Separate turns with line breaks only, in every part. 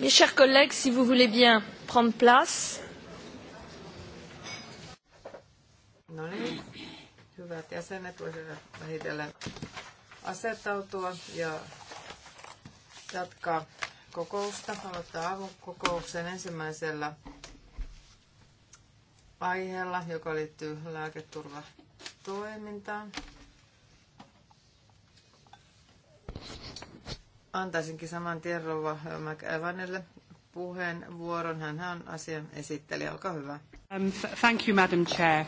Mes chers collègues, si vous voulez bien prendre place. No niin. hyvät jäsenet voisivat vähitellen asettautua ja jatkaa kokousta, aloittaa kokouksen ensimmäisellä aiheella, joka liittyy lääketurvatoimintaan. antaisinkin saman tien Rova McEvanille puheenvuoron. Hän on asian esittelijä. Olkaa hyvä. Um, thank you, Madam Chair.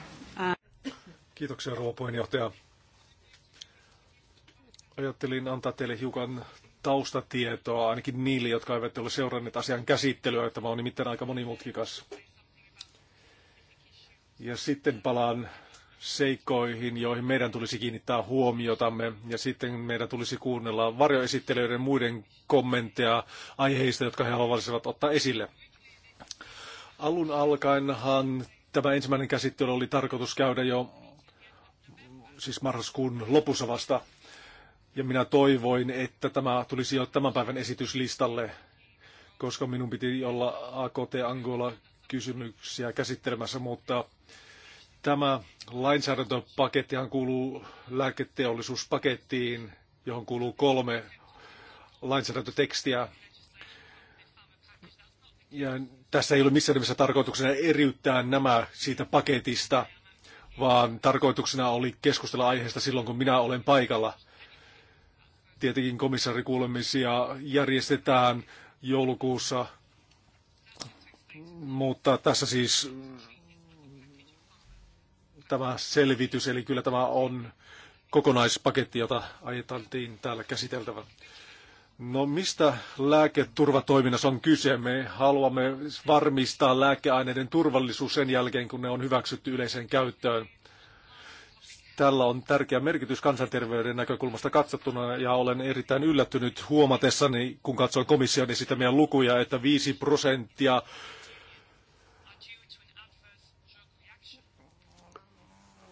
Uh...
Kiitoksia, rouva puheenjohtaja. Ajattelin antaa teille hiukan taustatietoa ainakin niille, jotka eivät ole seuranneet asian käsittelyä. Tämä on nimittäin aika monimutkikas. Ja sitten palaan seikkoihin, joihin meidän tulisi kiinnittää huomiotamme. Ja sitten meidän tulisi kuunnella varjoesittelijöiden muiden kommentteja aiheista, jotka he haluaisivat ottaa esille. Alun alkaenhan tämä ensimmäinen käsittely oli tarkoitus käydä jo siis marraskuun lopussa vasta. Ja minä toivoin, että tämä tulisi jo tämän päivän esityslistalle, koska minun piti olla AKT Angola kysymyksiä käsittelemässä, mutta Tämä lainsäädäntöpakettihan kuuluu lääketeollisuuspakettiin, johon kuuluu kolme lainsäädäntötekstiä. Ja tässä ei ole missään nimessä tarkoituksena eriyttää nämä siitä paketista, vaan tarkoituksena oli keskustella aiheesta silloin, kun minä olen paikalla. Tietenkin komissaarikuulemisia järjestetään joulukuussa, mutta tässä siis tämä selvitys, eli kyllä tämä on kokonaispaketti, jota ajetantiin täällä käsiteltävän. No mistä lääketurvatoiminnassa on kyse? Me haluamme varmistaa lääkeaineiden turvallisuus sen jälkeen, kun ne on hyväksytty yleiseen käyttöön. Tällä on tärkeä merkitys kansanterveyden näkökulmasta katsottuna ja olen erittäin yllättynyt huomatessani, kun katsoin komission esittämiä lukuja, että 5 prosenttia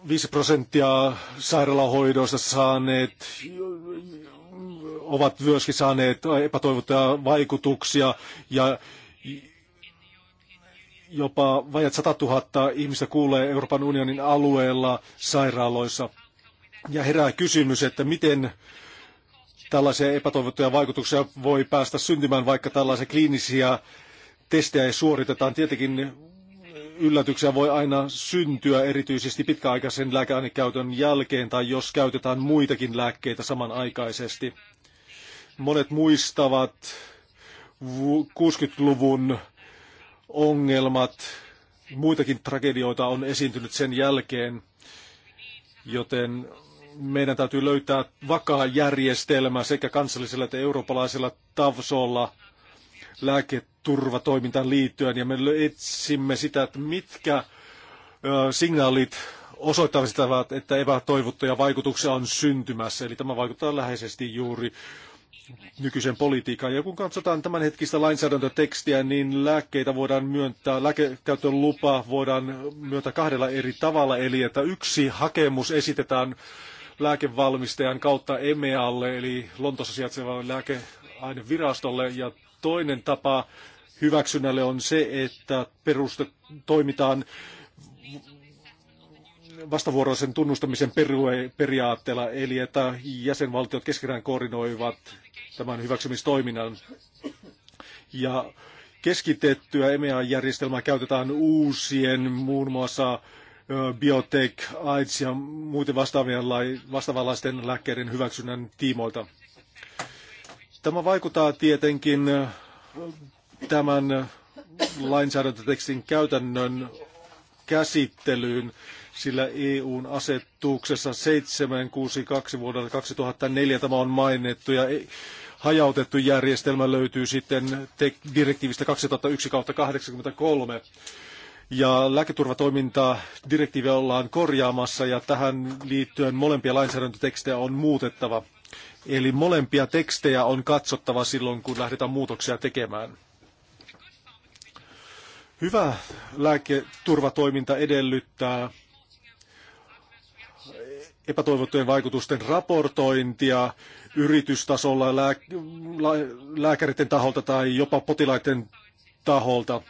5 prosenttia sairaalahoidoista saaneet ovat myöskin saaneet epätoivottuja vaikutuksia ja jopa vajat 100 000 ihmistä kuulee Euroopan unionin alueella sairaaloissa. Ja herää kysymys, että miten tällaisia epätoivottuja vaikutuksia voi päästä syntymään, vaikka tällaisia kliinisiä testejä ei suoritetaan. Tietenkin yllätyksiä voi aina syntyä erityisesti pitkäaikaisen lääkeainekäytön jälkeen tai jos käytetään muitakin lääkkeitä samanaikaisesti. Monet muistavat 60-luvun ongelmat. Muitakin tragedioita on esiintynyt sen jälkeen, joten meidän täytyy löytää vakaa järjestelmä sekä kansallisella että eurooppalaisella tasolla – lääketurvatoimintaan liittyen ja me etsimme sitä, että mitkä signaalit osoittavat sitä, että epätoivottuja vaikutuksia on syntymässä. Eli tämä vaikuttaa läheisesti juuri nykyiseen politiikkaan. Ja kun katsotaan tämänhetkistä lainsäädäntötekstiä, niin lääkkeitä voidaan myöntää, lääkekäytön lupa voidaan myöntää kahdella eri tavalla, eli että yksi hakemus esitetään lääkevalmistajan kautta EMEAlle, eli Lontossa sijaitsevalle lääkeainevirastolle, ja Toinen tapa hyväksynnälle on se, että peruste toimitaan vastavuoroisen tunnustamisen periaatteella, eli että jäsenvaltiot keskenään koordinoivat tämän hyväksymistoiminnan. Ja keskitettyä EMEA-järjestelmää käytetään uusien, muun muassa biotech, AIDS ja muiden vastaavanlaisten lääkkeiden hyväksynnän tiimoilta. Tämä vaikuttaa tietenkin äh, tämän lainsäädäntötekstin käytännön käsittelyyn, sillä EUn asetuksessa 762 vuodelta 2004 tämä on mainittu ja e, hajautettu järjestelmä löytyy sitten direktiivistä 2001-83. Ja lääketurvatoimintaa direktiiviä ollaan korjaamassa ja tähän liittyen molempia lainsäädäntötekstejä on muutettava. Eli molempia tekstejä on katsottava silloin, kun lähdetään muutoksia tekemään. Hyvä lääketurvatoiminta edellyttää epätoivottujen vaikutusten raportointia yritystasolla, lääkäreiden taholta tai jopa potilaiden taholta.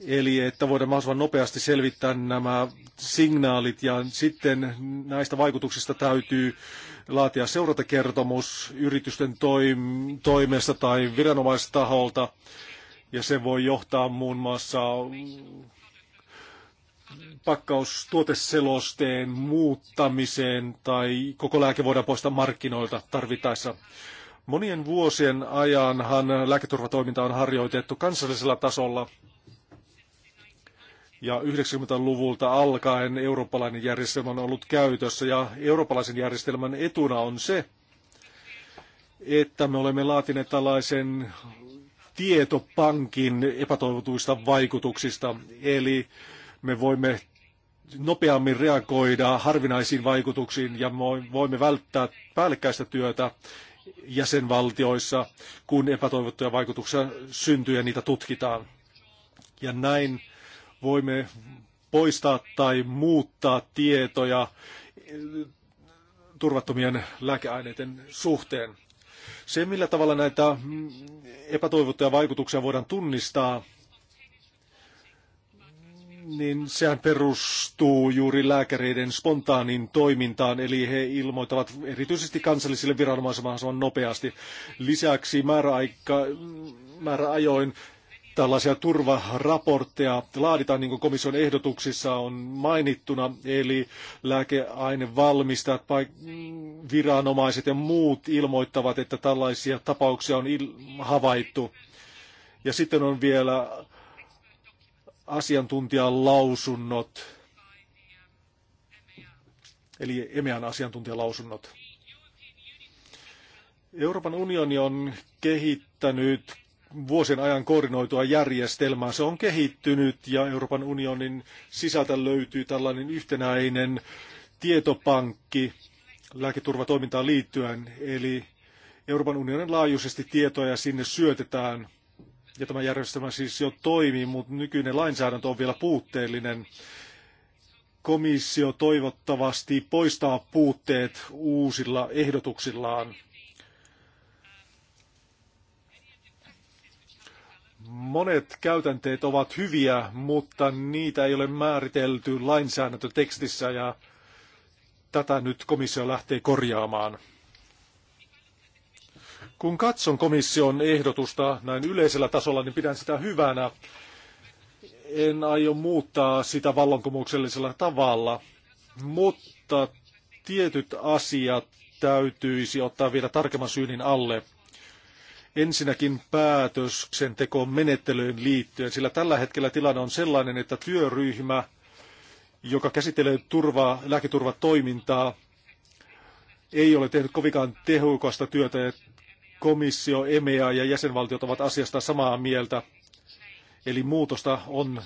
Eli että voidaan mahdollisimman nopeasti selvittää nämä signaalit ja sitten näistä vaikutuksista täytyy laatia seurantakertomus yritysten toim- toimesta tai viranomaistaholta. Ja se voi johtaa muun muassa pakkaustuoteselosteen muuttamiseen tai koko lääke voidaan poistaa markkinoilta tarvittaessa. Monien vuosien ajanhan lääketurvatoiminta on harjoitettu kansallisella tasolla ja 90-luvulta alkaen eurooppalainen järjestelmä on ollut käytössä ja eurooppalaisen järjestelmän etuna on se, että me olemme laatineet tällaisen tietopankin epätoivotuista vaikutuksista, eli me voimme nopeammin reagoida harvinaisiin vaikutuksiin ja voimme välttää päällekkäistä työtä jäsenvaltioissa, kun epätoivottuja vaikutuksia syntyy ja niitä tutkitaan. Ja näin voimme poistaa tai muuttaa tietoja turvattomien lääkeaineiden suhteen. Se, millä tavalla näitä epätoivottuja vaikutuksia voidaan tunnistaa, niin sehän perustuu juuri lääkäreiden spontaanin toimintaan, eli he ilmoittavat erityisesti kansallisille viranomaisille mahdollisimman nopeasti. Lisäksi määräaika, määräajoin tällaisia turvaraportteja laaditaan, niin kuin komission ehdotuksissa on mainittuna, eli lääkeainevalmistajat, viranomaiset ja muut ilmoittavat, että tällaisia tapauksia on havaittu. Ja sitten on vielä asiantuntijalausunnot, eli EMEAn asiantuntijalausunnot. Euroopan unioni on kehittänyt vuosien ajan koordinoitua järjestelmää. Se on kehittynyt ja Euroopan unionin sisältä löytyy tällainen yhtenäinen tietopankki lääketurvatoimintaan liittyen, eli Euroopan unionin laajuisesti tietoja sinne syötetään. Ja tämä järjestelmä siis jo toimii, mutta nykyinen lainsäädäntö on vielä puutteellinen. Komissio toivottavasti poistaa puutteet uusilla ehdotuksillaan. Monet käytänteet ovat hyviä, mutta niitä ei ole määritelty lainsäädäntötekstissä ja tätä nyt komissio lähtee korjaamaan. Kun katson komission ehdotusta näin yleisellä tasolla, niin pidän sitä hyvänä. En aio muuttaa sitä vallankumouksellisella tavalla, mutta tietyt asiat täytyisi ottaa vielä tarkemman syynin alle – Ensinnäkin päätöksentekoon menettelyyn liittyen, sillä tällä hetkellä tilanne on sellainen, että työryhmä, joka käsittelee turvaa, lääketurvatoimintaa, ei ole tehnyt kovinkaan tehokasta työtä ja komissio, EMEA ja jäsenvaltiot ovat asiasta samaa mieltä. Eli muutosta on,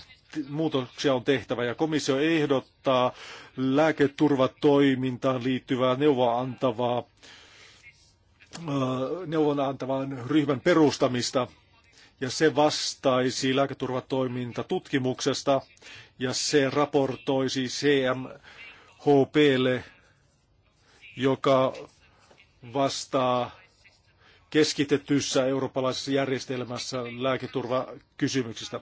muutoksia on tehtävä ja komissio ehdottaa lääketurvatoimintaan liittyvää neuvoa antavaa Äh, antavan ryhmän perustamista ja se vastaisi lääketurvatoimintatutkimuksesta ja se raportoisi CMHPlle, joka vastaa keskitetyssä eurooppalaisessa järjestelmässä lääketurvakysymyksistä.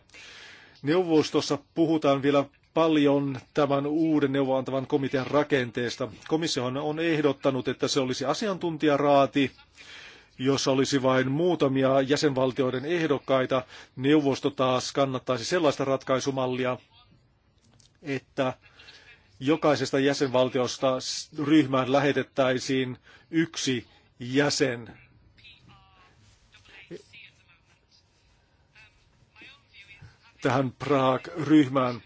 Neuvostossa puhutaan vielä paljon tämän uuden neuvoantavan komitean rakenteesta. komissio on ehdottanut, että se olisi asiantuntijaraati, jos olisi vain muutamia jäsenvaltioiden ehdokkaita. Neuvosto taas kannattaisi sellaista ratkaisumallia, että jokaisesta jäsenvaltiosta ryhmään lähetettäisiin yksi jäsen tähän Praag-ryhmään.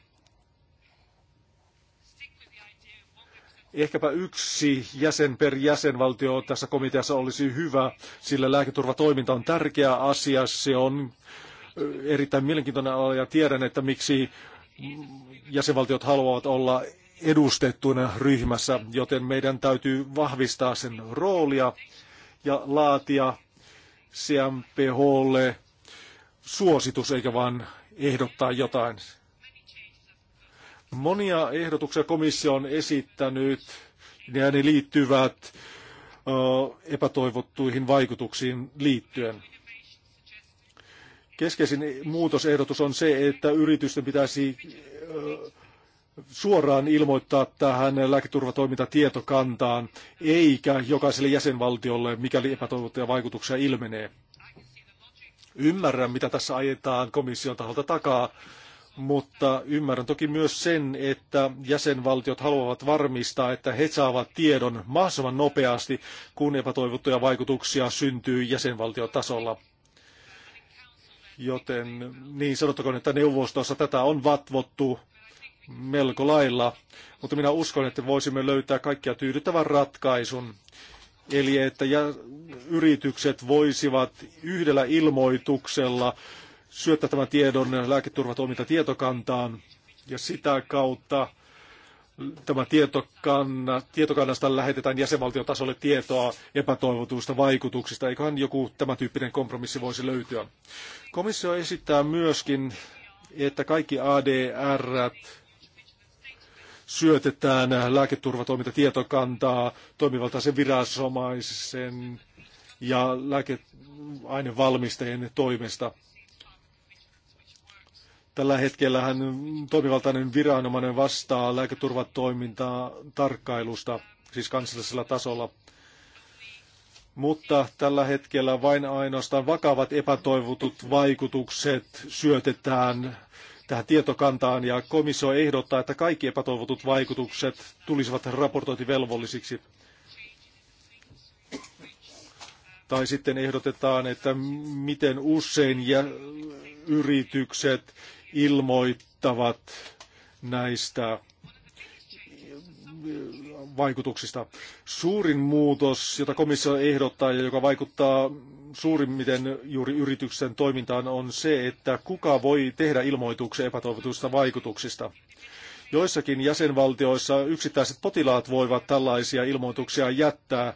Ehkäpä yksi jäsen per jäsenvaltio tässä komiteassa olisi hyvä, sillä lääketurvatoiminta on tärkeä asia. Se on eh, erittäin mielenkiintoinen ala ja tiedän, että miksi jäsenvaltiot haluavat olla edustettuina ryhmässä, joten meidän täytyy vahvistaa sen roolia ja laatia CMPHlle suositus eikä vain ehdottaa jotain. Monia ehdotuksia komissio on esittänyt ja ne liittyvät epätoivottuihin vaikutuksiin liittyen. Keskeisin muutosehdotus on se, että yritysten pitäisi suoraan ilmoittaa tähän lääketurvatoimintatietokantaan, eikä jokaiselle jäsenvaltiolle, mikäli epätoivottuja vaikutuksia ilmenee. Ymmärrän, mitä tässä ajetaan komission taholta takaa, mutta ymmärrän toki myös sen, että jäsenvaltiot haluavat varmistaa, että he saavat tiedon mahdollisimman nopeasti, kun epätoivottuja vaikutuksia syntyy jäsenvaltiotasolla. Joten niin sanottakoon, että neuvostossa tätä on vatvottu melko lailla, mutta minä uskon, että voisimme löytää kaikkia tyydyttävän ratkaisun. Eli että yritykset voisivat yhdellä ilmoituksella syöttää tämän tiedon lääketurvatoiminta tietokantaan ja sitä kautta tämä tietokanna, tietokannasta lähetetään jäsenvaltiotasolle tietoa epätoivotuista vaikutuksista. Eiköhän joku tämän tyyppinen kompromissi voisi löytyä. Komissio esittää myöskin, että kaikki ADR syötetään lääketurvatoimintatietokantaa toimivaltaisen viranomaisen ja lääkeainevalmistajien toimesta. Tällä hetkellä hän toimivaltainen viranomainen vastaa lääketurvatoimintaa tarkkailusta, siis kansallisella tasolla. Mutta tällä hetkellä vain ainoastaan vakavat epätoivotut vaikutukset syötetään tähän tietokantaan ja komissio ehdottaa, että kaikki epätoivotut vaikutukset tulisivat raportointivelvollisiksi. Tai sitten ehdotetaan, että miten usein ja yritykset ilmoittavat näistä vaikutuksista. Suurin muutos, jota komissio ehdottaa ja joka vaikuttaa suurimmiten juuri yrityksen toimintaan, on se, että kuka voi tehdä ilmoituksen epätoivotuista vaikutuksista. Joissakin jäsenvaltioissa yksittäiset potilaat voivat tällaisia ilmoituksia jättää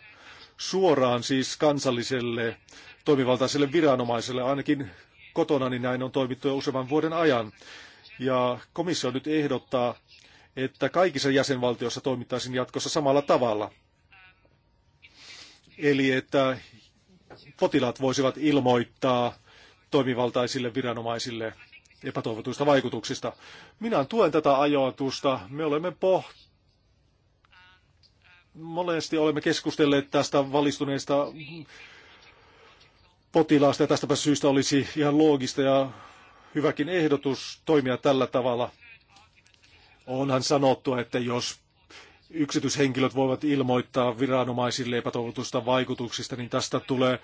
suoraan siis kansalliselle toimivaltaiselle viranomaiselle. Ainakin kotona, niin näin on toimittu jo useamman vuoden ajan. Ja komissio nyt ehdottaa, että kaikissa jäsenvaltioissa toimittaisiin jatkossa samalla tavalla. Eli että potilaat voisivat ilmoittaa toimivaltaisille viranomaisille epätoivotuista vaikutuksista. Minä tuen tätä ajoitusta. Me olemme pohti monesti olemme keskustelleet tästä valistuneista potilaasta ja tästäpä syystä olisi ihan loogista ja hyväkin ehdotus toimia tällä tavalla. Onhan sanottu, että jos yksityishenkilöt voivat ilmoittaa viranomaisille epätoivotusta vaikutuksista, niin tästä tulee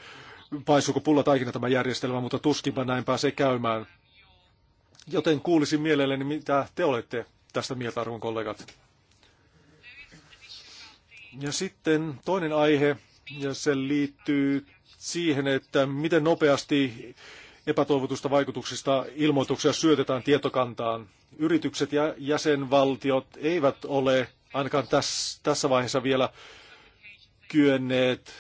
paisuuko pulla taikina tämä järjestelmä, mutta tuskinpa näin pääsee käymään. Joten kuulisin mielelläni, mitä te olette tästä mieltä, arvon kollegat. Ja sitten toinen aihe, ja se liittyy siihen, että miten nopeasti epätoivotusta vaikutuksista ilmoituksia syötetään tietokantaan. Yritykset ja jäsenvaltiot eivät ole ainakaan tässä vaiheessa vielä kyenneet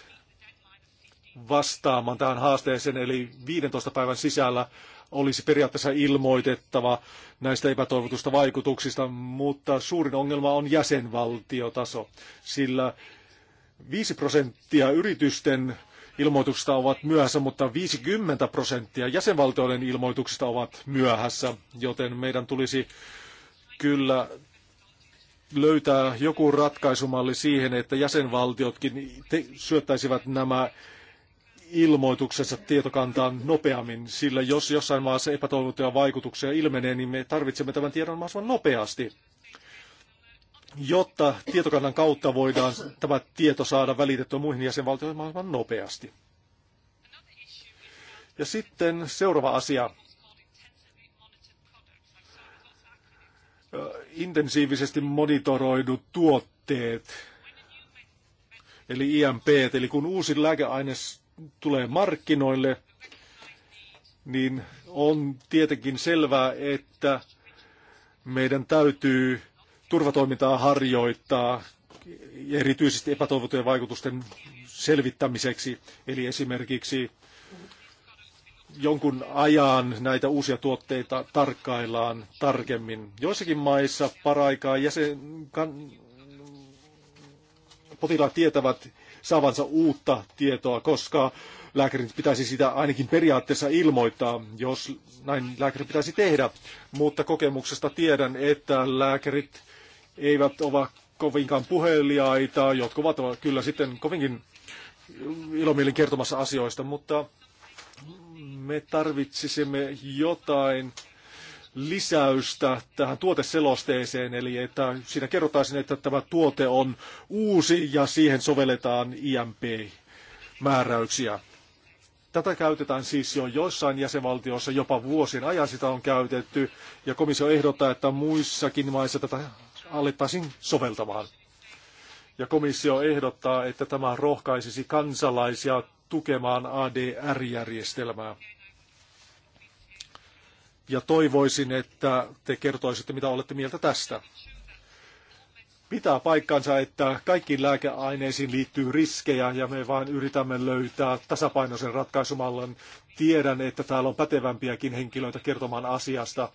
vastaamaan tähän haasteeseen, eli 15 päivän sisällä olisi periaatteessa ilmoitettava näistä epätoivotusta vaikutuksista, mutta suurin ongelma on jäsenvaltiotaso, sillä 5 prosenttia yritysten ilmoituksista ovat myöhässä, mutta 50 prosenttia jäsenvaltioiden ilmoituksista ovat myöhässä, joten meidän tulisi kyllä löytää joku ratkaisumalli siihen, että jäsenvaltiotkin syöttäisivät nämä ilmoituksensa tietokantaan nopeammin, sillä jos jossain maassa epätoivottuja vaikutuksia ilmenee, niin me tarvitsemme tämän tiedon mahdollisimman nopeasti jotta tietokannan kautta voidaan tämä tieto saada välitettyä muihin jäsenvaltioihin mahdollisimman nopeasti. Ja sitten seuraava asia. Intensiivisesti monitoroidut tuotteet, eli IMP, eli kun uusi lääkeaine tulee markkinoille, niin on tietenkin selvää, että meidän täytyy turvatoimintaa harjoittaa erityisesti epätoivottujen vaikutusten selvittämiseksi. Eli esimerkiksi jonkun ajan näitä uusia tuotteita tarkkaillaan tarkemmin. Joissakin maissa paraikaa jäsen, kan, potilaat tietävät saavansa uutta tietoa, koska lääkärin pitäisi sitä ainakin periaatteessa ilmoittaa, jos näin lääkäri pitäisi tehdä. Mutta kokemuksesta tiedän, että lääkärit eivät ole kovinkaan puheliaita, jotkut ovat kyllä sitten kovinkin ilomielin kertomassa asioista, mutta me tarvitsisimme jotain lisäystä tähän tuoteselosteeseen, eli että siinä kerrotaan, että tämä tuote on uusi ja siihen sovelletaan IMP-määräyksiä. Tätä käytetään siis jo joissain jäsenvaltioissa, jopa vuosien ajan sitä on käytetty, ja komissio ehdottaa, että muissakin maissa tätä alettaisiin soveltamaan. Ja komissio ehdottaa, että tämä rohkaisisi kansalaisia tukemaan ADR-järjestelmää. Ja toivoisin, että te kertoisitte, mitä olette mieltä tästä. Pitää paikkansa, että kaikkiin lääkeaineisiin liittyy riskejä ja me vain yritämme löytää tasapainoisen ratkaisumallin Tiedän, että täällä on pätevämpiäkin henkilöitä kertomaan asiasta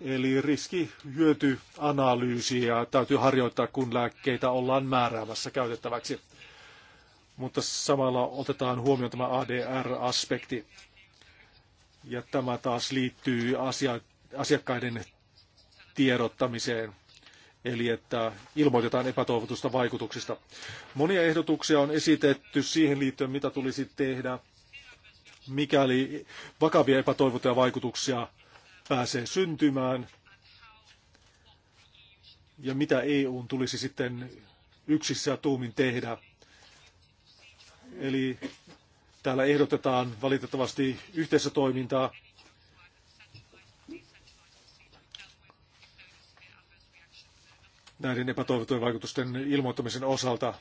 Eli riski-hyötyanalyysiä täytyy harjoittaa, kun lääkkeitä ollaan määräämässä käytettäväksi. Mutta samalla otetaan huomioon tämä ADR-aspekti. Ja tämä taas liittyy asia, asiakkaiden tiedottamiseen, eli että ilmoitetaan epätoivotusta vaikutuksista. Monia ehdotuksia on esitetty siihen liittyen, mitä tulisi tehdä, mikäli vakavia epätoivottuja vaikutuksia pääsee syntymään ja mitä EUn tulisi sitten yksissä tuumin tehdä. Eli täällä ehdotetaan valitettavasti yhteistä toimintaa. näiden epätoivotujen vaikutusten ilmoittamisen osalta.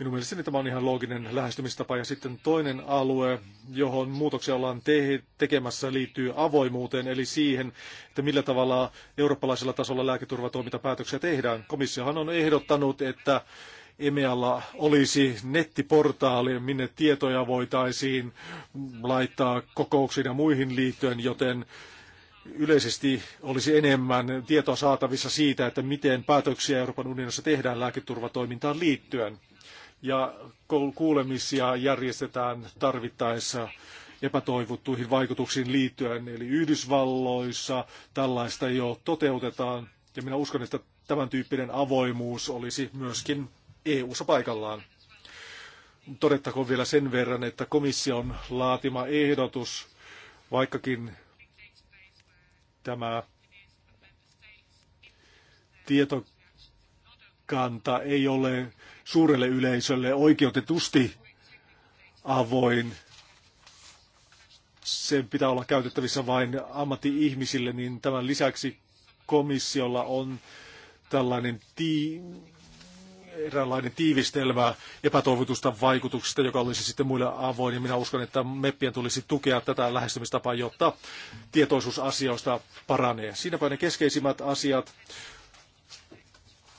Minun mielestäni tämä on ihan looginen lähestymistapa. Ja sitten toinen alue, johon muutoksia ollaan te- tekemässä, liittyy avoimuuteen, eli siihen, että millä tavalla eurooppalaisella tasolla lääketurvatoimintapäätöksiä tehdään. Komissiohan on ehdottanut, että EMEAlla olisi nettiportaali, minne tietoja voitaisiin laittaa kokouksiin ja muihin liittyen, joten yleisesti olisi enemmän tietoa saatavissa siitä, että miten päätöksiä Euroopan unionissa tehdään lääketurvatoimintaan liittyen ja kuulemisia järjestetään tarvittaessa epätoivottuihin vaikutuksiin liittyen. Eli Yhdysvalloissa tällaista jo toteutetaan ja minä uskon, että tämän tyyppinen avoimuus olisi myöskin EU-ssa paikallaan. Todettakoon vielä sen verran, että komission laatima ehdotus, vaikkakin tämä tieto kanta ei ole suurelle yleisölle oikeutetusti avoin. Sen pitää olla käytettävissä vain ammatti-ihmisille, niin tämän lisäksi komissiolla on tällainen ti- eräänlainen tiivistelmä epätoivotusta vaikutuksista, joka olisi sitten muille avoin. Ja minä uskon, että meppien tulisi tukea tätä lähestymistapaa, jotta tietoisuus asioista paranee. Siinäpä ne keskeisimmät asiat.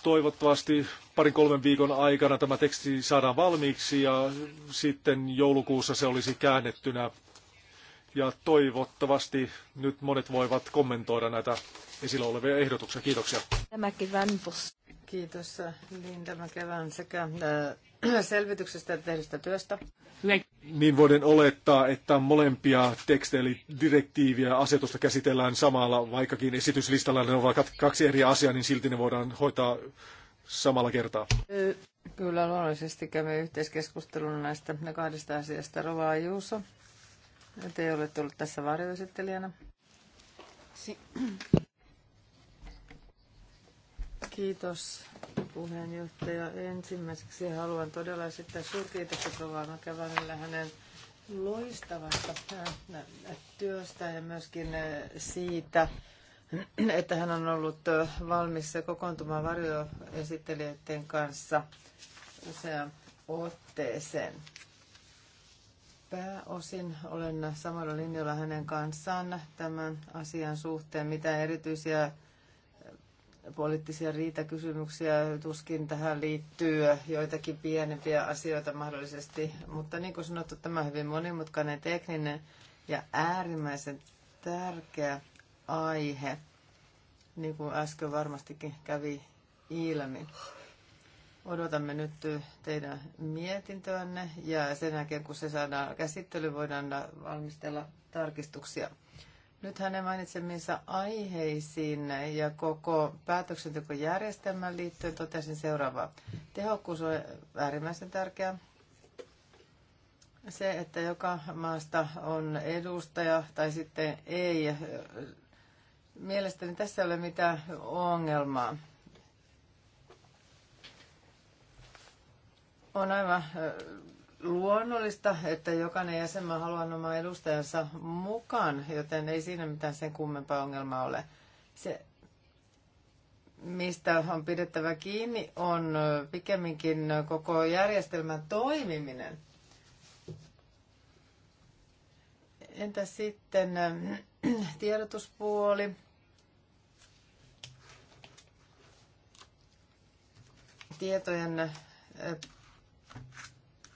Toivottavasti parin kolmen viikon aikana tämä teksti saadaan valmiiksi ja sitten joulukuussa se olisi käännettynä. Ja toivottavasti nyt monet voivat kommentoida näitä esillä olevia ehdotuksia. Kiitoksia.
Kiitos Linda Mäkevän sekä selvityksestä tehdystä työstä.
Niin voiden olettaa, että molempia tekstejä, eli direktiiviä ja asetusta käsitellään samalla, vaikkakin esityslistalla ne ovat kaksi eri asiaa, niin silti ne voidaan hoitaa samalla kertaa.
Kyllä luonnollisesti käymme yhteiskeskustelun näistä kahdesta asiasta. Rova Juuso, te olette olleet tässä varjoesittelijänä. Si- Kiitos puheenjohtaja. Ensimmäiseksi haluan todella esittää suurkiitokset Rovaa Mäkävänillä hänen loistavasta työstä ja myöskin eh, siitä, että hän on ollut eh, valmis kokoontumaan varjoesittelijöiden kanssa usean otteeseen. Pääosin olen samalla linjalla hänen kanssaan tämän asian suhteen, mitä erityisiä poliittisia riitakysymyksiä. Tuskin tähän liittyy joitakin pienempiä asioita mahdollisesti, mutta niin kuin sanottu, tämä on hyvin monimutkainen, tekninen ja äärimmäisen tärkeä aihe, niin kuin äsken varmastikin kävi ilmi. Odotamme nyt teidän mietintöänne ja sen jälkeen kun se saadaan käsittely, voidaan valmistella tarkistuksia. Nyt hänen mainitsemiinsa aiheisiin ja koko päätöksentekojärjestelmään liittyen totesin seuraavaa. Tehokkuus on äärimmäisen tärkeää. Se, että joka maasta on edustaja tai sitten ei, mielestäni tässä ei ole mitään ongelmaa. On aivan luonnollista, että jokainen jäsenmaa haluaa oma edustajansa mukaan, joten ei siinä mitään sen kummempaa ongelmaa ole. Se, mistä on pidettävä kiinni, on pikemminkin koko järjestelmän toimiminen. Entä sitten äh, tiedotuspuoli? Tietojen äh,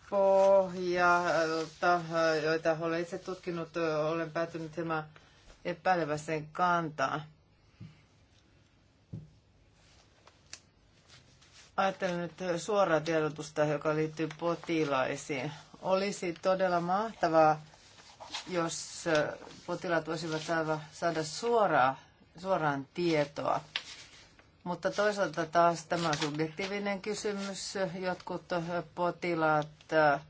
pohjalta, joita olen itse tutkinut, olen päätynyt hieman epäileväseen kantaan. Ajattelen nyt suoraa tiedotusta, joka liittyy potilaisiin. Olisi todella mahtavaa, jos potilaat voisivat saada suoraa, suoraan tietoa mutta toisaalta taas tämä on subjektiivinen kysymys. Jotkut potilaat äh,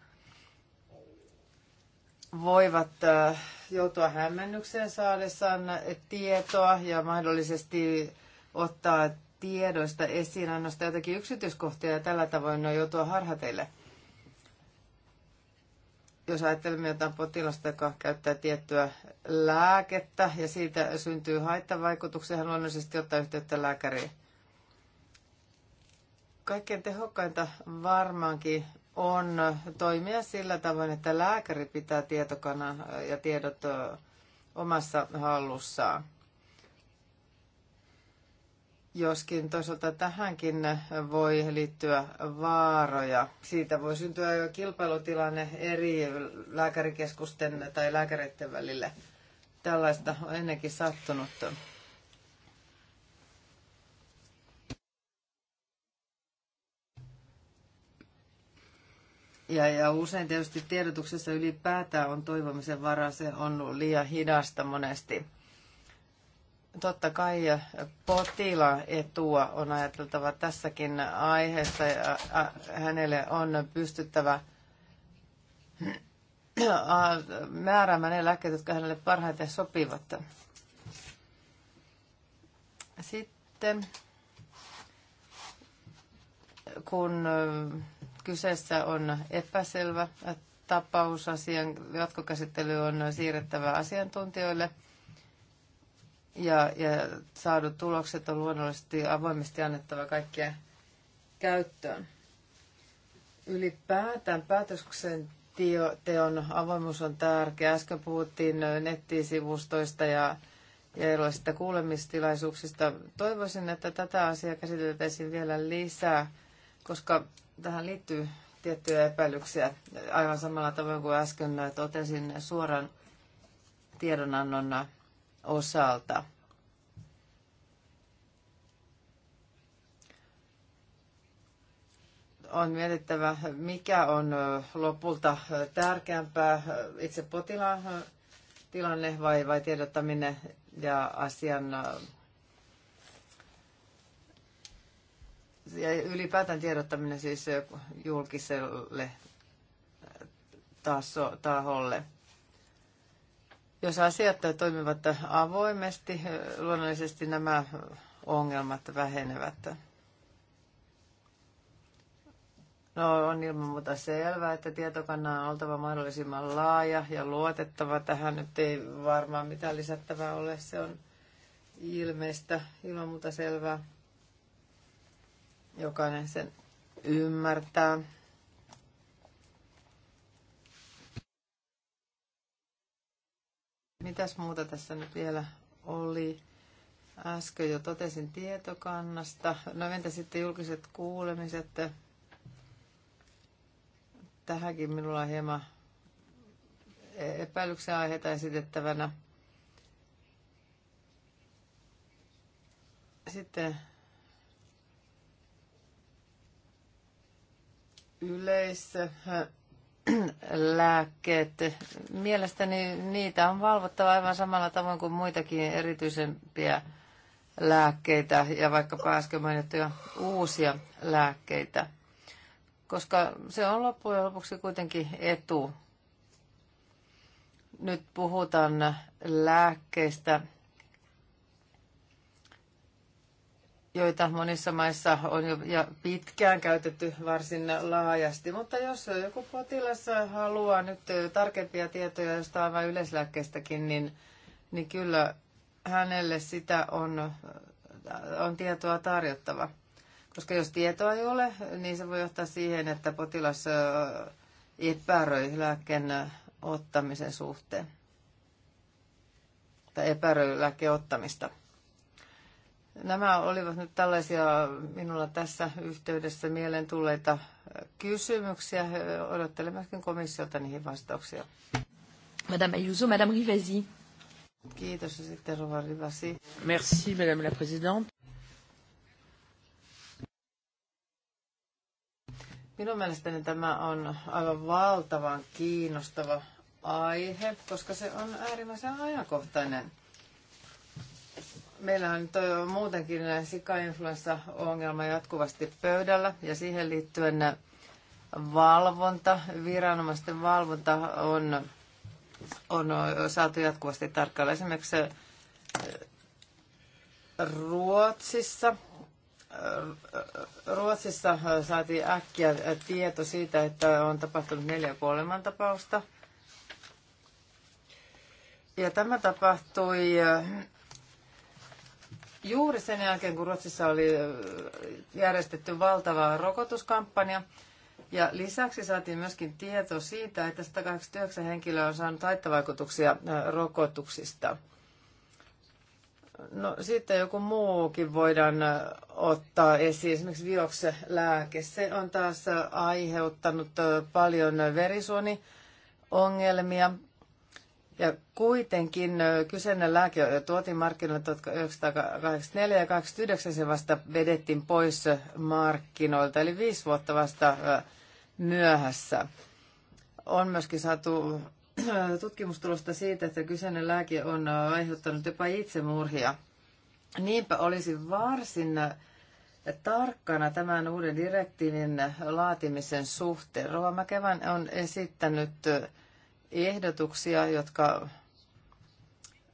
voivat äh, joutua hämmennykseen saadessaan tietoa ja mahdollisesti ottaa tiedoista esiin annosta jotakin yksityiskohtia ja tällä tavoin ne joutua harhateille. Jos ajattelemme jotain potilasta, joka käyttää tiettyä lääkettä ja siitä syntyy haittavaikutuksia, hän luonnollisesti ottaa yhteyttä lääkäriin Kaikkein tehokkainta varmaankin on toimia sillä tavoin, että lääkäri pitää tietokana ja tiedot omassa hallussaan. Joskin toisaalta tähänkin voi liittyä vaaroja. Siitä voi syntyä jo kilpailutilanne eri lääkärikeskusten tai lääkäreiden välille. Tällaista on ennenkin sattunut. Ja, ja usein tietysti tiedotuksessa ylipäätään on toivomisen varaa, se on liian hidasta monesti. Totta kai potilaan etua on ajateltava tässäkin aiheessa ja hänelle on pystyttävä määräämään ne lääkkeet, jotka hänelle parhaiten sopivat. Sitten kun Kyseessä on epäselvä tapaus. Asian jatkokäsittely on siirrettävä asiantuntijoille ja, ja saadut tulokset on luonnollisesti avoimesti annettava kaikkien käyttöön. Ylipäätään päätöksen teon avoimuus on tärkeä. Äsken puhuttiin nettisivustoista ja, ja erilaisista kuulemistilaisuuksista. Toivoisin, että tätä asiaa käsiteltäisiin vielä lisää, koska tähän liittyy tiettyjä epäilyksiä. Aivan samalla tavoin kuin äsken totesin suoran tiedonannon osalta. On mietittävä, mikä on lopulta tärkeämpää, itse potilaan tilanne vai, vai tiedottaminen ja asian ja ylipäätään tiedottaminen siis julkiselle taso, taholle. Jos asiat toimivat avoimesti, luonnollisesti nämä ongelmat vähenevät. No on ilman muuta selvää, että tietokannan on oltava mahdollisimman laaja ja luotettava. Tähän nyt ei varmaan mitään lisättävää ole, se on ilmeistä, ilman muuta selvää. Jokainen sen ymmärtää. Mitäs muuta tässä nyt vielä oli? Äsken jo totesin tietokannasta. No entä sitten julkiset kuulemiset? Tähänkin minulla on hieman epäilyksen aiheita esitettävänä. Sitten yleislääkkeet. Mielestäni niitä on valvottava aivan samalla tavoin kuin muitakin erityisempiä lääkkeitä ja vaikkapa äsken mainittuja uusia lääkkeitä, koska se on loppujen lopuksi kuitenkin etu. Nyt puhutaan lääkkeistä, joita monissa maissa on jo ja pitkään käytetty varsin laajasti. Mutta jos joku potilas haluaa nyt tarkempia tietoja jostain vain yleislääkkeestäkin, niin, niin kyllä hänelle sitä on, on tietoa tarjottava. Koska jos tietoa ei ole, niin se voi johtaa siihen, että potilas epäröi lääkkeen ottamisen suhteen. Tai epäröi lääkkeen ottamista. Nämä olivat nyt tällaisia minulla tässä yhteydessä mieleen tulleita kysymyksiä. Odottelen myöskin komissiolta niihin vastauksia. Madame Ayuso, Madame Rivasi. Kiitos ja sitten Rova Rivasi. Merci, Madame la Présidente. Minun mielestäni tämä on aivan valtavan kiinnostava aihe, koska se on äärimmäisen ajankohtainen – Meillähän nyt on muutenkin sikainfluenssa-ongelma jatkuvasti pöydällä ja siihen liittyen valvonta, viranomaisten valvonta on, on saatu jatkuvasti tarkkailla. Esimerkiksi äh, Ruotsissa, äh, Ruotsissa saatiin äkkiä tieto siitä, että on tapahtunut neljä kuolemantapausta. Ja tämä tapahtui äh, Juuri sen jälkeen, kun Ruotsissa oli äh, järjestetty valtava rokotuskampanja, ja lisäksi saatiin myöskin tieto siitä, että 189 henkilöä on saanut haittavaikutuksia äh, rokotuksista. No sitten joku muukin voidaan äh, ottaa esiin, esimerkiksi viokselääke. Se on taas aiheuttanut paljon verisuoniongelmia ja kuitenkin kyseinen lääke tuotiin markkinoille 1984 ja 1989 se vasta vedettiin pois markkinoilta, eli viisi vuotta vasta myöhässä. On myöskin saatu tutkimustulosta siitä, että kyseinen lääke on aiheuttanut jopa itsemurhia. Niinpä olisi varsin tarkkana tämän uuden direktiivin laatimisen suhteen. Rova Mäkevän on esittänyt ehdotuksia, jotka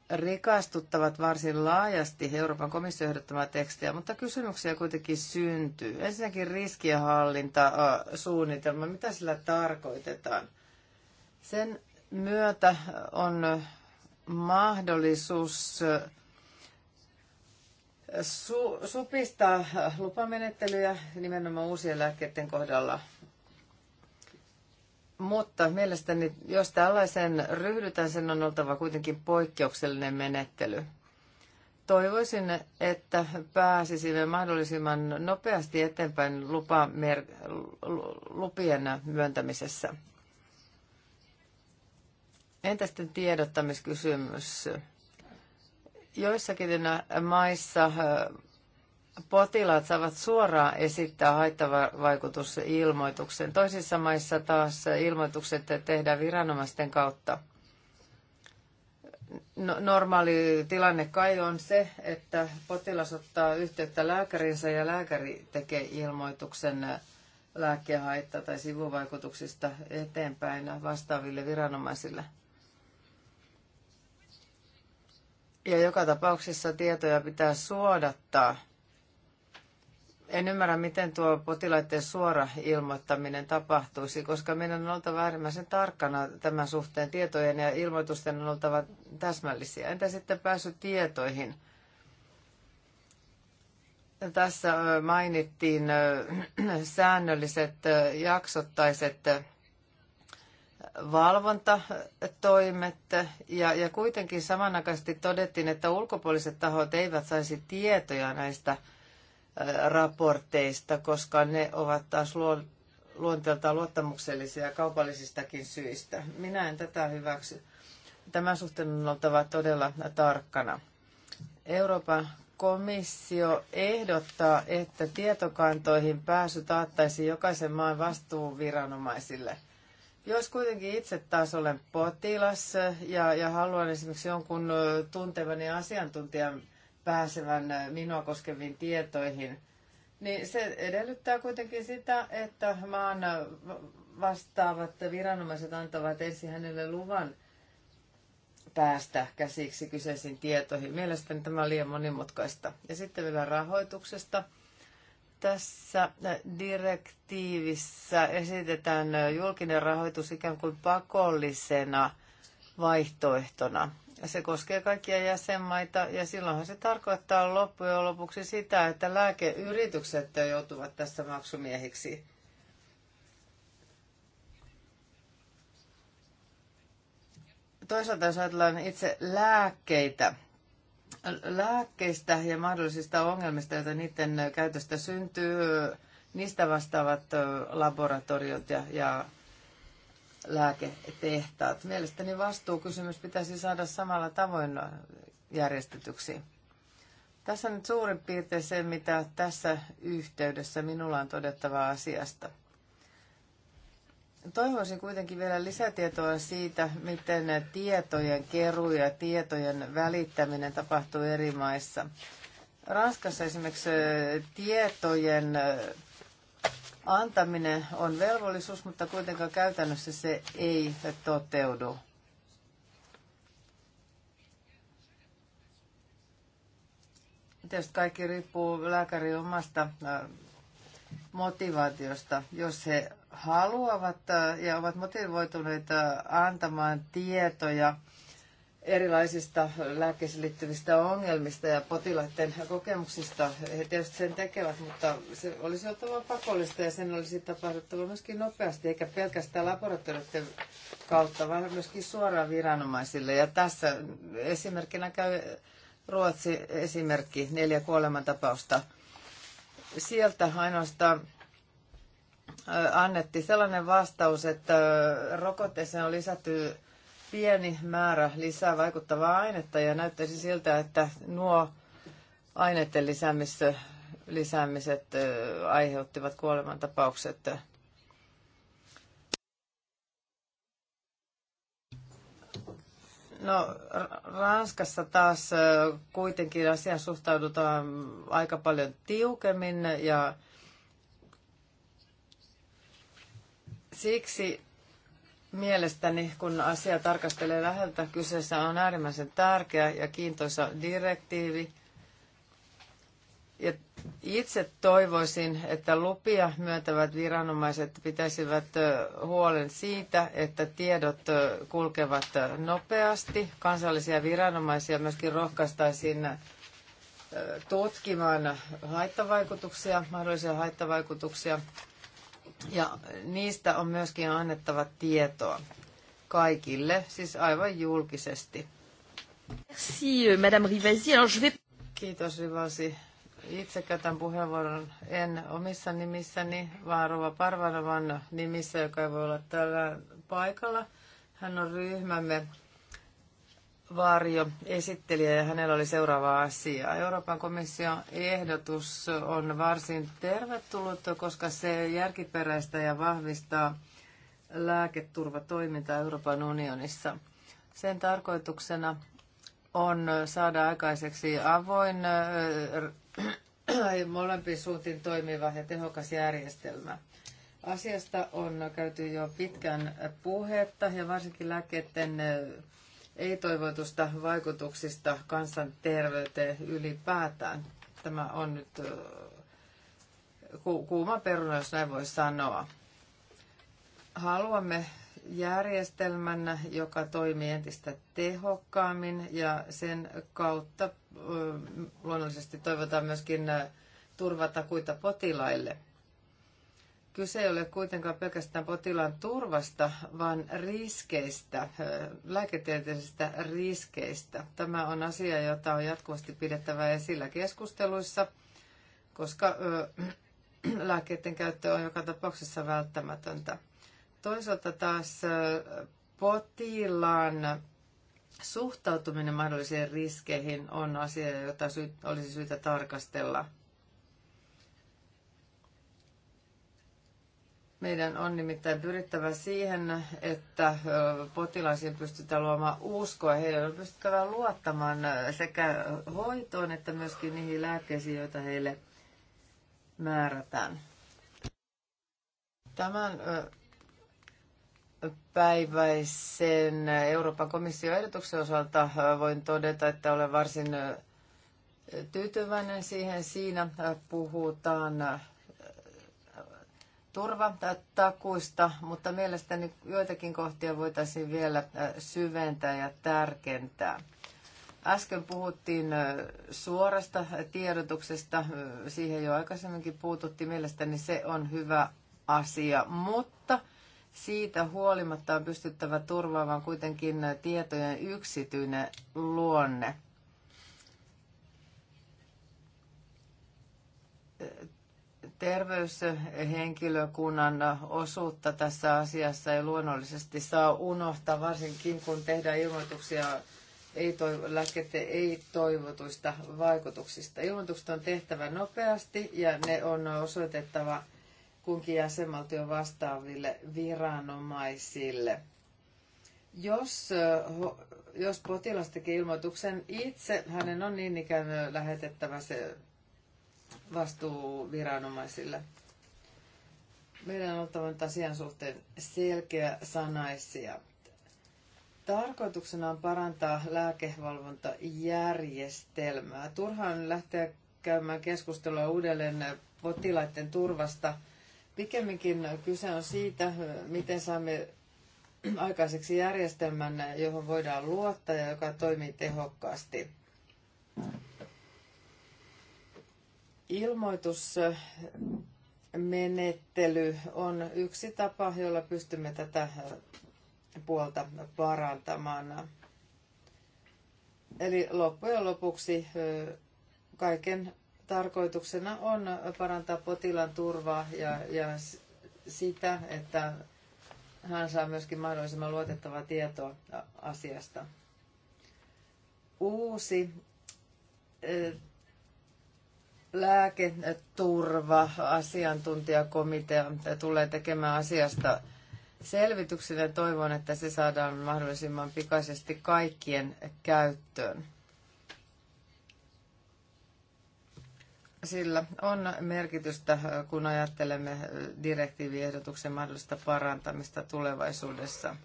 rikastuttavat varsin laajasti Euroopan komission ehdottamaa tekstiä, mutta kysymyksiä kuitenkin syntyy. Ensinnäkin riskienhallintasuunnitelma, äh, mitä sillä tarkoitetaan? Sen myötä on mahdollisuus äh, supistaa lupamenettelyjä nimenomaan uusien lääkkeiden kohdalla mutta mielestäni, jos tällaisen ryhdytään, sen on oltava kuitenkin poikkeuksellinen menettely. Toivoisin, että pääsisimme mahdollisimman nopeasti eteenpäin lupamer- lupien myöntämisessä. Entä sitten tiedottamiskysymys? Joissakin maissa potilaat saavat suoraan esittää haittavaikutusilmoituksen. Toisissa maissa taas ilmoitukset tehdään viranomaisten kautta. No, normaali tilanne kai on se, että potilas ottaa yhteyttä lääkärinsä ja lääkäri tekee ilmoituksen lääkkeenhaitta- tai sivuvaikutuksista eteenpäin vastaaville viranomaisille. Ja joka tapauksessa tietoja pitää suodattaa – en ymmärrä, miten tuo potilaiden suora ilmoittaminen tapahtuisi, koska meidän on oltava äärimmäisen tarkkana tämän suhteen. Tietojen ja ilmoitusten on oltava täsmällisiä. Entä sitten pääsy tietoihin? Tässä mainittiin säännölliset jaksottaiset valvontatoimet ja, ja kuitenkin samanaikaisesti todettiin, että ulkopuoliset tahot eivät saisi tietoja näistä – raporteista, koska ne ovat taas luonteeltaan luottamuksellisia kaupallisistakin syistä. Minä en tätä hyväksy. Tämän suhteen on oltava todella tarkkana. Euroopan komissio ehdottaa, että tietokantoihin pääsy taattaisiin jokaisen maan vastuuviranomaisille. Jos kuitenkin itse taas olen potilas ja, ja haluan esimerkiksi jonkun tuntevani asiantuntijan pääsevän äh, minua koskeviin tietoihin, niin se edellyttää kuitenkin sitä, että maan äh, vastaavat viranomaiset antavat ensin hänelle luvan päästä käsiksi kyseisiin tietoihin. Mielestäni tämä on liian monimutkaista. Ja sitten vielä rahoituksesta. Tässä äh, direktiivissä esitetään julkinen rahoitus ikään kuin pakollisena vaihtoehtona. Se koskee kaikkia jäsenmaita ja silloinhan se tarkoittaa loppujen lopuksi sitä, että lääkeyritykset joutuvat tässä maksumiehiksi. Toisaalta jos ajatellaan itse lääkkeitä, lääkkeistä ja mahdollisista ongelmista, joita niiden käytöstä syntyy, niistä vastaavat laboratoriot ja, ja lääketehtaat. Mielestäni vastuukysymys pitäisi saada samalla tavoin järjestetyksi. Tässä on nyt suurin piirtein se, mitä tässä yhteydessä minulla on todettavaa asiasta. Toivoisin kuitenkin vielä lisätietoa siitä, miten tietojen keruu ja tietojen välittäminen tapahtuu eri maissa. Ranskassa esimerkiksi tietojen antaminen on velvollisuus, mutta kuitenkaan käytännössä se ei toteudu. Tietysti kaikki riippuu lääkärin omasta äh, motivaatiosta. Jos he haluavat äh, ja ovat motivoituneita antamaan tietoja, erilaisista lääkkeisiin liittyvistä ongelmista ja potilaiden kokemuksista. He tietysti sen tekevät, mutta se olisi oltava pakollista ja sen olisi tapahduttava myöskin nopeasti, eikä pelkästään laboratorioiden kautta, vaan myöskin suoraan viranomaisille. Ja tässä esimerkkinä käy Ruotsi esimerkki, neljä kuolemantapausta. Sieltä ainoastaan äh, annettiin sellainen vastaus, että äh, rokotteeseen on lisätty pieni määrä lisää vaikuttavaa ainetta ja näyttäisi siltä, että nuo aineiden lisäämiset, lisäämiset aiheuttivat kuolemantapaukset. No, Ranskassa taas kuitenkin asiaan suhtaudutaan aika paljon tiukemmin ja siksi Mielestäni, kun asia tarkastelee läheltä, kyseessä on äärimmäisen tärkeä ja kiintoisa direktiivi. Ja itse toivoisin, että lupia myöntävät viranomaiset pitäisivät huolen siitä, että tiedot kulkevat nopeasti. Kansallisia viranomaisia myöskin rohkaistaisiin tutkimaan haittavaikutuksia, mahdollisia haittavaikutuksia ja niistä on myöskin annettava tietoa kaikille, siis aivan julkisesti. Merci, euh, Madame Rivasi. Alors, je vais... Kiitos, Rivasi. Itse käytän puheenvuoron en omissa nimissäni, vaan Rova Parvanovan nimissä, joka ei voi olla täällä paikalla. Hän on ryhmämme varjo esittelijä ja hänellä oli seuraava asia. Euroopan komission ehdotus on varsin tervetullut, koska se järkiperäistä ja vahvistaa lääketurvatoimintaa Euroopan unionissa. Sen tarkoituksena on saada aikaiseksi avoin, äh, molempiin suuntiin toimiva ja tehokas järjestelmä. Asiasta on käyty jo pitkän puhetta ja varsinkin lääkkeiden äh, ei-toivoitusta vaikutuksista kansanterveyteen ylipäätään. Tämä on nyt kuuma peruna, jos näin voi sanoa. Haluamme järjestelmän, joka toimii entistä tehokkaammin ja sen kautta luonnollisesti toivotaan myöskin turvatakuita potilaille – Kyse ei ole kuitenkaan pelkästään potilaan turvasta, vaan riskeistä, lääketieteellisistä riskeistä. Tämä on asia, jota on jatkuvasti pidettävä esillä keskusteluissa, koska lääkkeiden käyttö on joka tapauksessa välttämätöntä. Toisaalta taas potilaan suhtautuminen mahdollisiin riskeihin on asia, jota sy- olisi syytä tarkastella – Meidän on nimittäin pyrittävä siihen, että potilaisiin pystytään luomaan uskoa. Heidän on pystyttävä luottamaan sekä hoitoon että myöskin niihin lääkkeisiin, joita heille määrätään. Tämän päiväisen Euroopan komission ehdotuksen osalta voin todeta, että olen varsin tyytyväinen siihen. Siinä puhutaan takuista, mutta mielestäni joitakin kohtia voitaisiin vielä syventää ja tärkentää. Äsken puhuttiin suorasta tiedotuksesta, siihen jo aikaisemminkin puututtiin. Mielestäni se on hyvä asia, mutta siitä huolimatta on pystyttävä turvaamaan kuitenkin tietojen yksityinen luonne. terveyshenkilökunnan osuutta tässä asiassa ei luonnollisesti saa unohtaa, varsinkin kun tehdään ilmoituksia ei toivo, lääkette ei-toivotuista vaikutuksista. Ilmoitukset on tehtävä nopeasti ja ne on osoitettava kunkin jäsenvaltion vastaaville viranomaisille. Jos, jos potilas tekee ilmoituksen itse, hänen on niin ikään lähetettävä se vastuuviranomaisille. Meidän on oltava nyt asian suhteen selkeä sanaisia. Tarkoituksena on parantaa lääkevalvontajärjestelmää. Turhaan lähteä käymään keskustelua uudelleen potilaiden turvasta. Pikemminkin kyse on siitä, miten saamme aikaiseksi järjestelmän, johon voidaan luottaa ja joka toimii tehokkaasti. Ilmoitusmenettely on yksi tapa, jolla pystymme tätä puolta parantamaan. Eli loppujen lopuksi kaiken tarkoituksena on parantaa potilaan turvaa ja, ja sitä, että hän saa myöskin mahdollisimman luotettavaa tietoa asiasta. Uusi lääketurva-asiantuntijakomitea tulee tekemään asiasta selvityksen ja toivon, että se saadaan mahdollisimman pikaisesti kaikkien käyttöön. Sillä on merkitystä, kun ajattelemme direktiiviehdotuksen mahdollista parantamista tulevaisuudessa.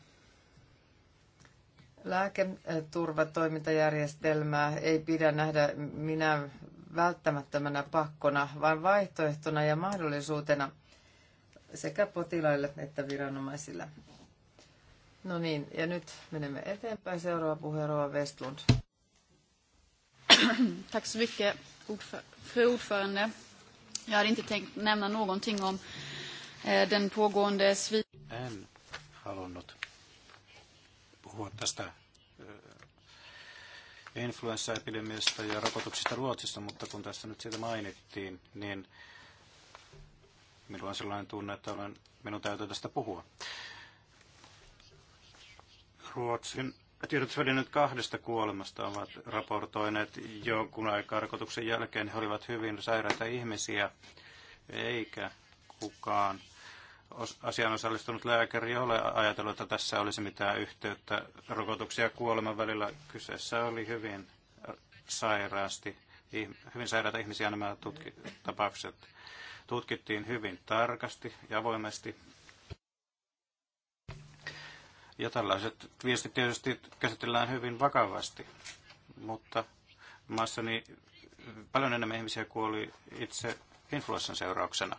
Lääketurvatoimintajärjestelmää ei pidä nähdä minä välttämättömänä pakkona, vaan vaihtoehtona ja mahdollisuutena sekä potilaille että viranomaisille. No niin, ja nyt menemme eteenpäin. Seuraava puheenjohtaja Rova Westlund. Tack så mycket, fru ordförande. Jag hade inte tänkt nämna någonting om eh, den pågående svin...
En halunnut puhua tästä influenssaepidemiasta ja rokotuksista Ruotsissa, mutta kun tässä nyt siitä mainittiin, niin minulla on sellainen tunne, että olen, minun täytyy tästä puhua. Ruotsin tiedotusvälineet kahdesta kuolemasta ovat raportoineet jonkun aikaa rokotuksen jälkeen. He olivat hyvin sairaita ihmisiä, eikä kukaan asiaan osallistunut lääkäri ole ajatellut, että tässä olisi mitään yhteyttä rokotuksia ja kuoleman välillä. Kyseessä oli hyvin sairaasti, hyvin sairaita ihmisiä nämä tutki, tapaukset tutkittiin hyvin tarkasti ja avoimesti. Ja tällaiset viestit tietysti käsitellään hyvin vakavasti, mutta maassani paljon enemmän ihmisiä kuoli itse influenssan seurauksena.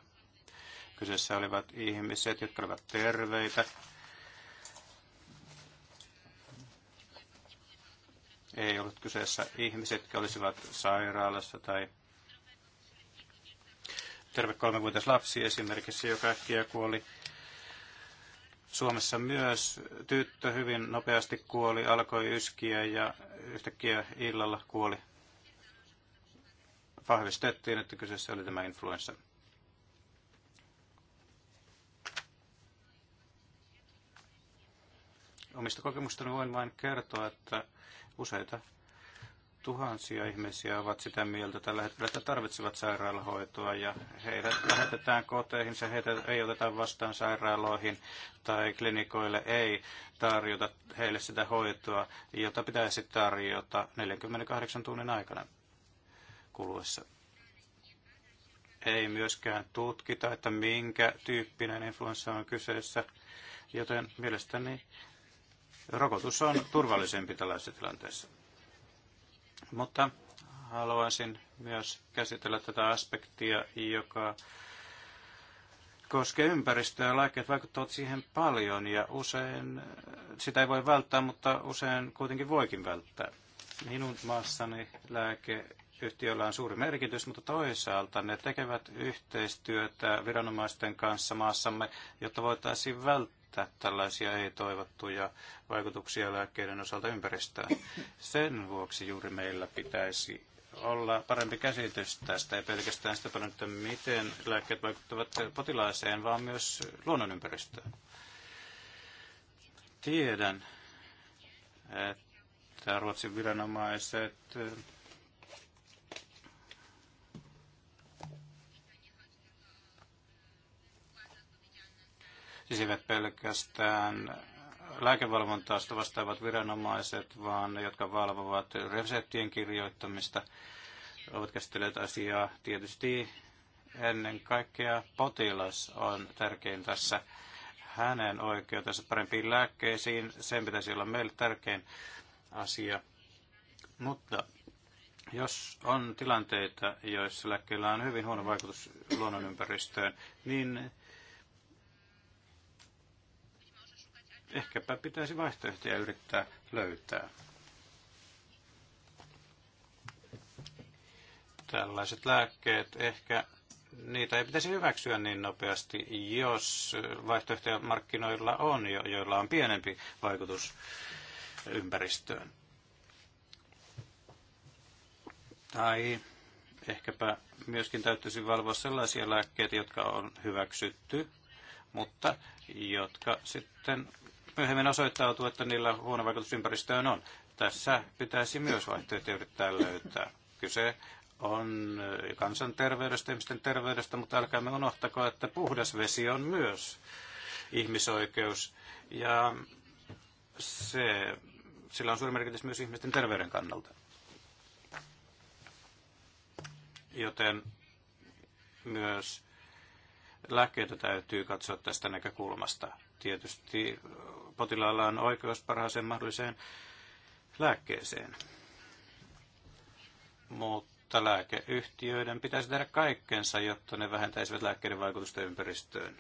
Kyseessä olivat ihmiset, jotka olivat terveitä. Ei ollut kyseessä ihmiset, jotka olisivat sairaalassa tai terve kolmevuotias lapsi esimerkiksi, joka äkkiä kuoli. Suomessa myös tyttö hyvin nopeasti kuoli, alkoi yskiä ja yhtäkkiä illalla kuoli. Vahvistettiin, että kyseessä oli tämä influenssa. Omista kokemustani voin vain kertoa, että useita tuhansia ihmisiä ovat sitä mieltä tällä hetkellä, että tarvitsevat sairaalahoitoa ja heidät lähetetään koteihin, se heitä ei oteta vastaan sairaaloihin tai klinikoille ei tarjota heille sitä hoitoa, jota pitäisi tarjota 48 tunnin aikana kuluessa. Ei myöskään tutkita, että minkä tyyppinen influenssa on kyseessä, joten mielestäni Rokotus on turvallisempi tällaisessa tilanteessa. Mutta haluaisin myös käsitellä tätä aspektia, joka koskee ympäristöä. Lääkkeet vaikuttavat siihen paljon ja usein sitä ei voi välttää, mutta usein kuitenkin voikin välttää. Minun maassani yhtiöllä on suuri merkitys, mutta toisaalta ne tekevät yhteistyötä viranomaisten kanssa maassamme, jotta voitaisiin välttää että tällaisia ei-toivottuja vaikutuksia lääkkeiden osalta ympäristöön. Sen vuoksi juuri meillä pitäisi olla parempi käsitys tästä, ei pelkästään sitä paljon, että miten lääkkeet vaikuttavat potilaaseen, vaan myös luonnonympäristöön. Tiedän, että Ruotsin viranomaiset Siis eivät pelkästään lääkevalvontaasta vastaavat viranomaiset, vaan ne, jotka valvovat reseptien kirjoittamista, ovat käsitelleet asiaa. Tietysti ennen kaikkea potilas on tärkein tässä hänen oikeutensa parempiin lääkkeisiin. Sen pitäisi olla meille tärkein asia. Mutta jos on tilanteita, joissa lääkkeillä on hyvin huono vaikutus luonnonympäristöön, niin ehkäpä pitäisi vaihtoehtoja yrittää löytää. Tällaiset lääkkeet ehkä niitä ei pitäisi hyväksyä niin nopeasti, jos vaihtoehtoja markkinoilla on, jo joilla on pienempi vaikutus ympäristöön. Tai ehkäpä myöskin täytyisi valvoa sellaisia lääkkeitä, jotka on hyväksytty, mutta jotka sitten myöhemmin osoittautuu, että niillä huono vaikutus ympäristöön on. Tässä pitäisi myös vaihtoehtoja yrittää löytää. Kyse on kansanterveydestä, ihmisten terveydestä, mutta älkäämme unohtako, että puhdas vesi on myös ihmisoikeus. Ja se, sillä on suuri merkitys myös ihmisten terveyden kannalta. Joten myös lääkkeitä täytyy katsoa tästä näkökulmasta. Tietysti potilaalla on oikeus parhaaseen mahdolliseen lääkkeeseen. Mutta lääkeyhtiöiden pitäisi tehdä kaikkensa, jotta ne vähentäisivät lääkkeiden vaikutusta ympäristöön.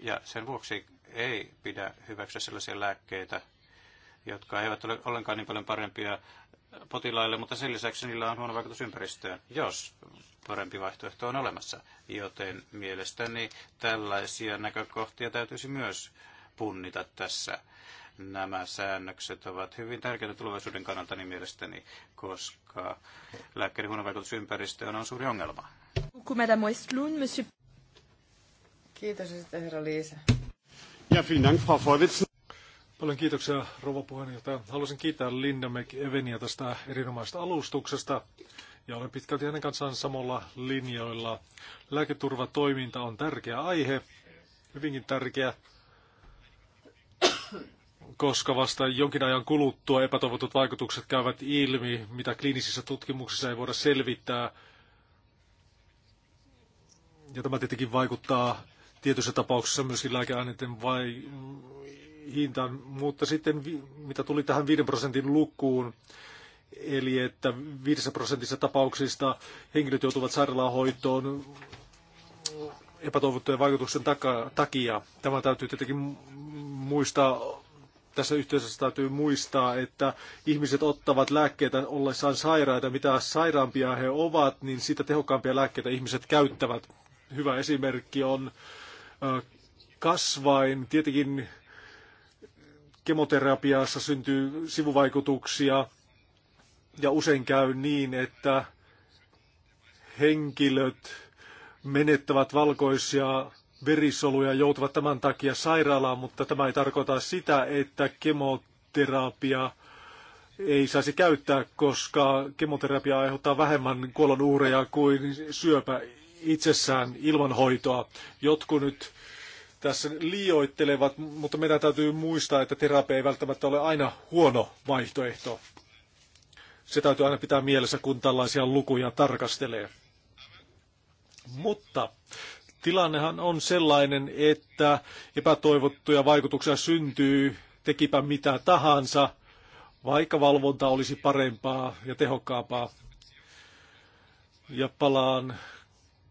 Ja sen vuoksi ei pidä hyväksyä sellaisia lääkkeitä, jotka eivät ole ollenkaan niin paljon parempia potilaille, mutta sen lisäksi niillä on huono vaikutus ympäristöön, jos parempi vaihtoehto on olemassa. Joten mielestäni tällaisia näkökohtia täytyisi myös punnita tässä. Nämä säännökset ovat hyvin tärkeitä tulevaisuuden kannalta niin mielestäni, koska lääkkeiden vaikutus ympäristöön on suuri ongelma.
Kiitos, herra Liisa.
Ja, vielen Dank, Frau Vorsitzende. Paljon kiitoksia rouva puheenjohtaja. Haluaisin kiittää Linda McEvenia tästä erinomaisesta alustuksesta ja olen pitkälti hänen kanssaan samalla linjoilla. Lääketurvatoiminta on tärkeä aihe, hyvinkin tärkeä koska vasta jonkin ajan kuluttua epätoivotut vaikutukset käyvät ilmi, mitä kliinisissä tutkimuksissa ei voida selvittää. Ja tämä tietenkin vaikuttaa tietyissä tapauksissa myöskin lääkeaineiden vai hintaan. Mutta sitten mitä tuli tähän 5 prosentin lukuun, eli että 5 prosentissa tapauksista henkilöt joutuvat sairaalahoitoon epätoivottujen vaikutusten takia. Tämä täytyy tietenkin muistaa, tässä yhteydessä täytyy muistaa, että ihmiset ottavat lääkkeitä ollessaan sairaita. Mitä sairaampia he ovat, niin sitä tehokkaampia lääkkeitä ihmiset käyttävät. Hyvä esimerkki on kasvain. Tietenkin kemoterapiassa syntyy sivuvaikutuksia ja usein käy niin, että henkilöt menettävät valkoisia verisoluja joutuvat tämän takia sairaalaan, mutta tämä ei tarkoita sitä, että kemoterapia ei saisi käyttää, koska kemoterapia aiheuttaa vähemmän kuolonuhreja kuin syöpä itsessään ilman hoitoa. Jotkut nyt tässä liioittelevat, mutta meidän täytyy muistaa, että terapia ei välttämättä ole aina huono vaihtoehto. Se täytyy aina pitää mielessä, kun tällaisia lukuja tarkastelee. Mutta tilannehan on sellainen, että epätoivottuja vaikutuksia syntyy, tekipä mitä tahansa, vaikka valvonta olisi parempaa ja tehokkaampaa. Ja palaan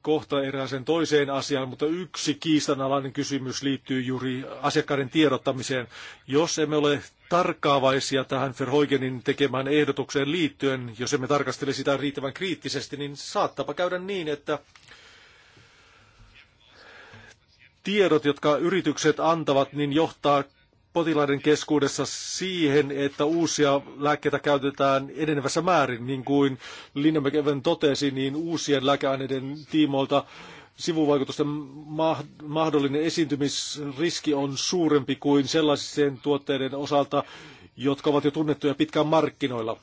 kohta erääseen toiseen asiaan, mutta yksi kiistanalainen kysymys liittyy juuri asiakkaiden tiedottamiseen. Jos emme ole tarkkaavaisia tähän Verhoigenin tekemään ehdotukseen liittyen, jos emme tarkastele sitä riittävän kriittisesti, niin saattapa käydä niin, että tiedot, jotka yritykset antavat, niin johtaa potilaiden keskuudessa siihen, että uusia lääkkeitä käytetään enenevässä määrin, niin kuin Linnemäkeven totesi, niin uusien lääkeaineiden tiimoilta sivuvaikutusten mahdollinen esiintymisriski on suurempi kuin sellaisten tuotteiden osalta, jotka ovat jo tunnettuja pitkään markkinoilla.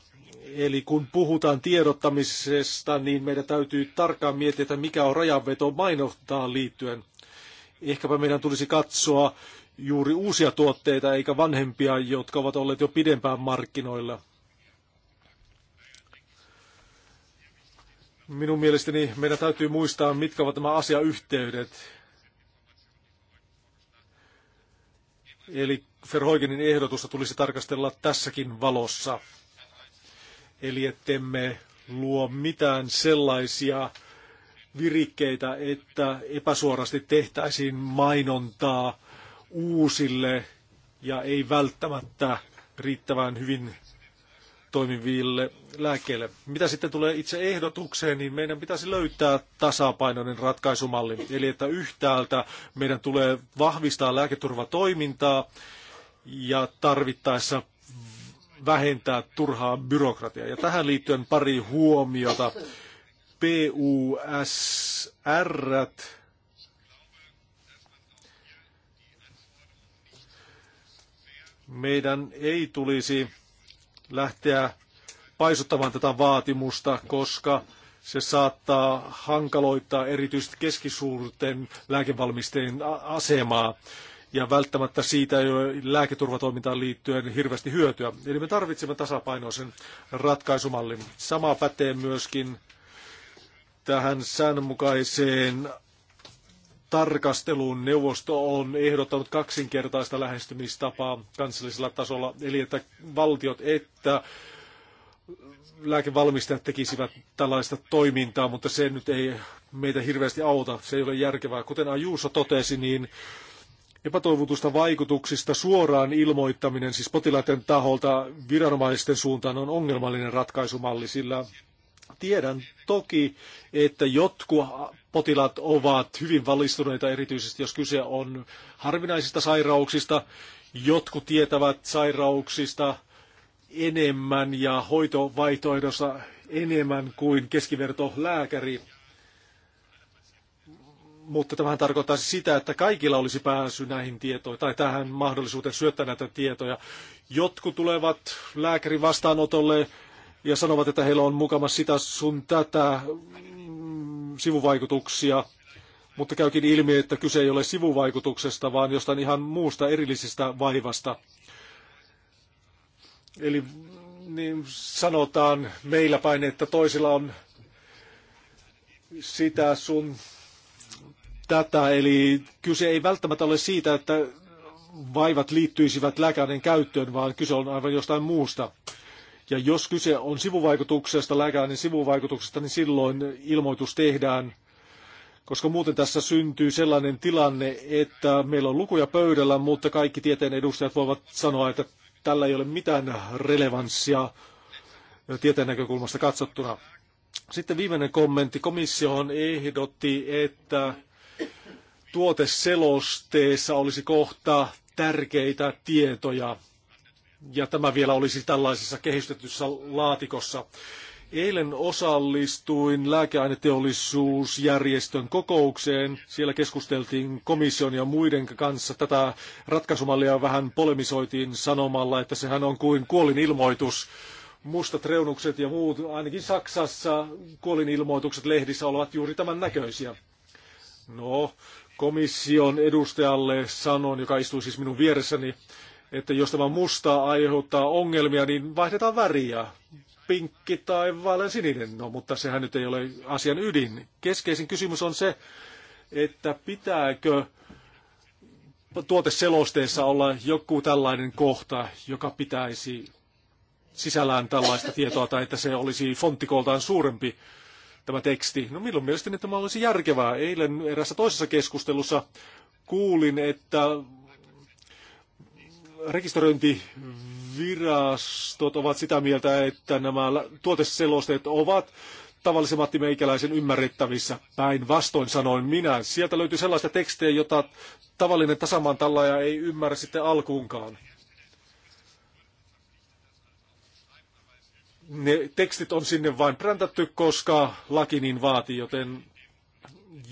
Eli kun puhutaan tiedottamisesta, niin meidän täytyy tarkkaan miettiä, että mikä on rajanveto mainontaan liittyen. Ehkäpä meidän tulisi katsoa juuri uusia tuotteita eikä vanhempia, jotka ovat olleet jo pidempään markkinoilla. Minun mielestäni meidän täytyy muistaa, mitkä ovat nämä asiayhteydet. Eli Verhoigenin ehdotusta tulisi tarkastella tässäkin valossa. Eli ettemme luo mitään sellaisia virikkeitä, että epäsuorasti tehtäisiin mainontaa uusille ja ei välttämättä riittävän hyvin toimiville lääkkeille. Mitä sitten tulee itse ehdotukseen, niin meidän pitäisi löytää tasapainoinen ratkaisumalli. Eli että yhtäältä meidän tulee vahvistaa lääketurvatoimintaa ja tarvittaessa vähentää turhaa byrokratiaa. Ja tähän liittyen pari huomiota PUSR. Meidän ei tulisi lähteä paisuttamaan tätä vaatimusta, koska se saattaa hankaloittaa erityisesti keskisuurten lääkevalmisteen asemaa ja välttämättä siitä ei ole lääketurvatoimintaan liittyen hirveästi hyötyä. Eli me tarvitsemme tasapainoisen ratkaisumallin. Sama pätee myöskin tähän säännönmukaiseen tarkasteluun neuvosto on ehdottanut kaksinkertaista lähestymistapaa kansallisella tasolla, eli että valtiot että lääkevalmistajat tekisivät tällaista toimintaa, mutta se nyt ei meitä hirveästi auta. Se ei ole järkevää. Kuten Ajuuso totesi, niin epätoivotusta vaikutuksista suoraan ilmoittaminen, siis potilaiden taholta viranomaisten suuntaan, on ongelmallinen ratkaisumalli, sillä Tiedän toki, että jotkut potilaat ovat hyvin valistuneita, erityisesti jos kyse on harvinaisista sairauksista. Jotkut tietävät sairauksista enemmän ja hoitovaihtoehdossa enemmän kuin keskiverto lääkäri. Mutta tämähän tarkoittaisi sitä, että kaikilla olisi pääsy näihin tietoihin tai tähän mahdollisuuteen syöttää näitä tietoja. Jotkut tulevat lääkärin vastaanotolle ja sanovat, että heillä on mukama sitä sun tätä mm, sivuvaikutuksia, mutta käykin ilmi, että kyse ei ole sivuvaikutuksesta, vaan jostain ihan muusta erillisestä vaivasta. Eli niin sanotaan meillä päin, että toisilla on sitä sun tätä, eli kyse ei välttämättä ole siitä, että vaivat liittyisivät lääkärin käyttöön, vaan kyse on aivan jostain muusta. Ja jos kyse on sivuvaikutuksesta, lääkäinen sivuvaikutuksesta, niin silloin ilmoitus tehdään, koska muuten tässä syntyy sellainen tilanne, että meillä on lukuja pöydällä, mutta kaikki tieteen edustajat voivat sanoa, että tällä ei ole mitään relevanssia tieteen näkökulmasta katsottuna. Sitten viimeinen kommentti. komissiohan ehdotti, että tuoteselosteessa olisi kohta tärkeitä tietoja ja tämä vielä olisi tällaisessa kehistetyssä laatikossa. Eilen osallistuin lääkeaineteollisuusjärjestön kokoukseen. Siellä keskusteltiin komission ja muiden kanssa. Tätä ratkaisumallia vähän polemisoitiin sanomalla, että sehän on kuin kuolinilmoitus. Mustat reunukset ja muut, ainakin Saksassa kuolinilmoitukset lehdissä ovat juuri tämän näköisiä. No, komission edustajalle sanon, joka istuu siis minun vieressäni, että jos tämä musta aiheuttaa ongelmia, niin vaihdetaan väriä. Pinkki tai vaalean sininen, no, mutta sehän nyt ei ole asian ydin. Keskeisin kysymys on se, että pitääkö tuoteselosteessa olla joku tällainen kohta, joka pitäisi sisällään tällaista tietoa, tai että se olisi fonttikoltaan suurempi tämä teksti. No milloin mielestäni tämä olisi järkevää? Eilen erässä toisessa keskustelussa kuulin, että rekisteröintivirastot ovat sitä mieltä, että nämä tuoteselosteet ovat tavallisen Matti Meikäläisen ymmärrettävissä. Päinvastoin sanoin minä. Sieltä löytyy sellaista tekstiä, jota tavallinen tasamaan tallaja ei ymmärrä sitten alkuunkaan. Ne tekstit on sinne vain präntätty, koska laki niin vaatii, joten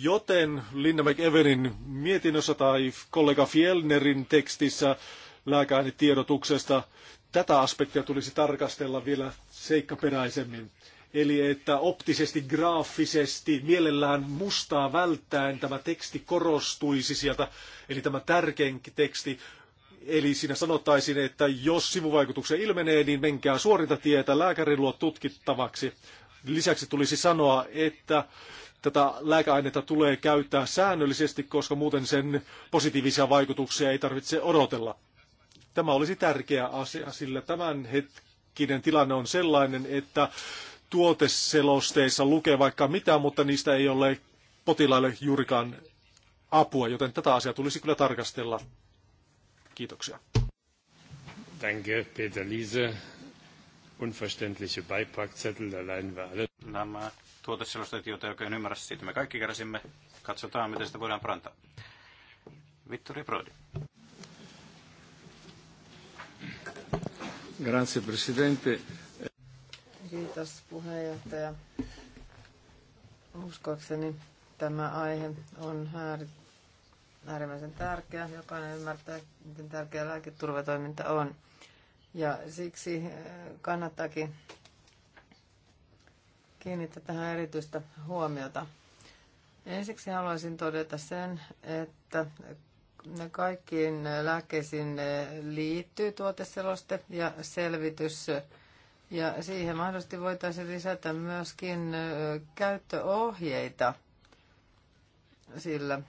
Joten Linda McEvenin mietinnössä tai kollega Fjellnerin tekstissä lääkeainetiedotuksesta. Tätä aspektia tulisi tarkastella vielä seikkaperäisemmin. Eli että optisesti, graafisesti, mielellään mustaa välttäen tämä teksti korostuisi sieltä, eli tämä tärkein teksti. Eli siinä sanottaisiin, että jos sivuvaikutuksia ilmenee, niin menkää suorinta tietä lääkärin luo tutkittavaksi. Lisäksi tulisi sanoa, että tätä lääkeainetta tulee käyttää säännöllisesti, koska muuten sen positiivisia vaikutuksia ei tarvitse odotella. Tämä olisi tärkeä asia, sillä hetkinen tilanne on sellainen, että tuoteselosteissa lukee vaikka mitä, mutta niistä ei ole potilaille juurikaan apua, joten tätä asiaa tulisi kyllä tarkastella. Kiitoksia. Danke,
Peter Liese. Unverständliche Beipackzettel, da wir alle. Nämä tuoteselosteet joita ei oikein ymmärrä, siitä me kaikki kärsimme. Katsotaan, miten sitä voidaan parantaa. Vittori Brody.
Grazie, presidente.
Kiitos puheenjohtaja. Uskoakseni tämä aihe on äärimmäisen tärkeä. Jokainen ymmärtää, miten tärkeä lääketurvatoiminta on. Ja siksi eh, kannattaakin kiinnittää tähän erityistä huomiota. Ensiksi haluaisin todeta sen, että ne kaikkiin lääkkeisiin liittyy tuoteseloste ja selvitys. Ja siihen mahdollisesti voitaisiin lisätä myöskin käyttöohjeita sillä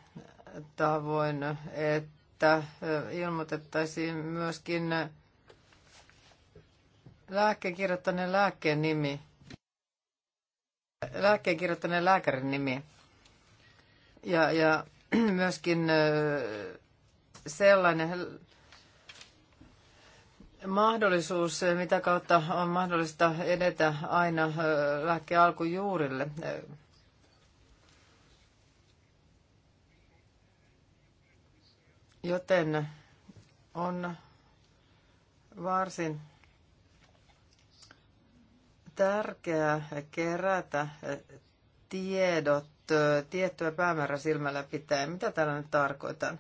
tavoin, että ilmoitettaisiin myöskin lääkkeen kirjoittaneen lääkkeen nimi. Lääkkeen kirjoittaneen lääkärin nimi. Ja, ja myöskin sellainen mahdollisuus, mitä kautta on mahdollista edetä aina lääkkeen alkujuurille. Joten on varsin tärkeää kerätä tiedot tiettyä päämäärä silmällä pitää, Mitä täällä nyt tarkoitan?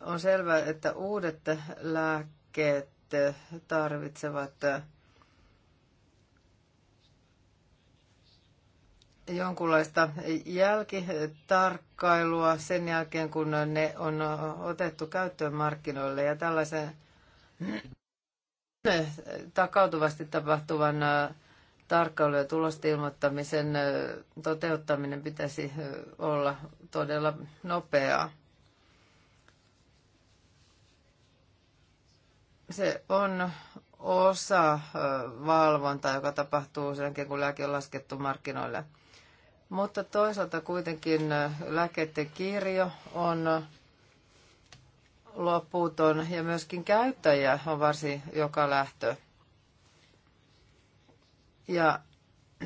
On selvää, että uudet lääkkeet tarvitsevat jonkunlaista jälkitarkkailua sen jälkeen, kun ne on otettu käyttöön markkinoille ja tällaisen takautuvasti tapahtuvan tarkkailu- ja tulostilmoittamisen toteuttaminen pitäisi olla todella nopeaa. Se on osa valvontaa, joka tapahtuu senkin kun lääke on laskettu markkinoille. Mutta toisaalta kuitenkin lääkkeiden kirjo on loputon ja myöskin käyttäjä on varsin joka lähtö. Ja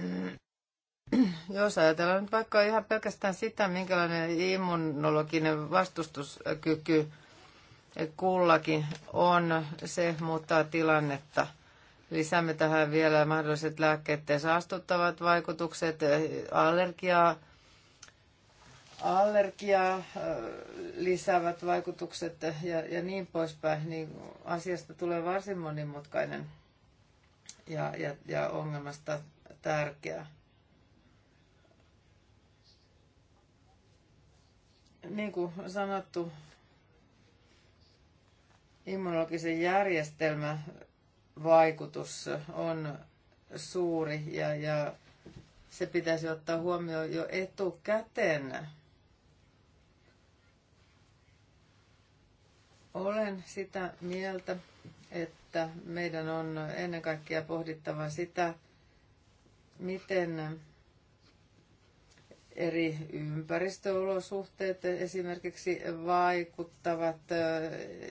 mm, jos ajatellaan nyt vaikka ihan pelkästään sitä, minkälainen immunologinen vastustuskyky kullakin on, se muuttaa tilannetta. Lisäämme tähän vielä mahdolliset lääkkeiden saastuttavat vaikutukset, allergiaa, allergiaa äh, lisäävät vaikutukset ja, ja niin poispäin, niin asiasta tulee varsin monimutkainen ja, ja, ja ongelmasta tärkeä. Niin kuin sanottu, immunologisen järjestelmän vaikutus on suuri ja, ja se pitäisi ottaa huomioon jo etukäteen. Olen sitä mieltä, että että meidän on ennen kaikkea pohdittava sitä, miten eri ympäristöolosuhteet esimerkiksi vaikuttavat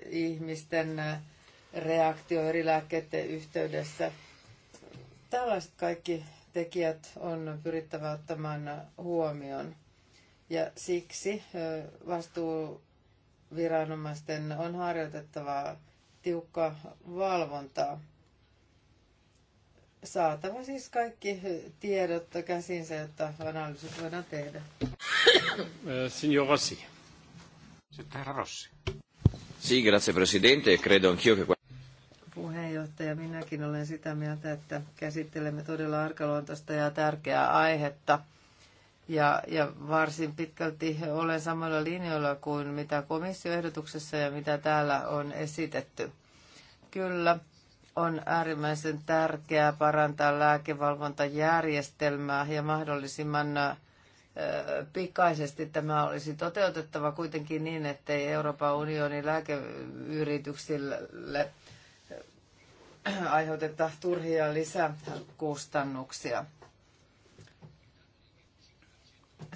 ihmisten reaktio eri lääkkeiden yhteydessä. Tällaiset kaikki tekijät on pyrittävä ottamaan huomioon. Ja siksi vastuuviranomaisten on harjoitettava tiukka valvonta Saatava siis kaikki tiedot käsinsä, jotta analyysit voidaan tehdä.
Eh, signor Rossi.
Sitten herra Rossi.
Sì, grazie Presidente. Credo anch'io che...
Puheenjohtaja, minäkin olen sitä mieltä, että käsittelemme todella arkaluontoista ja tärkeää aihetta – ja, ja varsin pitkälti olen samalla linjoilla kuin mitä komissioehdotuksessa ja mitä täällä on esitetty. Kyllä, on äärimmäisen tärkeää parantaa lääkevalvontajärjestelmää ja mahdollisimman pikaisesti tämä olisi toteutettava kuitenkin niin, ettei Euroopan unionin lääkeyrityksille aiheuteta turhia lisäkustannuksia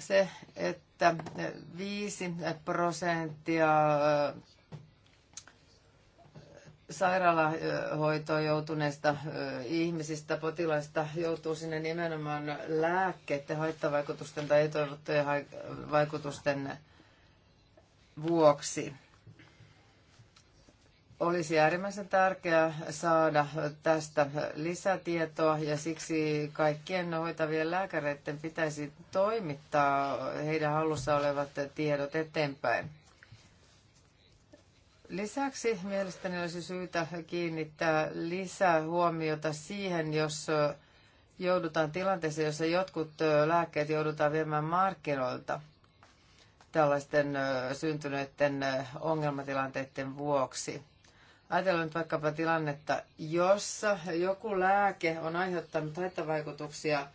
se, että 5 prosenttia äh, sairaalahoitoon joutuneista äh, ihmisistä, potilaista joutuu sinne nimenomaan lääkkeiden haittavaikutusten tai ei-toivottujen vaikutusten vuoksi olisi äärimmäisen tärkeää saada tästä lisätietoa ja siksi kaikkien hoitavien lääkäreiden pitäisi toimittaa heidän hallussa olevat tiedot eteenpäin. Lisäksi mielestäni olisi syytä kiinnittää lisää huomiota siihen, jos joudutaan tilanteeseen, jossa jotkut lääkkeet joudutaan viemään markkinoilta tällaisten syntyneiden ongelmatilanteiden vuoksi. Ajatellaan nyt vaikkapa tilannetta, jossa joku lääke on aiheuttanut haittavaikutuksia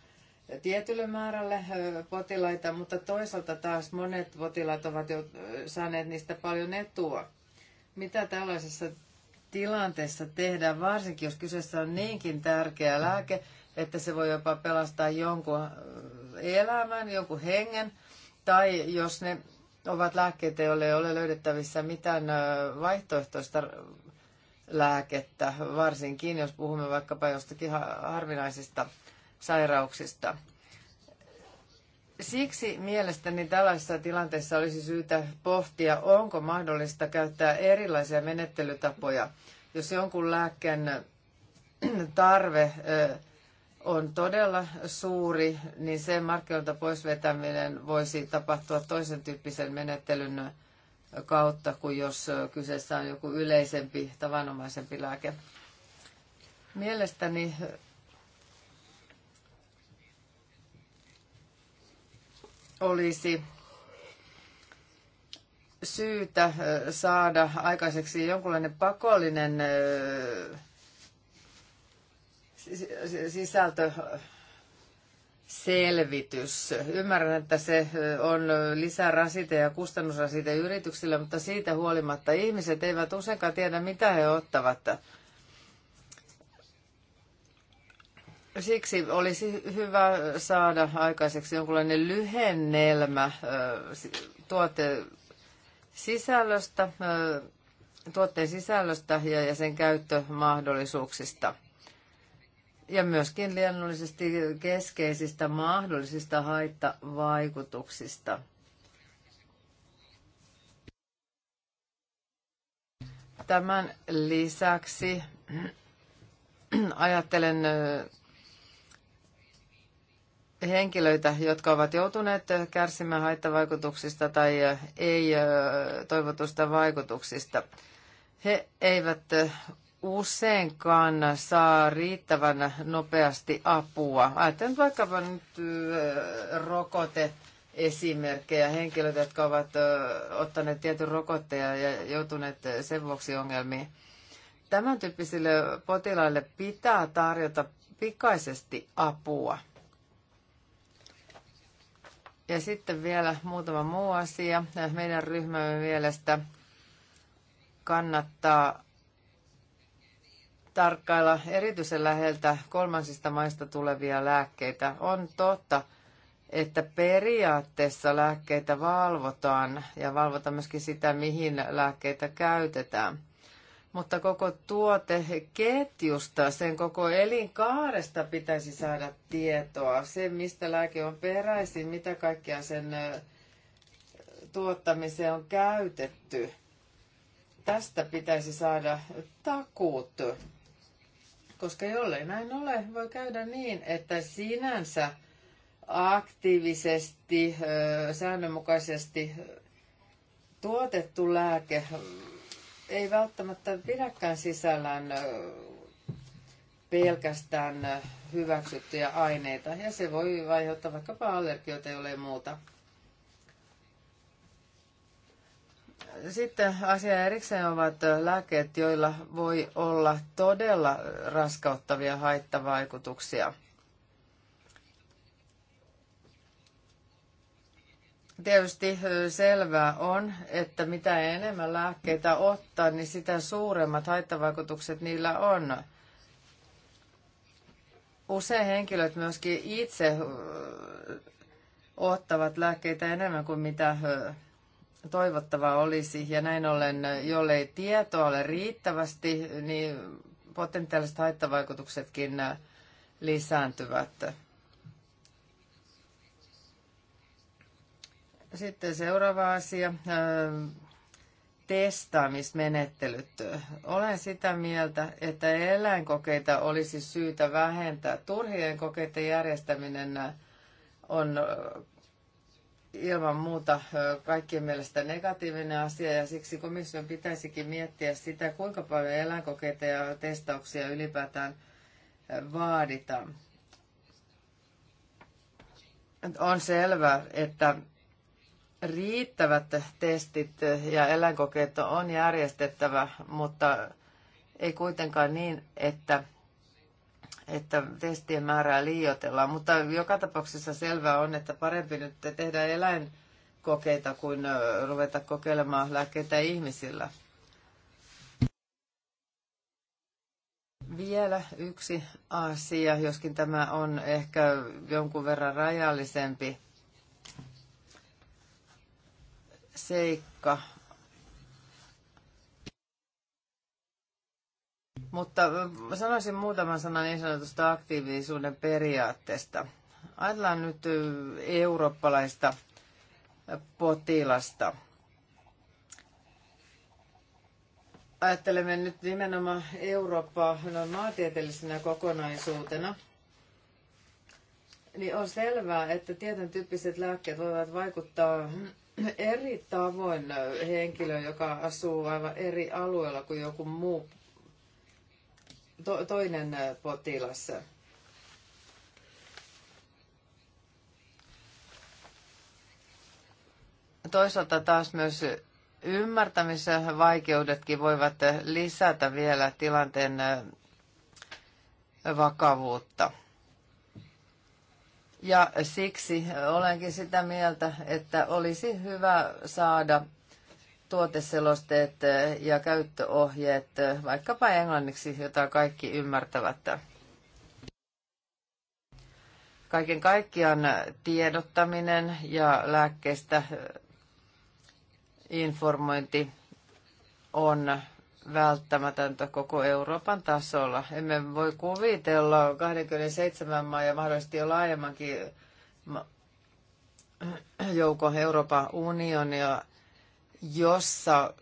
tietylle määrälle potilaita, mutta toisaalta taas monet potilaat ovat jo saaneet niistä paljon etua. Mitä tällaisessa tilanteessa tehdään, varsinkin jos kyseessä on niinkin tärkeä lääke, että se voi jopa pelastaa jonkun elämän, jonkun hengen, tai jos ne ovat lääkkeitä, joille ei ole löydettävissä mitään vaihtoehtoista lääkettä, varsinkin jos puhumme vaikkapa jostakin harvinaisista sairauksista. Siksi mielestäni tällaisessa tilanteessa olisi syytä pohtia, onko mahdollista käyttää erilaisia menettelytapoja, jos jonkun lääkkeen tarve on todella suuri, niin sen markkinoilta pois vetäminen voisi tapahtua toisen tyyppisen menettelyn kautta kuin jos kyseessä on joku yleisempi, tavanomaisempi lääke. Mielestäni olisi syytä saada aikaiseksi jonkunlainen pakollinen sisältö selvitys. Ymmärrän, että se on rasite ja kustannusrasite yrityksille, mutta siitä huolimatta ihmiset eivät useinkaan tiedä, mitä he ottavat. Siksi olisi hyvä saada aikaiseksi jonkinlainen lyhennelmä tuote sisällöstä, tuotteen sisällöstä ja sen käyttömahdollisuuksista – ja myöskin liennollisesti keskeisistä mahdollisista haittavaikutuksista. Tämän lisäksi ajattelen henkilöitä, jotka ovat joutuneet kärsimään haittavaikutuksista tai ei toivotusta vaikutuksista. He eivät useinkaan saa riittävän nopeasti apua. Ajattelen vaikkapa nyt rokote esimerkkejä, Henkilöt, jotka ovat ottaneet tietyn rokotteja, ja joutuneet sen vuoksi ongelmiin. Tämän tyyppisille potilaille pitää tarjota pikaisesti apua. Ja sitten vielä muutama muu asia. Meidän ryhmämme mielestä kannattaa tarkkailla erityisen läheltä kolmansista maista tulevia lääkkeitä. On totta, että periaatteessa lääkkeitä valvotaan ja valvotaan myöskin sitä, mihin lääkkeitä käytetään. Mutta koko tuoteketjusta, sen koko elinkaaresta pitäisi saada tietoa. Se, mistä lääke on peräisin, mitä kaikkea sen tuottamiseen on käytetty. Tästä pitäisi saada takuut koska jollei näin ole, voi käydä niin, että sinänsä aktiivisesti, säännönmukaisesti tuotettu lääke ei välttämättä pidäkään sisällään pelkästään hyväksyttyjä aineita. Ja se voi aiheuttaa vaikkapa allergioita, jollei muuta. Sitten asia erikseen ovat lääkkeet, joilla voi olla todella raskauttavia haittavaikutuksia. Tietysti selvää on, että mitä enemmän lääkkeitä ottaa, niin sitä suuremmat haittavaikutukset niillä on. Usein henkilöt myöskin itse ottavat lääkkeitä enemmän kuin mitä toivottavaa olisi, ja näin ollen, jollei tietoa ole riittävästi, niin potentiaaliset haittavaikutuksetkin äh, lisääntyvät. Sitten seuraava asia, äh, testaamismenettelyt. Olen sitä mieltä, että eläinkokeita olisi syytä vähentää. Turhien kokeiden järjestäminen äh, on ilman muuta kaikkien mielestä negatiivinen asia ja siksi komission pitäisikin miettiä sitä, kuinka paljon eläinkokeita ja testauksia ylipäätään vaaditaan. On selvää, että riittävät testit ja eläinkokeet on järjestettävä, mutta ei kuitenkaan niin, että että testien määrää liioitellaan, mutta joka tapauksessa selvää on, että parempi nyt tehdä eläinkokeita kuin ruveta kokeilemaan lääkkeitä ihmisillä. Vielä yksi asia, joskin tämä on ehkä jonkun verran rajallisempi seikka Mutta äh, sanoisin muutaman sanan niin sanotusta aktiivisuuden periaatteesta. Ajatellaan nyt äh, eurooppalaista äh, potilasta. Ajattelemme nyt nimenomaan Eurooppaa noin maantieteellisenä kokonaisuutena – niin on selvää, että tietyn tyyppiset lääkkeet voivat vaikuttaa eri tavoin henkilöön, joka asuu aivan eri alueella kuin joku muu to, toinen potilas. Toisaalta taas myös ymmärtämisen vaikeudetkin voivat lisätä vielä tilanteen vakavuutta. Ja siksi olenkin sitä mieltä, että olisi hyvä saada tuoteselosteet ja käyttöohjeet, vaikkapa englanniksi, jota kaikki ymmärtävät. Kaiken kaikkiaan tiedottaminen ja lääkkeistä informointi on välttämätöntä koko Euroopan tasolla. Emme voi kuvitella 27 maan ja mahdollisesti jo laajemmankin joukon Euroopan unionia jossa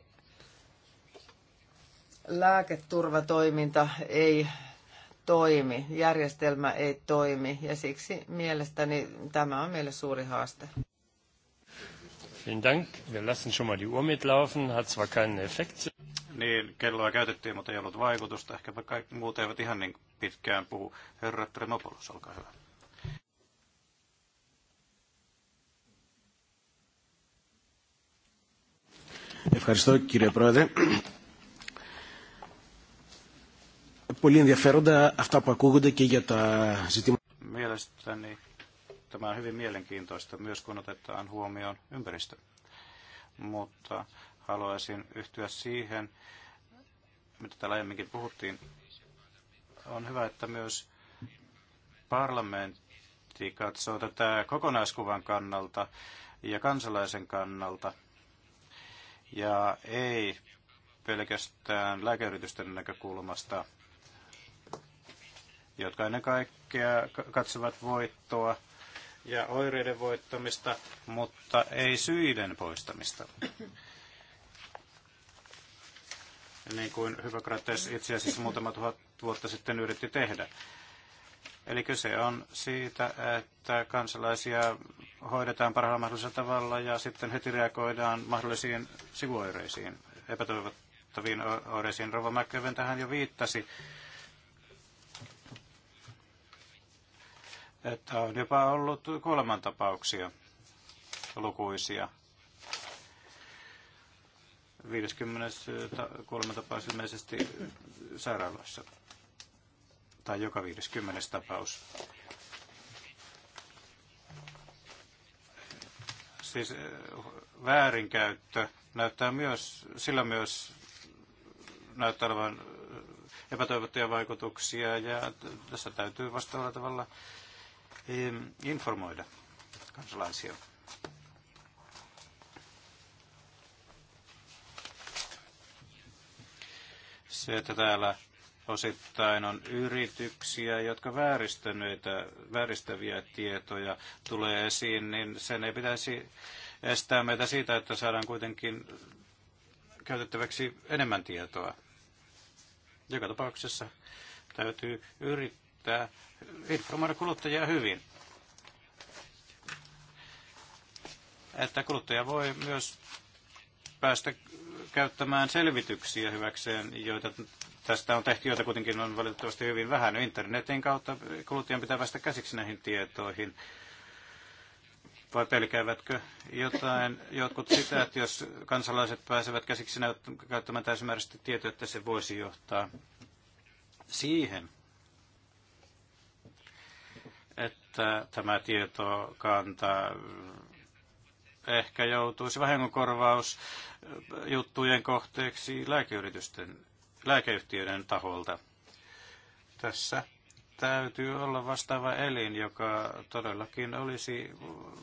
lääketurvatoiminta ei toimi, järjestelmä ei toimi ja siksi mielestäni tämä on meille suuri haaste.
Vielen Dank. Wir lassen schon mal die Uhr mitlaufen. Hat zwar keinen Effekt. Niin, kelloa käytettiin, mutta ei ollut vaikutusta. Ehkäpä kaikki muut eivät ihan niin pitkään puhu. Herra Tremopoulos, olkaa hyvä.
Ευχαριστώ κύριε Πρόεδρε. Πολύ ενδιαφέροντα αυτά που ακούγονται και για τα ζητήματα.
Mielestäni tämä on hyvin mielenkiintoista myös kun otetaan huomioon ympäristö. Mutta haluaisin yhtyä siihen, mitä täällä aiemminkin puhuttiin. On hyvä, että myös parlamentti katsoo tätä kokonaiskuvan kannalta ja kansalaisen kannalta – ja ei pelkästään lääkeyritysten näkökulmasta, jotka ennen kaikkea katsovat voittoa ja oireiden voittamista, mutta ei syiden poistamista. Niin kuin Hypokrates itse asiassa muutama tuhat vuotta sitten yritti tehdä. Eli kyse on siitä, että kansalaisia hoidetaan parhaalla mahdollisella tavalla ja sitten heti reagoidaan mahdollisiin sivuoireisiin, epätoivottaviin oireisiin. Rova Mäkköven tähän jo viittasi, että on jopa ollut kuolemantapauksia lukuisia. 50 kuolemantapaus ilmeisesti sairaaloissa tai joka kymmenes tapaus. Siis eh, väärinkäyttö näyttää myös, sillä myös näyttää olevan eh, epätoivottuja vaikutuksia ja tässä täytyy vastaavalla tavalla informoida kansalaisia. Se, että täällä Osittain on yrityksiä, jotka vääristäneitä, vääristäviä tietoja tulee esiin, niin sen ei pitäisi estää meitä siitä, että saadaan kuitenkin käytettäväksi enemmän tietoa. Joka tapauksessa täytyy yrittää informoida kuluttajia hyvin. Että kuluttaja voi myös päästä käyttämään selvityksiä hyväkseen, joita Tästä on tehty joita kuitenkin on valitettavasti hyvin vähän. No, internetin kautta kuluttajan pitää päästä käsiksi näihin tietoihin. Vai pelkäävätkö jotain, jotkut sitä, että jos kansalaiset pääsevät käsiksi käyttämään täysimääräisesti tietoa, että se voisi johtaa siihen, että tämä tietokanta ehkä joutuisi vahingonkorvausjuttujen kohteeksi lääkeyritysten lääkeyhtiöiden taholta. Tässä täytyy olla vastaava elin, joka todellakin olisi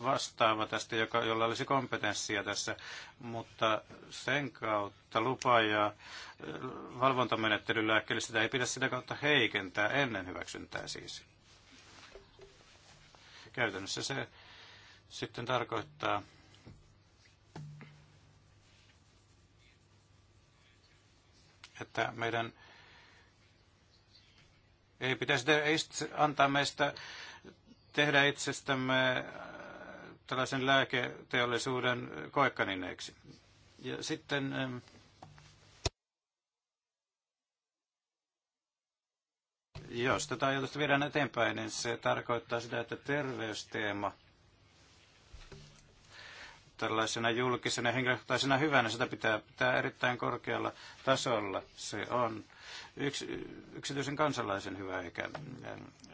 vastaava tästä, joka, jolla olisi kompetenssia tässä, mutta sen kautta lupa- ja valvontamenettelyn sitä ei pidä sitä kautta heikentää ennen hyväksyntää siis. Käytännössä se sitten tarkoittaa että meidän ei pitäisi antaa meistä tehdä itsestämme äh, tällaisen lääketeollisuuden koekanineiksi. Ja sitten ähm, jos tätä ajatusta viedään eteenpäin, niin se tarkoittaa sitä, että terveysteema – tällaisena julkisena henkilökohtaisena hyvänä. Sitä pitää pitää erittäin korkealla tasolla. Se on yks, yksityisen kansalaisen hyvä eikä äh,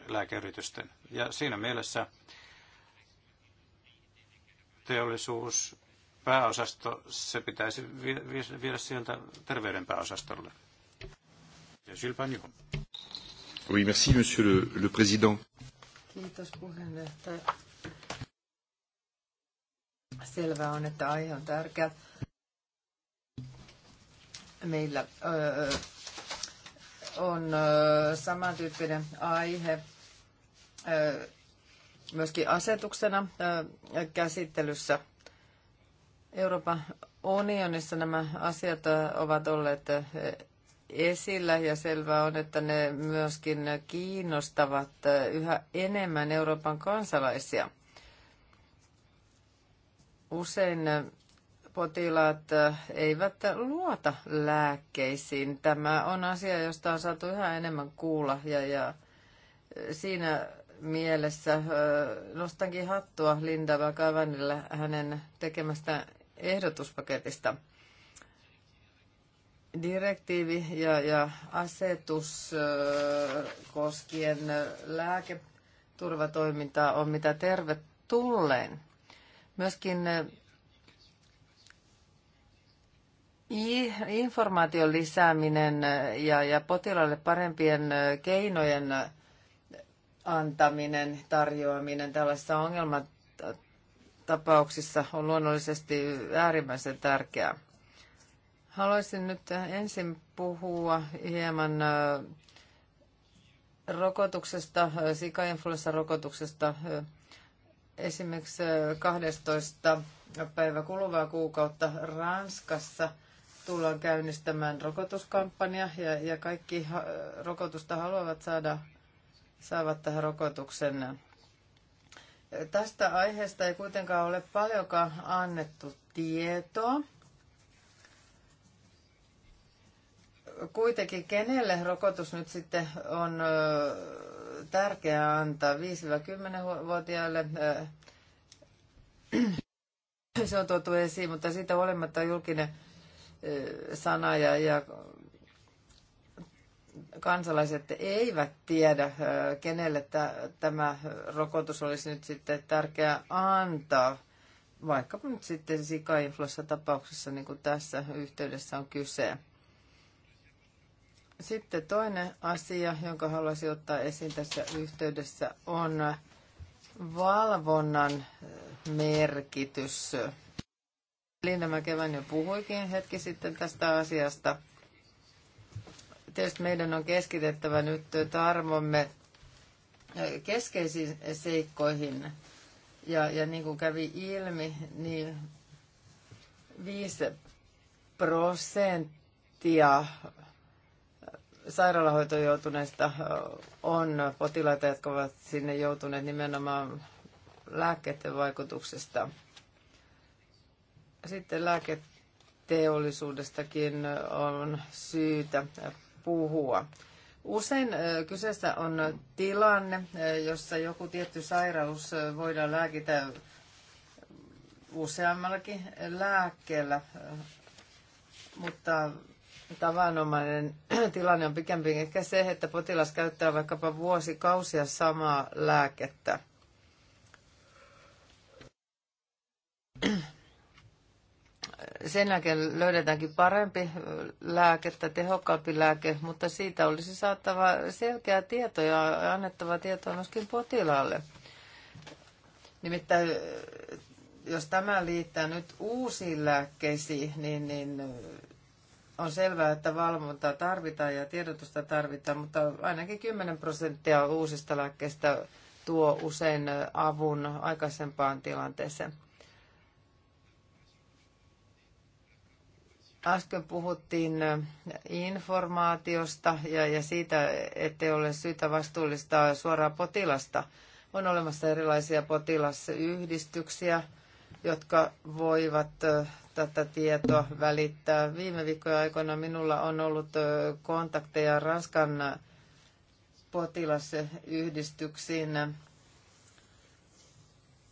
lääkeyritysten. Ja siinä mielessä teollisuus pääosasto, se pitäisi viedä sieltä terveyden pääosastolle. Oui, merci, monsieur le, le président.
Kiitos puheenjohtaja. Selvä on, että aihe on tärkeä. Meillä öö, on öö, samantyyppinen aihe öö, myöskin asetuksena öö, käsittelyssä. Euroopan unionissa nämä asiat ovat olleet esillä ja selvää on, että ne myöskin kiinnostavat yhä enemmän Euroopan kansalaisia. Usein potilaat eh, eivät luota lääkkeisiin. Tämä on asia, josta on saatu yhä enemmän kuulla ja, ja eh, siinä mielessä eh, nostankin hattua Linda Vakavanille hänen tekemästä ehdotuspaketista. Direktiivi ja, ja asetus koskien lääketurvatoimintaa on mitä tervetulleen Myöskin eh, informaation lisääminen eh, ja, ja potilaalle parempien eh, keinojen antaminen, tarjoaminen tällaisissa ongelmatapauksissa on luonnollisesti äärimmäisen tärkeää. Haluaisin nyt ensin puhua hieman rokotuksesta, sikainfluenssarokotuksesta rokotuksesta Esimerkiksi 12 päivä kuluvaa kuukautta Ranskassa tullaan käynnistämään rokotuskampanja ja, ja kaikki ha- rokotusta haluavat saada, saavat tähän rokotuksen. Tästä aiheesta ei kuitenkaan ole paljonkaan annettu tietoa. Kuitenkin kenelle rokotus nyt sitten on tärkeää antaa 5-10-vuotiaille. Se on tuotu esiin, mutta siitä olematta julkinen sana ja, ja kansalaiset eivät tiedä, kenelle tämä rokotus olisi nyt sitten tärkeää antaa, vaikka nyt sitten sikainfluenssa tapauksessa, niin kuin tässä yhteydessä on kyse. Sitten toinen asia, jonka haluaisin ottaa esiin tässä yhteydessä, on valvonnan eh, merkitys. Linda Mäkevän jo puhuikin hetki sitten tästä asiasta. Tietysti meidän on keskitettävä nyt tarmomme eh, keskeisiin seikkoihin. Ja, ja niin kuin kävi ilmi, niin 5 prosenttia sairaalahoitoon joutuneista on potilaita, jotka ovat sinne joutuneet nimenomaan lääkkeiden vaikutuksesta. Sitten lääketeollisuudestakin on syytä puhua. Usein kyseessä on tilanne, jossa joku tietty sairaus voidaan lääkitä useammallakin lääkkeellä, mutta tavanomainen tilanne on pikemminkin ehkä se, että potilas käyttää vaikkapa vuosikausia samaa lääkettä. Sen jälkeen löydetäänkin parempi lääkettä, tehokkaampi lääke, mutta siitä olisi saattava selkeää tietoa ja annettava tietoa myöskin potilaalle. Nimittäin jos tämä liittää nyt uusiin lääkkeisiin, niin, niin on selvää, että valvontaa tarvitaan ja tiedotusta tarvitaan, mutta ainakin 10 prosenttia uusista lääkkeistä tuo usein avun aikaisempaan tilanteeseen. Äsken puhuttiin informaatiosta ja, ja siitä, ettei ole syytä vastuullistaa suoraan potilasta. On olemassa erilaisia potilasyhdistyksiä, jotka voivat tätä tietoa välittää. Viime viikkojen aikana minulla on ollut kontakteja Ranskan potilasyhdistyksiin.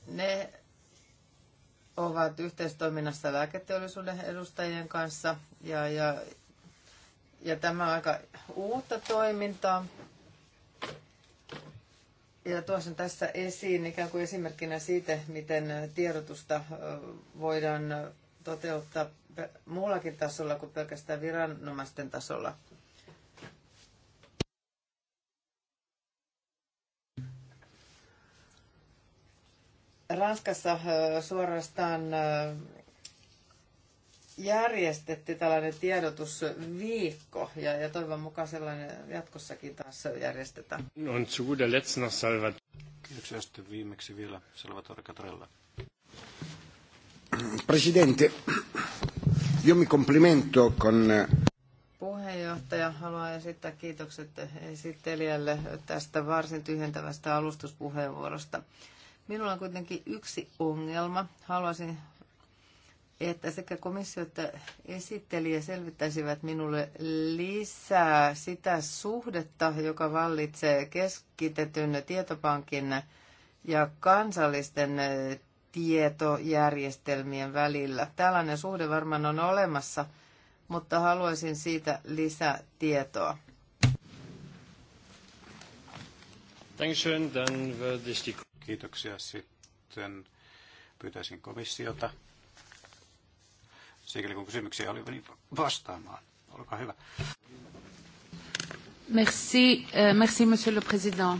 Ne ovat yhteistoiminnassa lääketeollisuuden edustajien kanssa ja, ja, ja tämä on aika uutta toimintaa ja tuossa tässä esiin ikään kuin esimerkkinä siitä, miten tiedotusta voidaan toteuttaa muullakin tasolla kuin pelkästään viranomaisten tasolla. Ranskassa suorastaan järjestetty tällainen tiedotusviikko ja, ja toivon mukaan sellainen jatkossakin taas järjestetään.
On suude letsna salvat. Kiitoksia sitten viimeksi vielä Salvatore Catrella.
Presidente, io mi complimento
con... Eh,
Puheenjohtaja, haluan esittää kiitokset esittelijälle tästä varsin tyhjentävästä alustuspuheenvuorosta. Minulla on kuitenkin yksi ongelma. Haluaisin että sekä komissio että esittelijä selvittäisivät minulle lisää sitä suhdetta, joka vallitsee keskitetyn tietopankin ja kansallisten tietojärjestelmien välillä. Tällainen suhde varmaan on olemassa, mutta haluaisin siitä lisätietoa.
Kiitoksia. Sitten pyytäisin komissiota sikäli kun kysymyksiä oli niin vastaamaan. Olkaa hyvä.
Merci, euh, merci monsieur le président.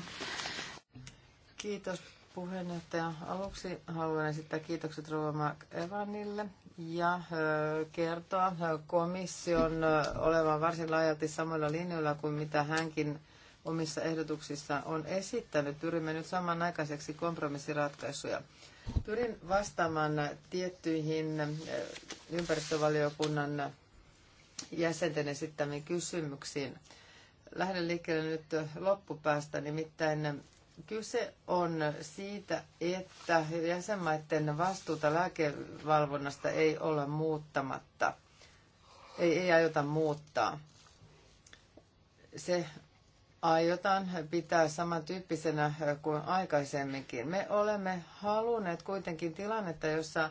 Kiitos puheenjohtaja. Aluksi haluan esittää kiitokset Rova Evanille ja äh, kertoa äh, komission äh, olevan varsin laajalti samoilla linjoilla kuin mitä hänkin omissa ehdotuksissa on esittänyt. Pyrimme nyt samanaikaiseksi kompromissiratkaisuja. Pyrin vastaamaan tiettyihin eh, ympäristövaliokunnan jäsenten esittämiin kysymyksiin. Lähden liikkeelle nyt loppupäästä, nimittäin kyse on siitä, että jäsenmaiden vastuuta lääkevalvonnasta ei olla muuttamatta. Ei, ei aiota muuttaa. Se aiotaan pitää samantyyppisenä kuin aikaisemminkin. Me olemme halunneet kuitenkin tilannetta, jossa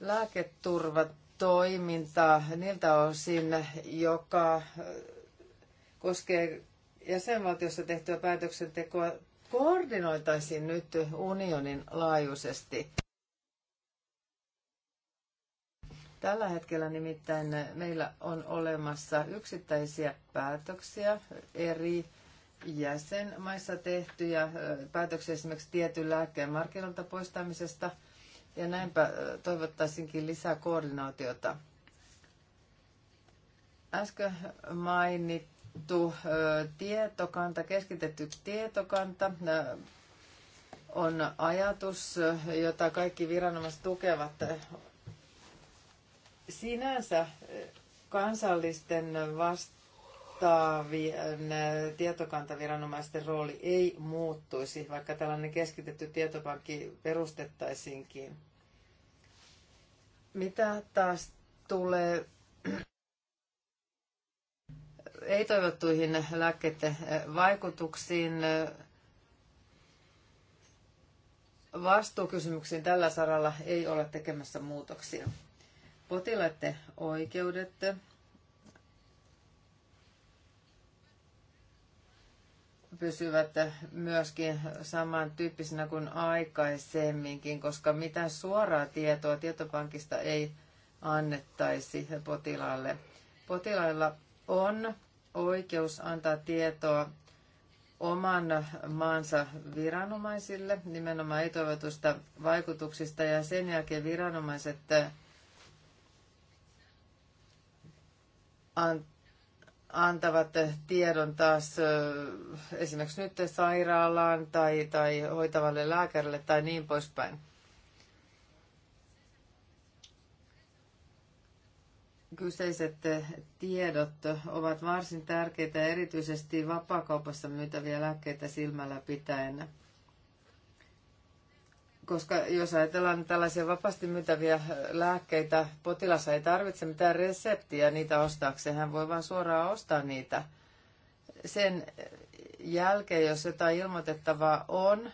lääketurvatoiminta niiltä osin, joka äh, koskee jäsenvaltiossa tehtyä päätöksentekoa, koordinoitaisiin nyt unionin laajuisesti. Tällä hetkellä nimittäin meillä on olemassa yksittäisiä päätöksiä eri jäsenmaissa tehtyjä päätöksiä esimerkiksi tietyn lääkkeen markkinoilta poistamisesta. Ja näinpä toivottaisinkin lisää koordinaatiota. Äsken mainittu tietokanta, keskitetty tietokanta on ajatus, jota kaikki viranomaiset tukevat. Sinänsä kansallisten vast vastaavien eh, tietokantaviranomaisten rooli ei muuttuisi, vaikka tällainen keskitetty tietopankki perustettaisiinkin. Mitä taas tulee ei-toivottuihin lääkkeiden vaikutuksiin, vastuukysymyksiin tällä saralla ei ole tekemässä muutoksia. Potilaiden oikeudet pysyvät myöskin samantyyppisinä kuin aikaisemminkin, koska mitään suoraa tietoa tietopankista ei annettaisi potilaalle. Potilailla on oikeus antaa tietoa oman maansa viranomaisille, nimenomaan ei-toivotusta vaikutuksista, ja sen jälkeen viranomaiset äh, antavat antavat tiedon taas esimerkiksi nyt sairaalaan tai, tai hoitavalle lääkärille tai niin poispäin. Kyseiset tiedot ovat varsin tärkeitä erityisesti vapaakaupassa myytäviä lääkkeitä silmällä pitäen koska jos ajatellaan tällaisia vapaasti myytäviä äh, lääkkeitä, potilas ei tarvitse mitään reseptiä niitä ostaakseen, hän voi vain suoraan ostaa niitä. Sen jälkeen, jos jotain ilmoitettavaa on,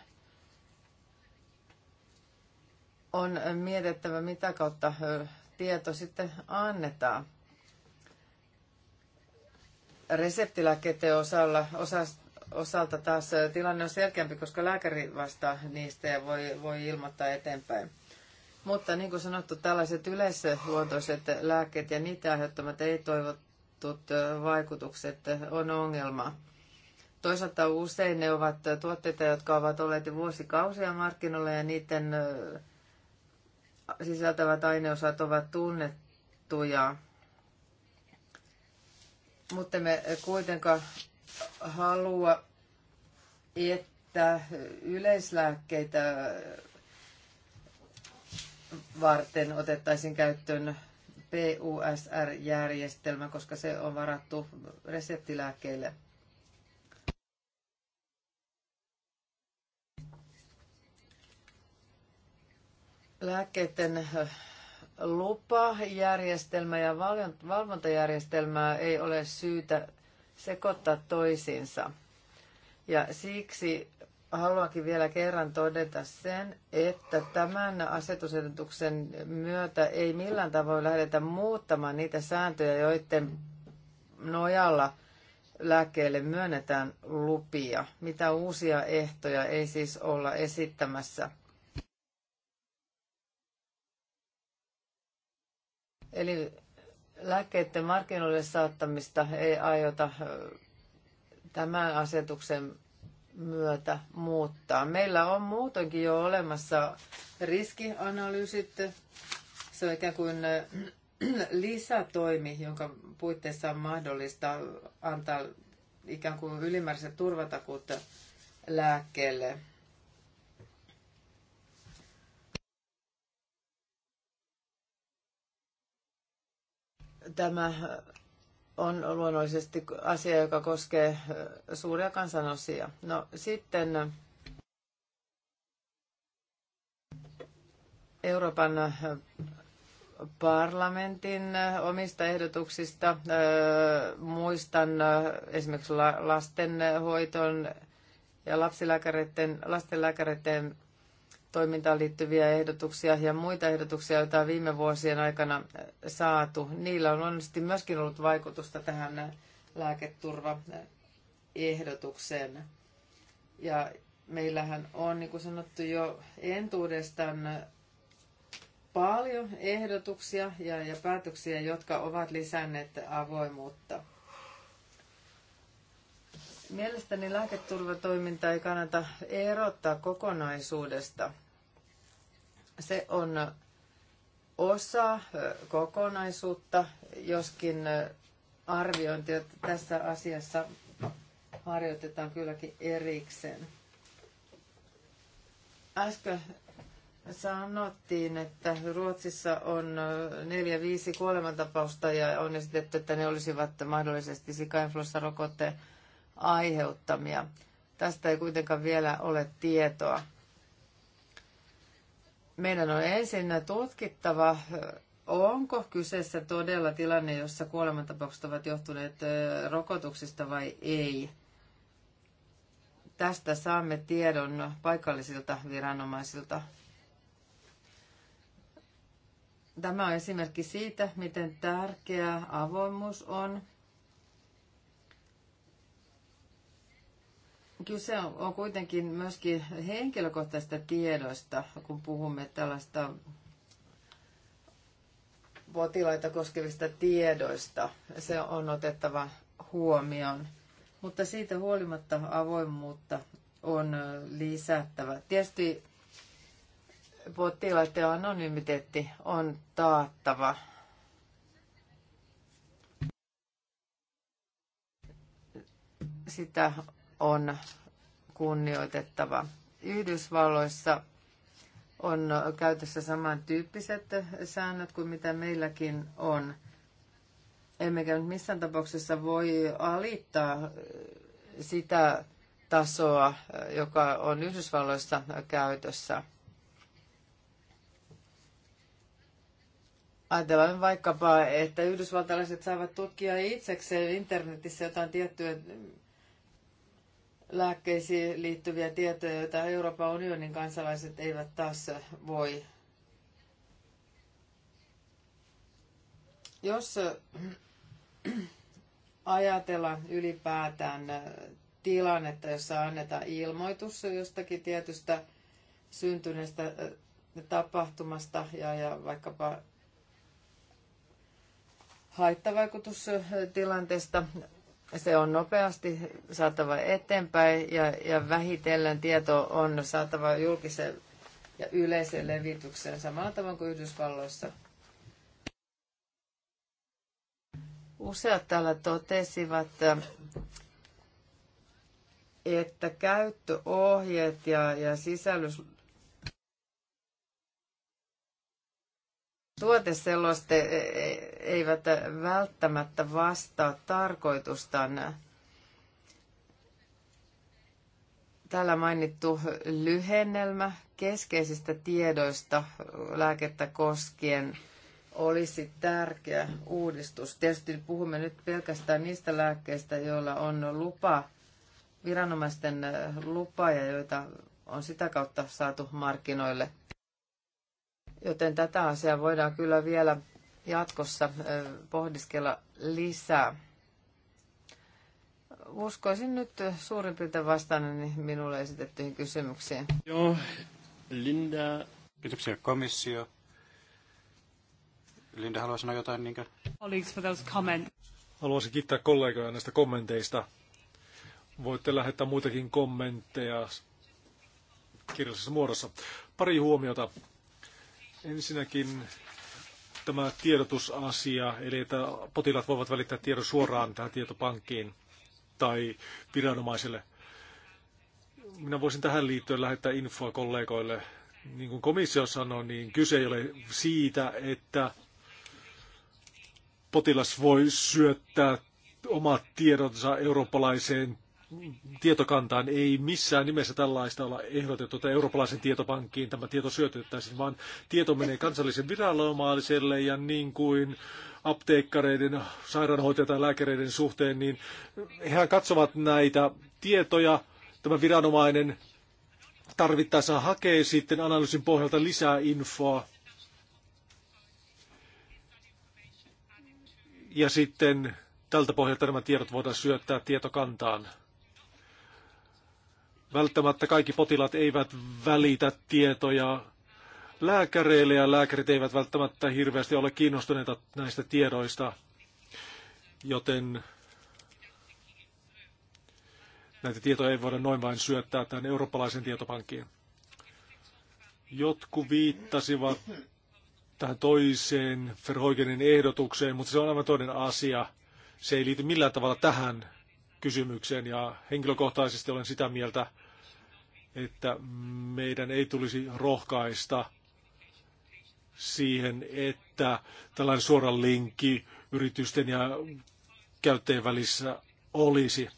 on mietittävä, mitä kautta äh, tieto sitten annetaan. Reseptilääkkeiden osalla, osasta osalta taas tilanne on selkeämpi, koska lääkäri vastaa niistä ja voi, voi ilmoittaa eteenpäin. Mutta niin kuin sanottu, tällaiset yleisluontoiset lääkkeet ja niitä aiheuttamat ei-toivotut vaikutukset on ongelma. Toisaalta usein ne ovat tuotteita, jotka ovat olleet jo vuosikausia markkinoilla ja niiden sisältävät aineosat ovat tunnettuja. Mutta me kuitenkaan halua, että yleislääkkeitä varten otettaisiin käyttöön PUSR-järjestelmä, koska se on varattu reseptilääkkeille. Lääkkeiden lupajärjestelmä ja valvontajärjestelmää ei ole syytä sekoittaa toisiinsa. Ja siksi haluankin vielä kerran todeta sen, että tämän asetusedotuksen myötä ei millään tavoin lähdetä muuttamaan niitä sääntöjä, joiden nojalla lääkkeelle myönnetään lupia. Mitä uusia ehtoja ei siis olla esittämässä. Eli lääkkeiden markkinoille saattamista ei aiota tämän asetuksen myötä muuttaa. Meillä on muutenkin jo olemassa riskianalyysit. Se on ikään kuin lisätoimi, jonka puitteissa on mahdollista antaa ikään kuin ylimääräiset turvatakuut lääkkeelle. Tämä on luonnollisesti asia, joka koskee suuria kansanosia. No sitten Euroopan parlamentin omista ehdotuksista. Muistan esimerkiksi lastenhoitoon ja lapsilääkäreiden, lastenlääkäreiden toimintaan liittyviä ehdotuksia ja muita ehdotuksia, joita on viime vuosien aikana äh, saatu. Niillä on onnistusti myöskin ollut vaikutusta tähän äh, lääketurvaehdotukseen. Ja meillähän on, niin kuin sanottu, jo entuudestaan äh, paljon ehdotuksia ja, ja päätöksiä, jotka ovat lisänneet avoimuutta. Mielestäni lääketurvatoiminta ei kannata erottaa kokonaisuudesta – se on osa kokonaisuutta, joskin arviointi tässä asiassa harjoitetaan kylläkin erikseen. Äsken sanottiin, että Ruotsissa on 4-5 kuolemantapausta ja on esitetty, että ne olisivat mahdollisesti sikainfluenssarokotteen aiheuttamia. Tästä ei kuitenkaan vielä ole tietoa meidän on ensin tutkittava, onko kyseessä todella tilanne, jossa kuolemantapaukset ovat johtuneet rokotuksista vai ei. Tästä saamme tiedon paikallisilta viranomaisilta. Tämä on esimerkki siitä, miten tärkeä avoimuus on Kyse on, on kuitenkin myöskin henkilökohtaisista tiedoista, kun puhumme tällaista potilaita koskevista tiedoista. Se on otettava huomioon. Mutta siitä huolimatta avoimuutta on lisättävä. Tietysti potilaiden anonymiteetti on taattava. Sitä on kunnioitettava. Yhdysvalloissa on käytössä samantyyppiset säännöt kuin mitä meilläkin on. Emmekä nyt missään tapauksessa voi alittaa sitä tasoa, joka on Yhdysvalloissa käytössä. Ajatellaan vaikkapa, että yhdysvaltalaiset saavat tutkia itsekseen internetissä jotain tiettyä lääkkeisiin liittyviä tietoja, joita Euroopan unionin kansalaiset eivät taas voi. Jos ajatella ylipäätään tilannetta, jossa annetaan ilmoitus jostakin tietystä syntyneestä tapahtumasta ja, ja vaikkapa haittavaikutustilanteesta se on nopeasti saatava eteenpäin ja, ja vähitellen tieto on saatava julkisen ja yleisen levitykseen samalla tavalla kuin Yhdysvalloissa. Useat täällä totesivat, että käyttöohjeet ja, ja sisällys, tuoteseloste e, e, eivät välttämättä vastaa tarkoitustaan. Täällä mainittu lyhennelmä keskeisistä tiedoista lääkettä koskien olisi tärkeä uudistus. Tietysti puhumme nyt pelkästään niistä lääkkeistä, joilla on lupa, viranomaisten lupa ja joita on sitä kautta saatu markkinoille – Joten tätä asiaa voidaan kyllä vielä jatkossa pohdiskella lisää. Uskoisin nyt suurin piirtein vastaaneni minulle esitettyihin kysymyksiin. Joo, Linda.
Kiitoksia komissio.
Linda haluaa sanoa jotain
kuin...
Haluaisin kiittää kollegoja näistä kommenteista. Voitte lähettää muitakin kommentteja kirjallisessa muodossa. Pari huomiota Ensinnäkin tämä tiedotusasia, eli että potilaat voivat välittää tiedon suoraan tähän tietopankkiin tai viranomaiselle. Minä voisin tähän liittyen lähettää infoa kollegoille. Niin kuin komissio sanoi, niin kyse ei ole siitä, että potilas voi syöttää omat tiedonsa eurooppalaiseen tietokantaan. Ei missään nimessä tällaista olla ehdotettu, että eurooppalaisen tietopankkiin tämä tieto syötettäisiin, vaan tieto menee kansallisen viranomaiselle ja niin kuin apteekkareiden, sairaanhoitajien tai lääkäreiden suhteen, niin hehän katsovat näitä tietoja, tämä viranomainen tarvittaessa hakee sitten analyysin pohjalta lisää infoa. Ja sitten tältä pohjalta nämä tiedot voidaan syöttää tietokantaan. Välttämättä kaikki potilaat eivät välitä tietoja lääkäreille ja lääkärit eivät välttämättä hirveästi ole kiinnostuneita näistä tiedoista, joten näitä tietoja ei voida noin vain syöttää tämän eurooppalaisen tietopankkiin. Jotkut viittasivat tähän toiseen Verhoigenin ehdotukseen, mutta se on aivan toinen asia. Se ei liity millään tavalla tähän kysymykseen ja henkilökohtaisesti olen sitä mieltä, että meidän ei tulisi rohkaista siihen, että tällainen suora linkki yritysten ja käyttäjien välissä olisi.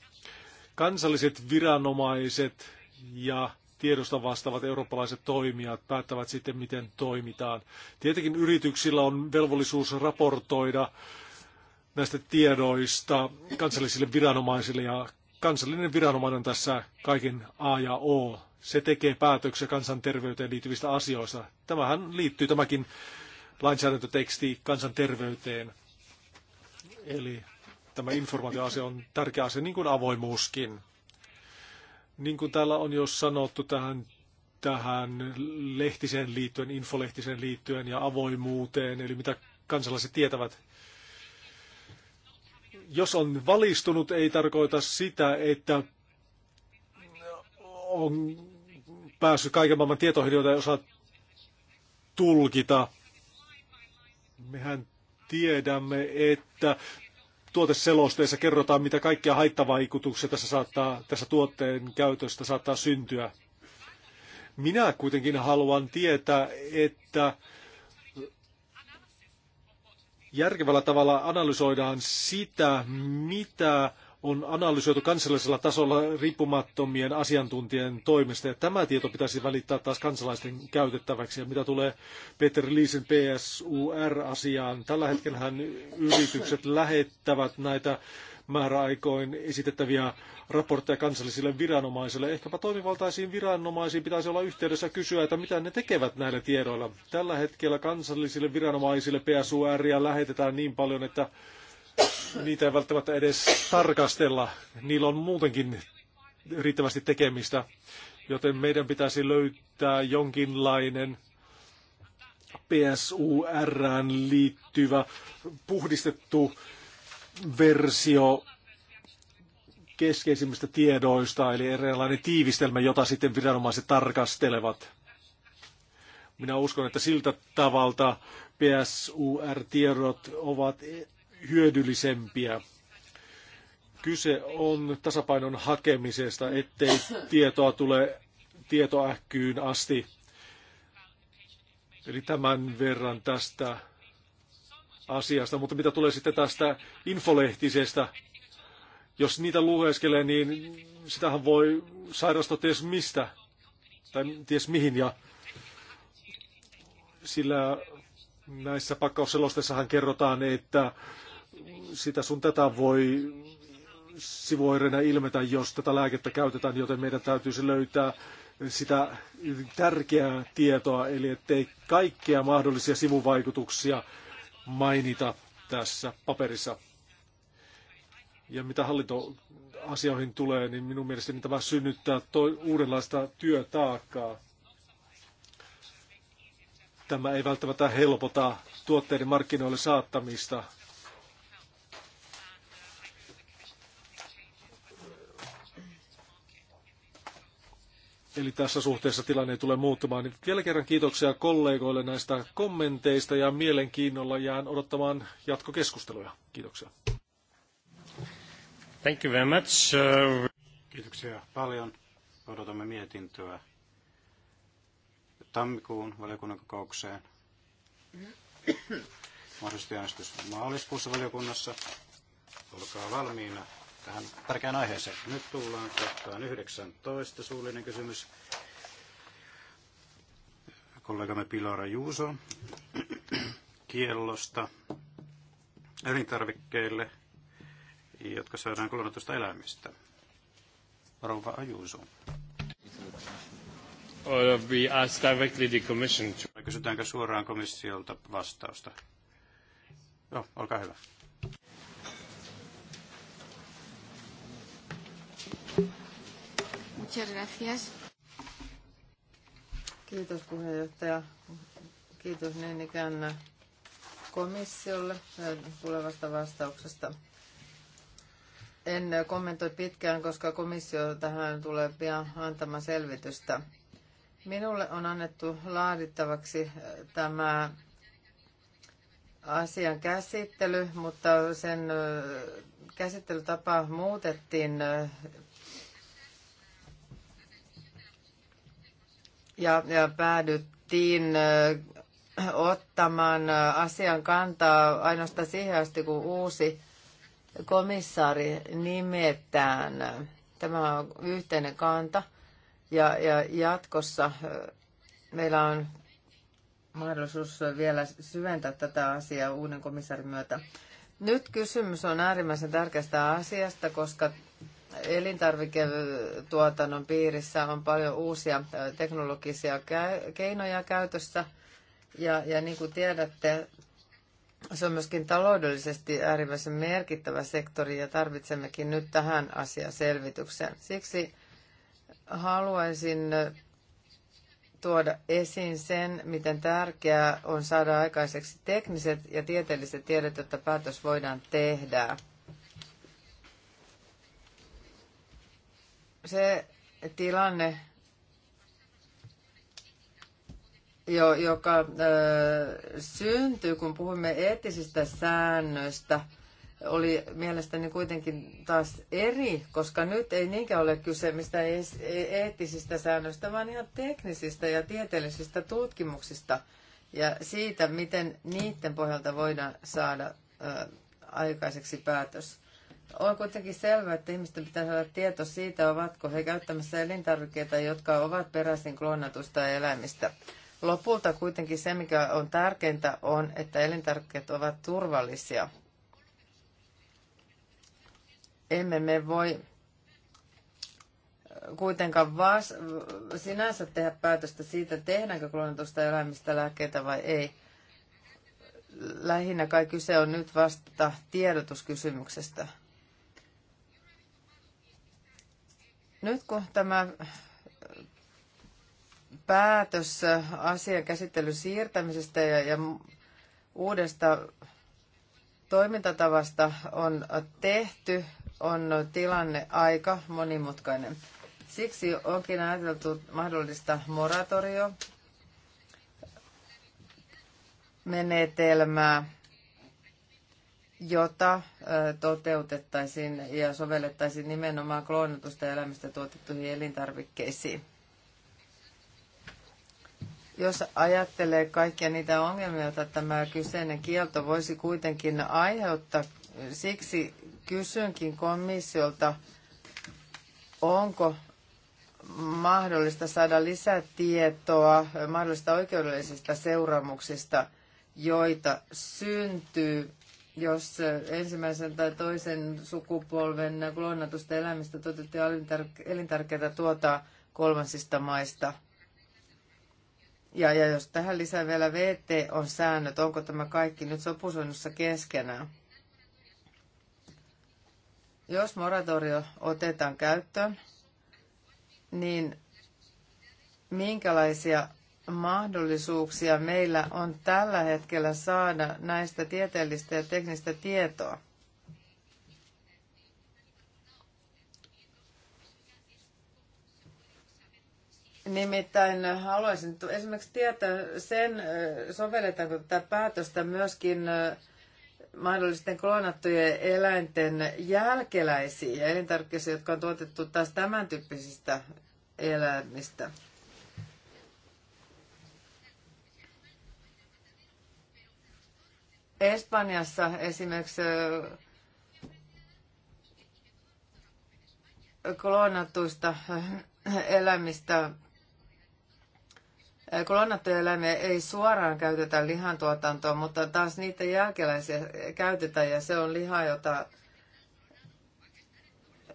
Kansalliset viranomaiset ja tiedosta vastaavat eurooppalaiset toimijat päättävät sitten, miten toimitaan. Tietenkin yrityksillä on velvollisuus raportoida näistä tiedoista kansallisille viranomaisille ja kansallinen viranomainen tässä kaiken A ja O. Se tekee päätöksiä kansanterveyteen liittyvistä asioista. Tämähän liittyy tämäkin lainsäädäntöteksti kansanterveyteen. Eli tämä informaatioasia on tärkeä asia, niin kuin avoimuuskin. Niin kuin täällä on jo sanottu tähän, tähän lehtiseen liittyen, infolehtiseen liittyen ja avoimuuteen, eli mitä kansalaiset tietävät, jos on valistunut, ei tarkoita sitä, että on päässyt kaiken maailman tietoihin, joita ei osaa tulkita. Mehän tiedämme, että tuoteselosteessa kerrotaan, mitä kaikkia haittavaikutuksia tässä, saattaa, tässä tuotteen käytöstä saattaa syntyä. Minä kuitenkin haluan tietää, että järkevällä tavalla analysoidaan sitä, mitä on analysoitu kansallisella tasolla riippumattomien asiantuntijien toimesta. Ja tämä tieto pitäisi välittää taas kansalaisten käytettäväksi. Ja mitä tulee Peter Liisen PSUR-asiaan, tällä hetkellä yritykset lähettävät näitä määräaikoin esitettäviä raportteja kansallisille viranomaisille. Ehkäpä toimivaltaisiin viranomaisiin pitäisi olla yhteydessä kysyä, että mitä ne tekevät näillä tiedoilla. Tällä hetkellä kansallisille viranomaisille PSURia lähetetään niin paljon, että niitä ei välttämättä edes tarkastella. Niillä on muutenkin riittävästi tekemistä, joten meidän pitäisi löytää jonkinlainen PSURään liittyvä puhdistettu versio keskeisimmistä tiedoista, eli eräänlainen tiivistelmä, jota sitten viranomaiset tarkastelevat. Minä uskon, että siltä tavalta PSUR-tiedot ovat hyödyllisempiä. Kyse on tasapainon hakemisesta, ettei tietoa tule tietoähkyyn asti. Eli tämän verran tästä asiasta, mutta mitä tulee sitten tästä infolehtisestä, jos niitä lueskelee, niin sitähän voi sairastua ties mistä tai ties mihin. Ja sillä näissä pakkausselosteissahan kerrotaan, että sitä sun tätä voi sivuoireena ilmetä, jos tätä lääkettä käytetään, joten meidän täytyisi löytää sitä tärkeää tietoa, eli ettei kaikkia mahdollisia sivuvaikutuksia mainita tässä paperissa. Ja mitä hallintoasioihin tulee, niin minun mielestäni tämä synnyttää toi, uudenlaista työtaakkaa. Tämä ei välttämättä helpota tuotteiden markkinoille saattamista Eli tässä suhteessa tilanne ei tule muuttumaan. Niin vielä kerran kiitoksia kollegoille näistä kommenteista ja mielenkiinnolla jään odottamaan jatkokeskusteluja. Kiitoksia.
Thank you very much. Uh,
kiitoksia paljon.
Odotamme mietintöä tammikuun valiokunnan kokoukseen. Mahdollisesti äänestys maaliskuussa valiokunnassa. Olkaa valmiina tähän tärkeään aiheeseen. Nyt tullaan kohtaan 19. Suullinen kysymys. Kollegamme Pilara Juuso kiellosta elintarvikkeille, jotka saadaan klonatusta eläimistä. Rouva Ajuuso. Or we ask directly the commission to... Kysytäänkö suoraan komissiolta vastausta? Joo, olkaa hyvä.
Muchas gracias. Kiitos puheenjohtaja. Kiitos niin ikään komissiolle äh, tulevasta vastauksesta. En kommentoi pitkään, koska komissio tähän tulee pian antamaan selvitystä. Minulle on annettu laadittavaksi äh, tämä asian käsittely, mutta sen äh, käsittelytapa muutettiin ja, ja päädyttiin ottamaan asian kantaa ainoastaan siihen asti, kun uusi komissaari nimetään. Tämä on yhteinen kanta ja, ja jatkossa meillä on mahdollisuus vielä syventää tätä asiaa uuden komissaarin myötä. Nyt kysymys on äärimmäisen tärkeästä asiasta, koska elintarviketuotannon piirissä on paljon uusia teknologisia keinoja käytössä. Ja, ja niin kuin tiedätte, se on myöskin taloudellisesti äärimmäisen merkittävä sektori ja tarvitsemmekin nyt tähän asiaan selvityksen. Siksi haluaisin tuoda esiin sen, miten tärkeää on saada aikaiseksi tekniset ja tieteelliset tiedot, jotta päätös voidaan tehdä. se tilanne, jo, joka ö, syntyy, kun puhumme eettisistä säännöistä, oli mielestäni kuitenkin taas eri, koska nyt ei niinkään ole kyse mistä e-, eettisistä säännöistä, vaan ihan teknisistä ja tieteellisistä tutkimuksista ja siitä, miten niiden pohjalta voidaan saada ö, aikaiseksi päätös. On kuitenkin selvää, että ihmisten pitää saada tieto siitä, ovatko he käyttämässä elintarvikkeita, jotka ovat peräisin kloonatusta eläimistä. Lopulta kuitenkin se, mikä on tärkeintä, on, että elintarvikkeet ovat turvallisia. Emme me voi kuitenkaan vas- sinänsä tehdä päätöstä siitä, tehdäänkö kloonatusta eläimistä lääkkeitä vai ei. Lähinnä kai kyse on nyt vasta tiedotuskysymyksestä. Nyt kun tämä äh, päätös äh, asian käsittelyn siirtämisestä ja, ja uudesta toimintatavasta on äh, tehty, on tilanne aika monimutkainen. Siksi onkin ajateltu mahdollista moratorio menetelmää jota toteutettaisiin ja sovellettaisiin nimenomaan kloonatusta elämästä tuotettuihin elintarvikkeisiin. Jos ajattelee kaikkia niitä ongelmia, joita tämä kyseinen kielto voisi kuitenkin aiheuttaa, siksi kysynkin komissiolta, onko mahdollista saada lisätietoa mahdollisista oikeudellisista seuraamuksista, joita syntyy jos ensimmäisen tai toisen sukupolven kloonatusta eläimistä toteutetaan elintärkeitä tuota kolmansista maista. Ja, ja jos tähän lisää vielä VT on säännöt, onko tämä kaikki nyt sopusoinnussa keskenään? Jos moratorio otetaan käyttöön, niin minkälaisia mahdollisuuksia meillä on tällä hetkellä saada näistä tieteellistä ja teknistä tietoa. Nimittäin haluaisin esimerkiksi tietää sen, sovelletaanko tätä päätöstä myöskin mahdollisten kloonattujen eläinten jälkeläisiin ja elintarvikkeisiin, jotka on tuotettu taas tämän tyyppisistä eläimistä. Espanjassa esimerkiksi äh, kloonattuista äh, elämistä äh, kloonattuja eläimiä ei suoraan käytetä lihantuotantoon, mutta taas niitä jälkeläisiä käytetään ja se on liha, jota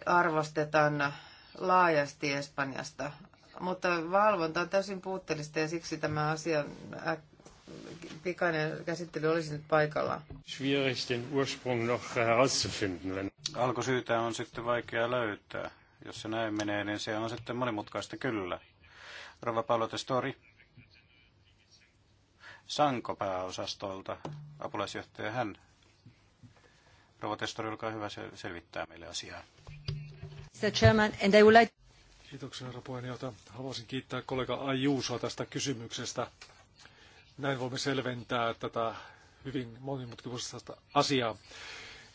arvostetaan laajasti Espanjasta. Mutta valvonta on täysin puutteellista ja siksi tämä asia pikainen käsittely olisi nyt paikallaan.
Schwierig den Ursprung noch herauszufinden. Wenn... Alkusyytä on sitten vaikea löytää. Jos se näin menee, niin se on sitten monimutkaista kyllä. Rova Paolo Testori. Sanko pääosastolta, apulaisjohtaja hän. Rova Testori, olkaa hyvä
selvittää meille asiaa. Mr. Chairman, and I would like... Kiitoksia, herra puheenjohtaja. Haluaisin kiittää kollega Ajuusoa tästä kysymyksestä. Näin voimme selventää tätä hyvin monimutkaisesta asiaa.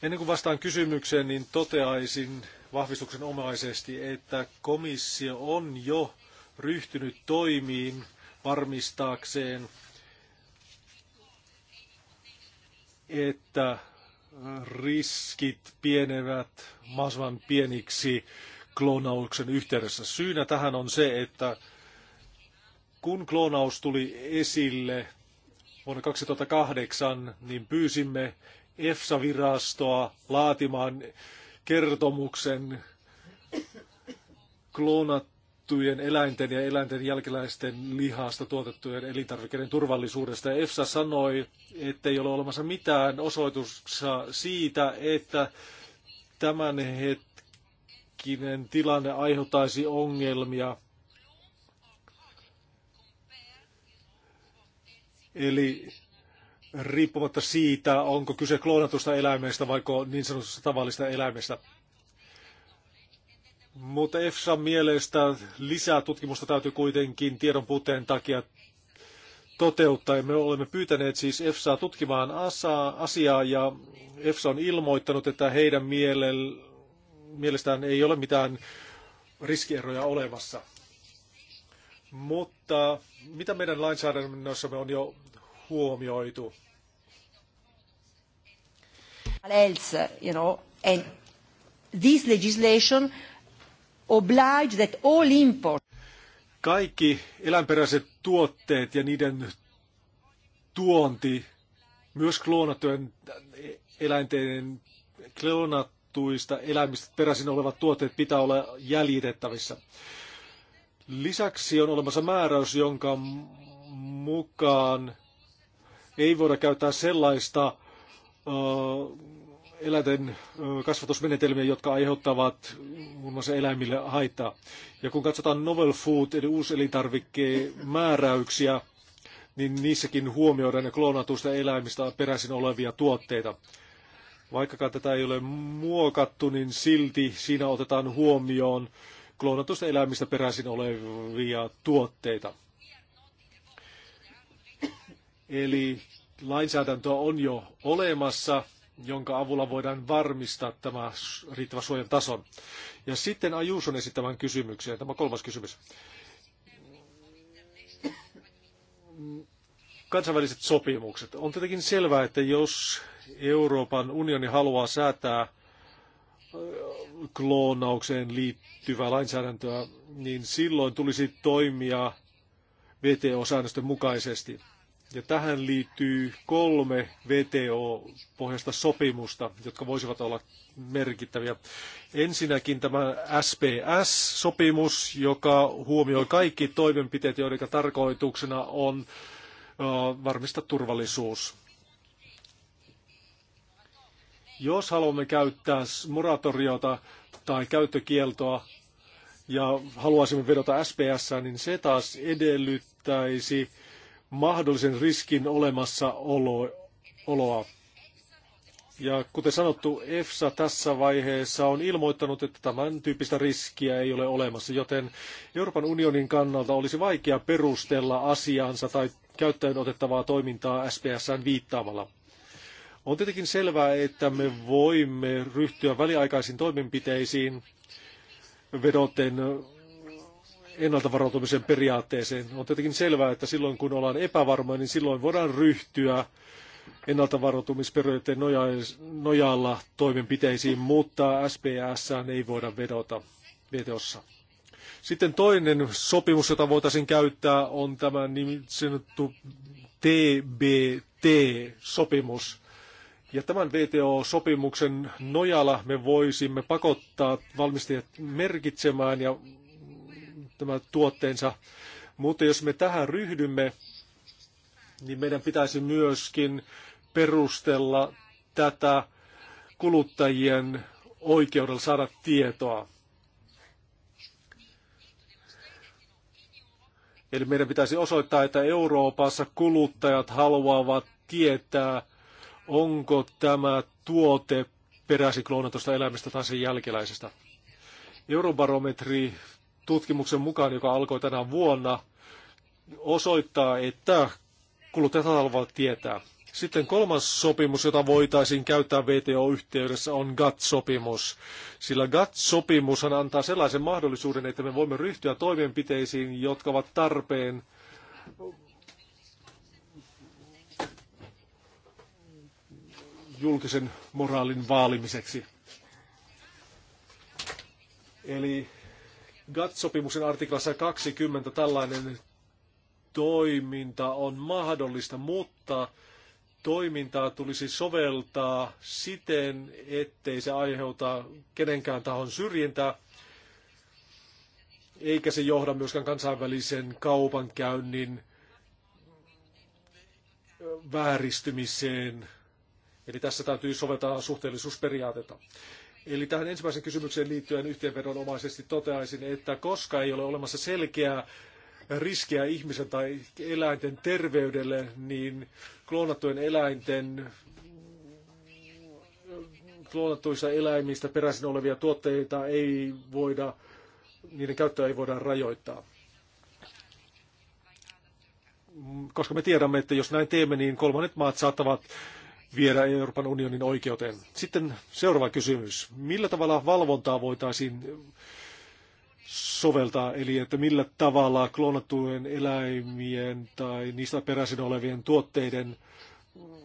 Ennen kuin vastaan kysymykseen, niin toteaisin vahvistuksen omaisesti, että komissio on jo ryhtynyt toimiin varmistaakseen, että riskit pienevät mahdollisimman pieniksi kloonauksen yhteydessä. Syynä tähän on se, että kun kloonaus tuli esille vuonna 2008, niin pyysimme EFSA-virastoa laatimaan kertomuksen kloonattujen eläinten ja eläinten jälkeläisten lihasta tuotettujen elintarvikkeiden turvallisuudesta. Ja EFSA sanoi, ettei ole olemassa mitään osoituksia siitä, että tämän hetkinen tilanne aiheuttaisi ongelmia Eli riippumatta siitä, onko kyse kloonatusta eläimestä vai niin sanotusta tavallista eläimestä. Mutta EFSAn mielestä lisää tutkimusta täytyy kuitenkin tiedon puutteen takia toteuttaa. Me olemme pyytäneet siis EFSAa tutkimaan asiaa ja EFSA on ilmoittanut, että heidän mielestään ei ole mitään riskieroja olemassa. Mutta mitä meidän lainsäädännössämme on jo huomioitu?
Else, you know,
and this legislation obliges that all import. Kaikki eläinperäiset tuotteet ja niiden tuonti, myös kloonattujen eläinten kloonattuista eläimistä peräisin olevat tuotteet pitää olla jäljitettävissä. Lisäksi on olemassa määräys, jonka mukaan ei voida käyttää sellaista eläinten kasvatusmenetelmiä, jotka aiheuttavat muun muassa eläimille haittaa. Ja kun katsotaan novel food, eli uuselintarvikkeen määräyksiä, niin niissäkin huomioidaan ja kloonatuista eläimistä peräisin olevia tuotteita. Vaikkakaan tätä ei ole muokattu, niin silti siinä otetaan huomioon kloonatusta eläimistä peräisin olevia tuotteita. Eli lainsäädäntö on jo olemassa, jonka avulla voidaan varmistaa tämä riittävä suojan tason. Ja sitten on esittämään kysymykseen, tämä kolmas kysymys. Kansainväliset sopimukset. On tietenkin selvää, että jos Euroopan unioni haluaa säätää kloonaukseen liittyvää lainsäädäntöä, niin silloin tulisi toimia VTO-säännösten mukaisesti. Ja tähän liittyy kolme VTO-pohjasta sopimusta, jotka voisivat olla merkittäviä. Ensinnäkin tämä SPS-sopimus, joka huomioi kaikki toimenpiteet, joiden tarkoituksena on varmistaa turvallisuus. Jos haluamme käyttää moratoriota tai käyttökieltoa ja haluaisimme vedota SPS, niin se taas edellyttäisi mahdollisen riskin olemassaoloa. Ja kuten sanottu, EFSA tässä vaiheessa on ilmoittanut, että tämän tyyppistä riskiä ei ole olemassa, joten Euroopan unionin kannalta olisi vaikea perustella asiansa tai käyttöön otettavaa toimintaa SPSn viittaamalla. On tietenkin selvää, että me voimme ryhtyä väliaikaisiin toimenpiteisiin vedoten ennalta varautumisen periaatteeseen. On tietenkin selvää, että silloin kun ollaan epävarmoja, niin silloin voidaan ryhtyä ennalta varautumisperiaatteen nojalla toimenpiteisiin, mutta SPS ei voida vedota vedossa. Sitten toinen sopimus, jota voitaisiin käyttää, on tämä niin sanottu TBT-sopimus. Ja tämän VTO-sopimuksen nojalla me voisimme pakottaa valmistajat merkitsemään ja tämä tuotteensa. Mutta jos me tähän ryhdymme, niin meidän pitäisi myöskin perustella tätä kuluttajien oikeudella saada tietoa. Eli meidän pitäisi osoittaa, että Euroopassa kuluttajat haluavat tietää, onko tämä tuote peräisin kloonatusta eläimestä tai sen jälkeläisestä. Eurobarometri tutkimuksen mukaan, joka alkoi tänä vuonna, osoittaa, että kuluttajat haluavat tietää. Sitten kolmas sopimus, jota voitaisiin käyttää VTO-yhteydessä, on GATT-sopimus. Sillä gatt sopimus antaa sellaisen mahdollisuuden, että me voimme ryhtyä toimenpiteisiin, jotka ovat tarpeen julkisen moraalin vaalimiseksi. Eli GATT-sopimuksen artiklassa 20 tällainen toiminta on mahdollista, mutta toimintaa tulisi soveltaa siten, ettei se aiheuta kenenkään tahon syrjintää, eikä se johda myöskään kansainvälisen kaupankäynnin vääristymiseen Eli tässä täytyy soveltaa suhteellisuusperiaatetta. Eli tähän ensimmäiseen kysymykseen liittyen yhteenvedonomaisesti toteaisin, että koska ei ole olemassa selkeää riskiä ihmisen tai eläinten terveydelle, niin kloonattujen eläinten kloonattuissa eläimistä peräisin olevia tuotteita ei voida, niiden käyttöä ei voida rajoittaa. Koska me tiedämme, että jos näin teemme, niin kolmannet maat saattavat viedä Euroopan unionin oikeuteen. Sitten seuraava kysymys. Millä tavalla valvontaa voitaisiin soveltaa, eli että millä tavalla kloonattujen eläimien tai niistä peräisin olevien tuotteiden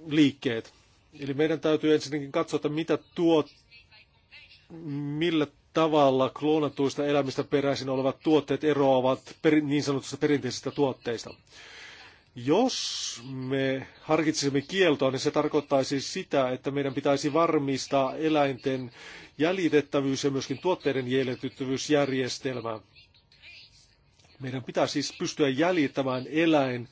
liikkeet. Eli meidän täytyy ensinnäkin katsoa, että mitä tuo, millä tavalla kloonatuista elämistä peräisin olevat tuotteet eroavat niin sanotusta perinteisistä tuotteista. Jos me harkitsisimme kieltoa, niin se tarkoittaisi sitä, että meidän pitäisi varmistaa eläinten jäljitettävyys ja myöskin tuotteiden jäljitettävyysjärjestelmä. Meidän pitää siis pystyä jäljittämään eläin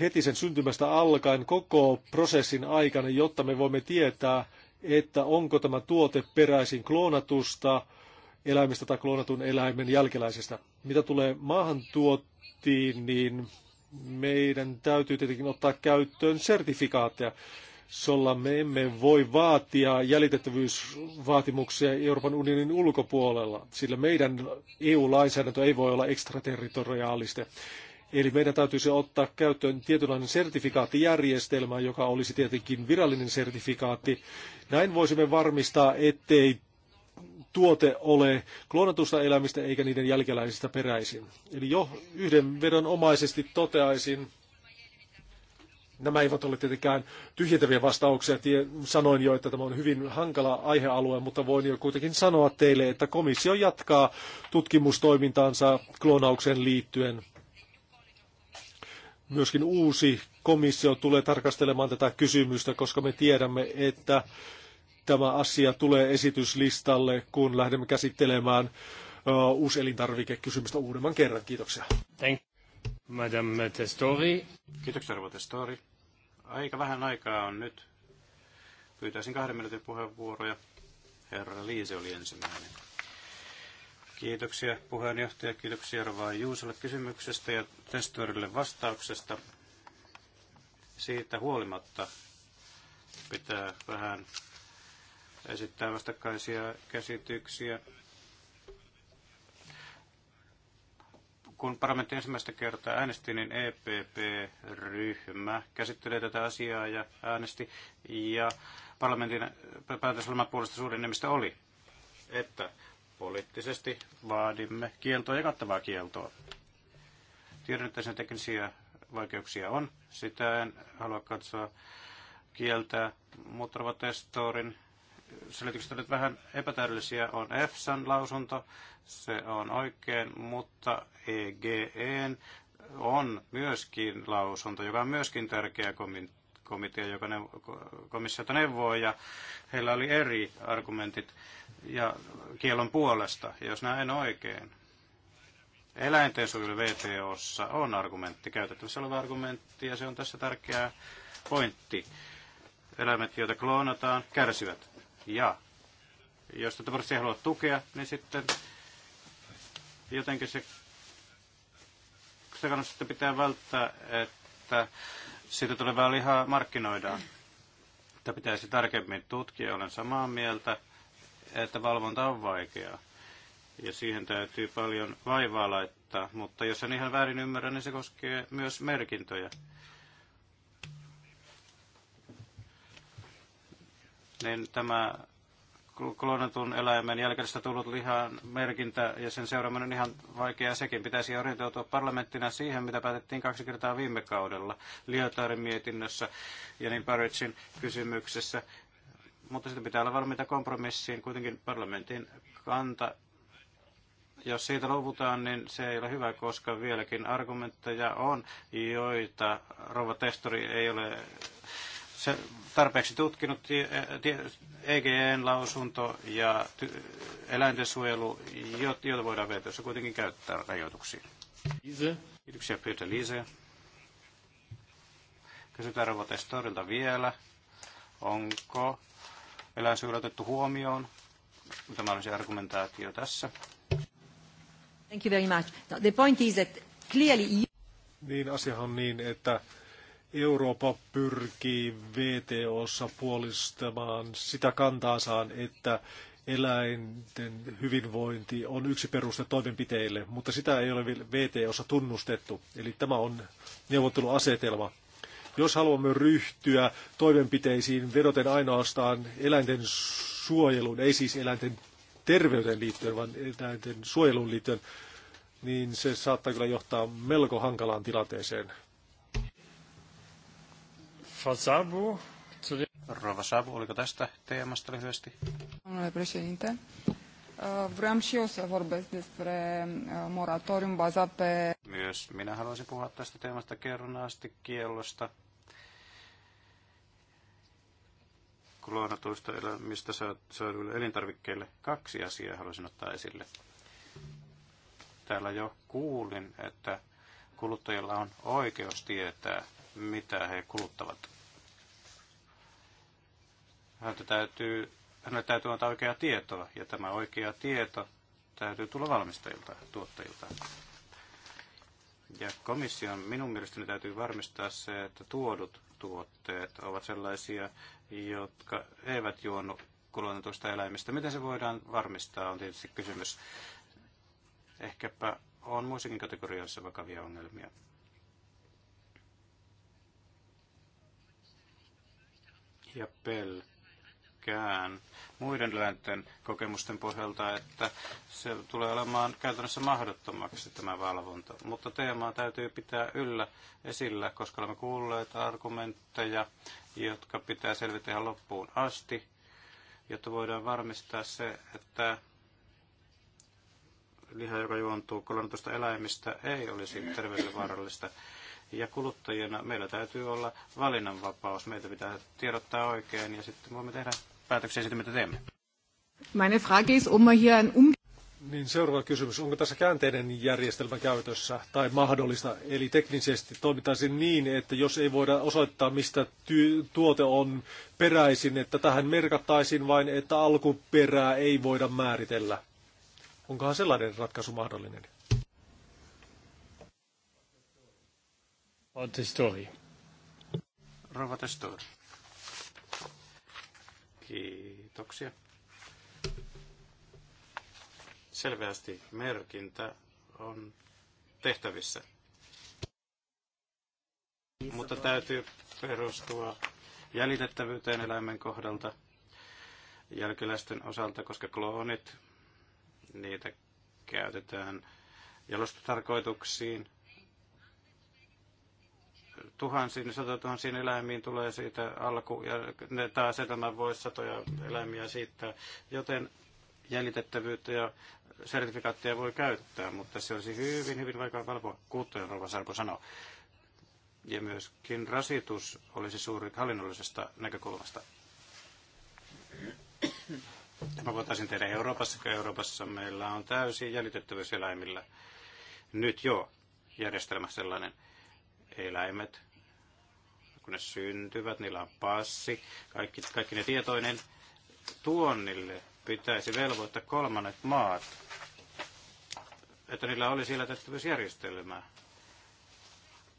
heti sen syntymästä alkaen koko prosessin aikana, jotta me voimme tietää, että onko tämä tuote peräisin kloonatusta eläimestä tai kloonatun eläimen jälkeläisestä. Mitä tulee maahantuottiin, niin meidän täytyy tietenkin ottaa käyttöön sertifikaatteja. Solla me emme voi vaatia jäljitettävyysvaatimuksia Euroopan unionin ulkopuolella, sillä meidän EU-lainsäädäntö ei voi olla ekstraterritoriaalista. Eli meidän täytyisi ottaa käyttöön tietynlainen sertifikaattijärjestelmä, joka olisi tietenkin virallinen sertifikaatti. Näin voisimme varmistaa, ettei tuote ole kloonatusta elämistä eikä niiden jälkeläisistä peräisin. Eli jo yhdenvedonomaisesti toteaisin, nämä eivät ole tietenkään tyhjentäviä vastauksia. Sanoin jo, että tämä on hyvin hankala aihealue, mutta voin jo kuitenkin sanoa teille, että komissio jatkaa tutkimustoimintaansa kloonaukseen liittyen. Myöskin uusi komissio tulee tarkastelemaan tätä kysymystä, koska me tiedämme, että tämä asia tulee esityslistalle, kun lähdemme käsittelemään uuselintarvikekysymystä uudemman kerran. Kiitoksia. Thank Madame
Testori. Kiitoksia, Arvo Testori. Aika vähän aikaa on nyt. Pyytäisin kahden minuutin puheenvuoroja. Herra Liise oli ensimmäinen. Kiitoksia puheenjohtaja, kiitoksia Arvaa Juusolle kysymyksestä ja testorille vastauksesta. Siitä huolimatta pitää vähän esittää vastakkaisia käsityksiä. Kun parlamentti ensimmäistä kertaa äänesti, niin EPP-ryhmä käsittelee tätä asiaa ja äänesti, ja parlamentin päätösloman puolesta suurin enemmistö oli, että poliittisesti vaadimme kieltoa ja kattavaa kieltoa. Tiedän, että sen teknisiä vaikeuksia on. Sitä en halua katsoa kieltää rovatestorin selitykset ovat vähän epätäydellisiä, on EFSAn lausunto, se on oikein, mutta EGEn on myöskin lausunto, joka on myöskin tärkeä komitea, joka ne, komissiota neuvoo, ja heillä oli eri argumentit ja kielon puolesta, jos näen oikein. Eläinten suojelu VTOssa on argumentti, käytettävissä oleva argumentti, ja se on tässä tärkeä pointti. Eläimet, joita kloonataan, kärsivät ja jos tätä prosessia ei halua tukea, niin sitten jotenkin se, se kannattaa pitää välttää, että siitä tulevaa lihaa markkinoidaan. Tätä pitäisi tarkemmin tutkia, olen samaa mieltä, että valvonta on vaikeaa. Ja siihen täytyy paljon vaivaa laittaa, mutta jos en ihan väärin ymmärrä, niin se koskee myös merkintöjä. niin tämä klonatun eläimen jälkeistä tullut lihan merkintä ja sen seuraaminen on ihan vaikeaa. Sekin pitäisi orientoitua parlamenttina siihen, mitä päätettiin kaksi kertaa viime kaudella Liotaarin mietinnössä ja niin Paritsin kysymyksessä. Mutta sitten pitää olla valmiita kompromissiin kuitenkin parlamentin kanta. Jos siitä luvutaan, niin se ei ole hyvä, koska vieläkin argumentteja on, joita rouva Testori ei ole se tarpeeksi tutkinut EGEn eh, e lausunto ja ty- eläintensuojelu, joita voidaan VTOssa kuitenkin käyttää rajoituksiin. Liise. Kiitoksia Pyytä Liise. Kysytään Rovotestorilta vielä, onko eläinsuojelu otettu huomioon?
Tämä olisi argumentaatio tässä.
Thank you very much. No, the point is that clearly...
Niin, asiahan on niin, että Eurooppa pyrkii VTOssa puolistamaan sitä kantaansaan, että eläinten hyvinvointi on yksi peruste toimenpiteille, mutta sitä ei ole VTOssa tunnustettu. Eli tämä on neuvotteluasetelma. Jos haluamme ryhtyä toimenpiteisiin vedoten ainoastaan eläinten suojeluun, ei siis eläinten terveyteen liittyen, vaan eläinten suojeluun liittyen, niin se saattaa kyllä johtaa melko hankalaan tilanteeseen.
Sabu. Rova Sabu, oliko tästä teemasta lyhyesti?
Domnule președinte, uh, vreau și eu să vorbesc despre uh, moratorium bazat pe...
Myös minä haluaisin puhua tästä teemasta kernaasti kiellosta. kloonatuista elämistä saaduille elintarvikkeille kaksi asiaa haluaisin ottaa esille. Täällä jo kuulin, että kuluttajilla on oikeus tietää, mitä he kuluttavat häntä täytyy, hänelle täytyy antaa oikeaa tietoa, ja tämä oikea tieto täytyy tulla valmistajilta, tuottajilta. Ja komission minun mielestäni täytyy varmistaa se, että tuodut tuotteet ovat sellaisia, jotka eivät juonnu kulutetuista eläimistä. Miten se voidaan varmistaa, on tietysti kysymys. Ehkäpä on muissakin kategorioissa vakavia ongelmia. Ja pelkkä myöskään muiden eläinten kokemusten pohjalta, että se tulee olemaan käytännössä mahdottomaksi tämä valvonta. Mutta teemaa täytyy pitää yllä esillä, koska olemme kuulleet argumentteja, jotka pitää selvitä ihan loppuun asti, jotta voidaan varmistaa se, että liha, joka juontuu kolonatusta eläimistä, ei olisi terveydelle vaarallista. Ja kuluttajina meillä täytyy olla valinnanvapaus. Meitä pitää tiedottaa oikein ja sitten voimme tehdä päätöksiä siitä, mitä teemme.
Meine Frage ist, ob man hier ein um...
Niin seuraava kysymys. Onko tässä käänteinen järjestelmä käytössä tai mahdollista? Eli teknisesti toimitaan niin, että jos ei voida osoittaa, mistä tuote on peräisin, että tähän merkattaisiin vain, että alkuperää ei voida määritellä. Onkohan sellainen ratkaisu mahdollinen? Rova
Testori. Kiitoksia. Selvästi merkintä on tehtävissä. Mutta täytyy perustua jäljitettävyyteen eläimen kohdalta jälkeläisten osalta, koska kloonit, niitä käytetään jalostotarkoituksiin – tuhansiin, satatuhansiin eläimiin tulee siitä alku, ja ne tämä asetelma voi satoja eläimiä siitä, joten jäljitettävyyttä ja sertifikaatteja voi käyttää, mutta se olisi hyvin, hyvin vaikea valvoa, kuuttojen rouva Sarko sanoo. Ja myöskin rasitus olisi suuri hallinnollisesta näkökulmasta. Tämä voitaisiin tehdä Euroopassa, koska Euroopassa meillä on täysin jäljitettävyys eläimillä. Nyt jo järjestelmä sellainen. Eläimet kun ne syntyvät, niillä on passi, kaikki, kaikki ne tietoinen. Tuonnille pitäisi velvoittaa kolmannet maat, että niillä oli siellä tehtävyysjärjestelmää,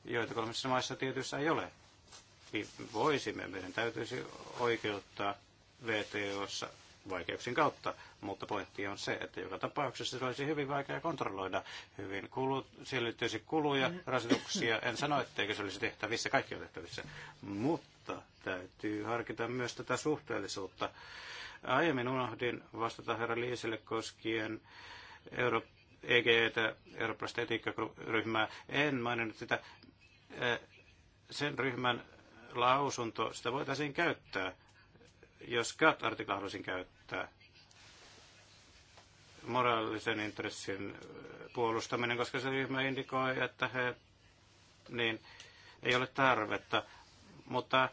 joita kolmessa maissa tietyissä ei ole. Niin voisimme, meidän täytyisi oikeuttaa VTOssa vaikeuksien kautta, mutta pointti on se, että joka tapauksessa se olisi hyvin vaikea kontrolloida hyvin. Kulut, siellä liittyisi kuluja, mm. rasituksia. En sano, etteikö se olisi tehtävissä, kaikki on tehtävissä, mutta täytyy harkita myös tätä suhteellisuutta. Aiemmin unohdin vastata herra Liiselle koskien Euro- EGEtä, eurooppalaista etiikkaryhmää. En maininnut sitä sen ryhmän lausunto, sitä voitaisiin käyttää jos cat artikla haluaisin käyttää, moraalisen intressin äh, puolustaminen, koska se ryhmä indikoi, että he, niin, ei ole tarvetta, mutta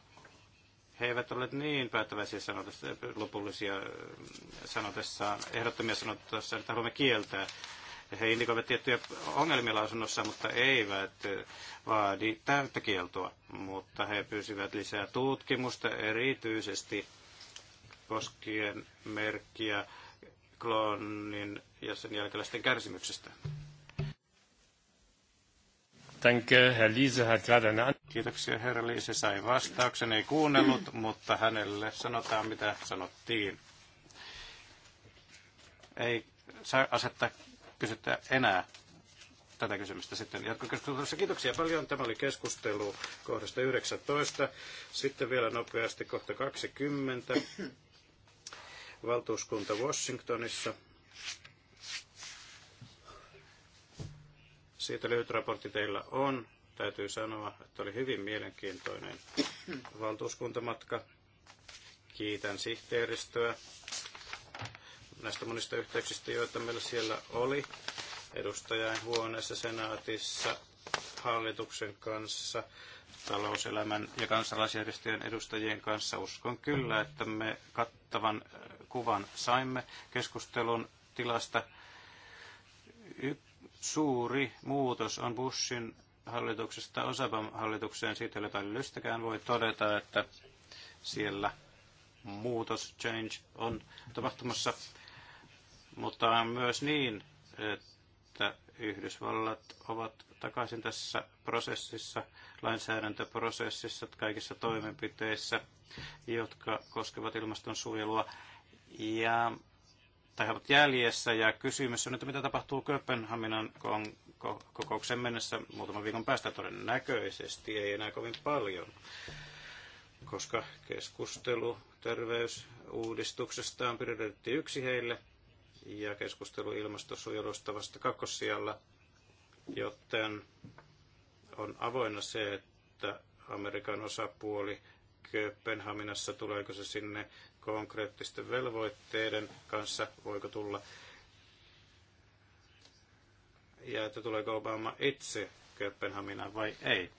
he eivät ole niin päättäväisiä sanotessa, lopullisia äh, sanotessaan, ehdottomia sanotessaan, että haluamme kieltää. He indikoivat tiettyjä ongelmia lausunnossa, mutta eivät äh, vaadi täyttä kieltoa, mutta he pyysivät lisää tutkimusta erityisesti poskien merkkiä kloonin ja sen jälkeläisten kärsimyksestä. Danke, Herr Liese hat gerade eine Kiitoksia, herra Liise sai vastauksen. Ei kuunnellut, mutta hänelle sanotaan, mitä sanottiin. Ei saa asettaa kysyttää enää tätä kysymystä sitten jatkokeskustelussa. Kiitoksia paljon. Tämä oli keskustelu kohdasta 19. Sitten vielä nopeasti kohta 20 valtuuskunta Washingtonissa. Siitä lyhyt raportti teillä on. Täytyy sanoa, että oli hyvin mielenkiintoinen valtuuskuntamatka. Kiitän sihteeristöä näistä monista yhteyksistä, joita meillä siellä oli edustajain huoneessa senaatissa hallituksen kanssa, talouselämän ja kansalaisjärjestöjen edustajien kanssa. Uskon kyllä, että me kattavan kuvan saimme keskustelun tilasta. Y- suuri muutos on Bushin hallituksesta Osaban hallitukseen. Siitä ei ole lystäkään. Voi todeta, että siellä muutos, change on tapahtumassa, mutta on myös niin, että Yhdysvallat ovat takaisin tässä prosessissa, lainsäädäntöprosessissa, kaikissa toimenpiteissä, jotka koskevat ilmastonsuojelua ja, tai ovat jäljessä. Ja kysymys on, että mitä tapahtuu Kööpenhaminan kokouksen mennessä muutaman viikon päästä todennäköisesti, ei enää kovin paljon, koska keskustelu terveysuudistuksesta on pidetty yksi heille ja keskustelu ilmastosuojelusta vasta kakkossijalla, joten on avoinna se, että Amerikan osapuoli Kööpenhaminassa, tuleeko se sinne konkreettisten velvoitteiden kanssa, voiko tulla, ja että tuleeko Obama itse Kööpenhaminaan vai ei.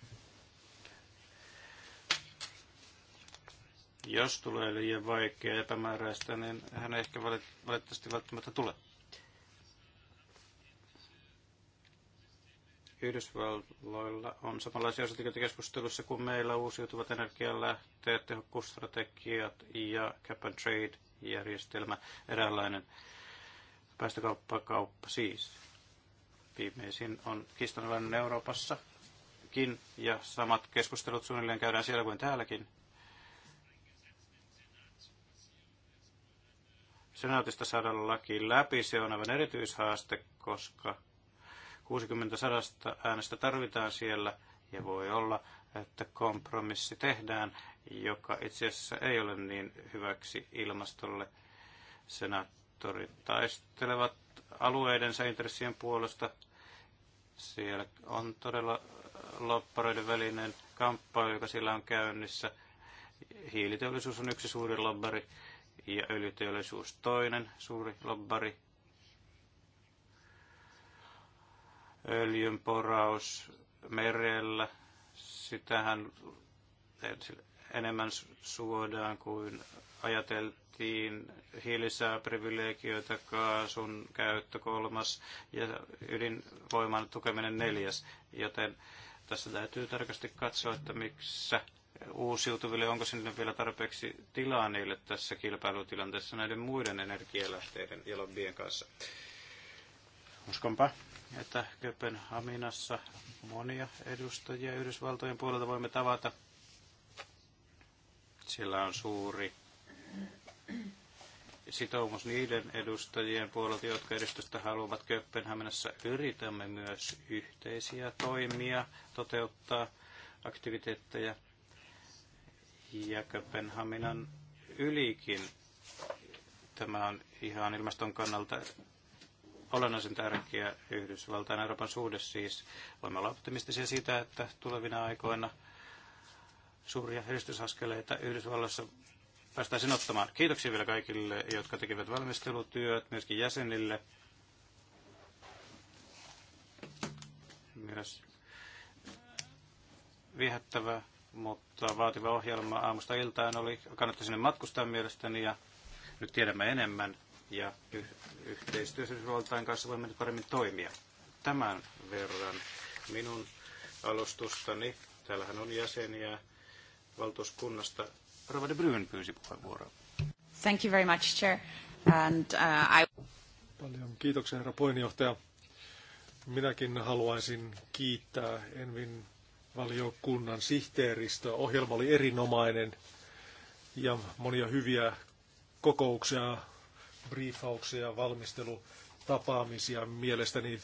Jos tulee liian vaikea ja epämääräistä, niin hän ehkä valitettavasti välttämättä tulee. Yhdysvalloilla on samanlaisia asioita keskustelussa kuin meillä uusiutuvat energialähteet, tehokkuusstrategiat ja cap and trade järjestelmä, eräänlainen päästökauppa kauppa siis. Viimeisin on kiistanalainen Euroopassakin ja samat keskustelut suunnilleen käydään siellä kuin täälläkin. Senaatista saada laki läpi, se on aivan erityishaaste, koska 60 sadasta äänestä tarvitaan siellä ja voi olla, että kompromissi tehdään, joka itse asiassa ei ole niin hyväksi ilmastolle. Senaattorit taistelevat alueidensa intressien puolesta. Siellä on todella lopparoiden välinen kamppailu, joka sillä on käynnissä. Hiiliteollisuus on yksi suuri lobbari ja öljyteollisuus toinen suuri lobbari öljynporaus merellä, sitähän enemmän suodaan kuin ajateltiin Hiilisää privilegioita, kaasun käyttö kolmas ja ydinvoiman tukeminen neljäs. Joten tässä täytyy tarkasti katsoa, että missä uusiutuville, onko sinne vielä tarpeeksi tilaa niille tässä kilpailutilanteessa näiden muiden energialähteiden ja lobbien kanssa. Uskonpa, että Kööpenhaminassa monia edustajia Yhdysvaltojen puolelta voimme tavata. Siellä on suuri sitoumus niiden edustajien puolelta, jotka edustusta haluavat Kööpenhaminassa. Yritämme myös yhteisiä toimia toteuttaa aktiviteetteja ja Kööpenhaminan ylikin. Tämä on ihan ilmaston kannalta olennaisen tärkeä Yhdysvaltain Euroopan suhde siis. Voimme olla optimistisia siitä, että tulevina aikoina suuria edistysaskeleita Yhdysvalloissa päästäisiin ottamaan. Kiitoksia vielä kaikille, jotka tekivät valmistelutyöt, myöskin jäsenille. Myös viehättävä, mutta vaativa ohjelma aamusta iltaan oli. kannattaa sinne matkustaa mielestäni ja nyt tiedämme enemmän ja y- yhteistyössä Yhdysvaltain kanssa voimme nyt paremmin toimia. Tämän verran minun alustustani. Täällähän on jäseniä valtuuskunnasta.
Rova de Bruyn pyysi puheenvuoroa.
Thank you very much, Chair. And, uh,
I... Paljon kiitoksia, herra puheenjohtaja. Minäkin haluaisin kiittää Envin valiokunnan sihteeristöä. Ohjelma oli erinomainen ja monia hyviä kokouksia briefauksia ja valmistelutapaamisia. Mielestäni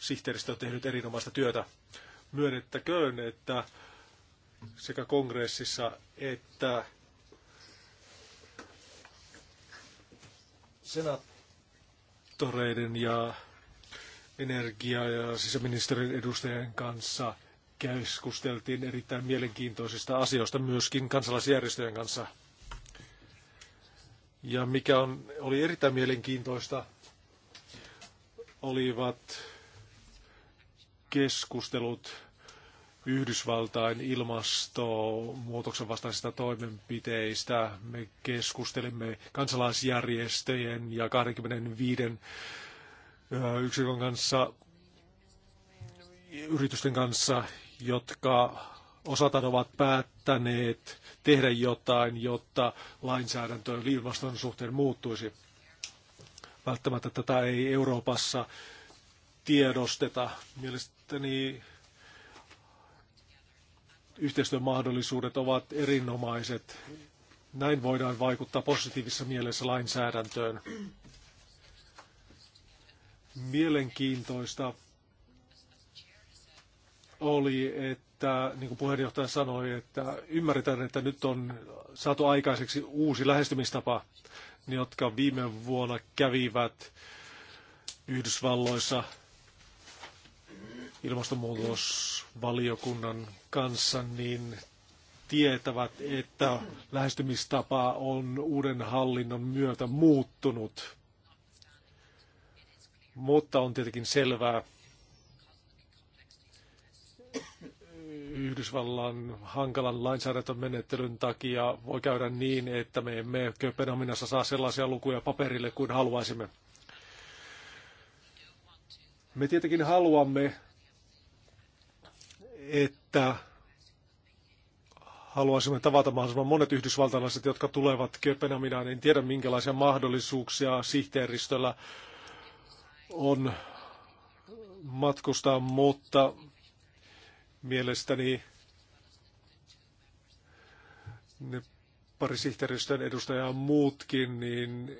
sihteeristö on tehnyt erinomaista työtä. Myönnettäköön, että sekä kongressissa että senaattoreiden ja energia- ja sisäministerin edustajien kanssa keskusteltiin erittäin mielenkiintoisista asioista myöskin kansalaisjärjestöjen kanssa ja mikä on, oli erittäin mielenkiintoista, olivat keskustelut Yhdysvaltain ilmastonmuutoksen vastaisista toimenpiteistä. Me keskustelimme kansalaisjärjestöjen ja 25 yksikön kanssa, yritysten kanssa, jotka osataan ovat päättäneet tehdä jotain, jotta lainsäädäntö ilmaston suhteen muuttuisi. Välttämättä tätä ei Euroopassa tiedosteta. Mielestäni yhteistyömahdollisuudet ovat erinomaiset. Näin voidaan vaikuttaa positiivisessa mielessä lainsäädäntöön. Mielenkiintoista oli, että että, niin kuin puheenjohtaja sanoi, että ymmärretään, että nyt on saatu aikaiseksi uusi lähestymistapa, jotka viime vuonna kävivät Yhdysvalloissa ilmastonmuutosvaliokunnan kanssa, niin tietävät, että lähestymistapa on uuden hallinnon myötä muuttunut. Mutta on tietenkin selvää, Yhdysvallan hankalan lainsäädäntömenettelyn takia voi käydä niin, että me emme Kööpenhaminassa saa sellaisia lukuja paperille kuin haluaisimme. Me tietenkin haluamme, että haluaisimme tavata mahdollisimman monet yhdysvaltalaiset, jotka tulevat Kööpenhaminaan. En tiedä, minkälaisia mahdollisuuksia sihteeristöllä on matkustaa, mutta Mielestäni ne parisihteeristön edustajaa muutkin, niin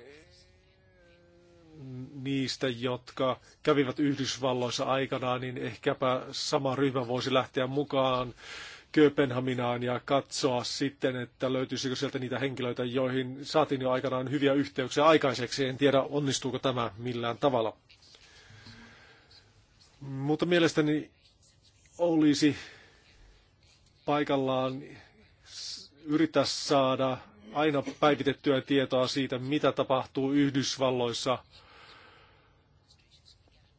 niistä, jotka kävivät Yhdysvalloissa aikanaan, niin ehkäpä sama ryhmä voisi lähteä mukaan Kööpenhaminaan ja katsoa sitten, että löytyisikö sieltä niitä henkilöitä, joihin saatiin jo aikanaan hyviä yhteyksiä aikaiseksi. En tiedä, onnistuuko tämä millään tavalla. Mutta mielestäni olisi paikallaan yrittää saada aina päivitettyä tietoa siitä, mitä tapahtuu Yhdysvalloissa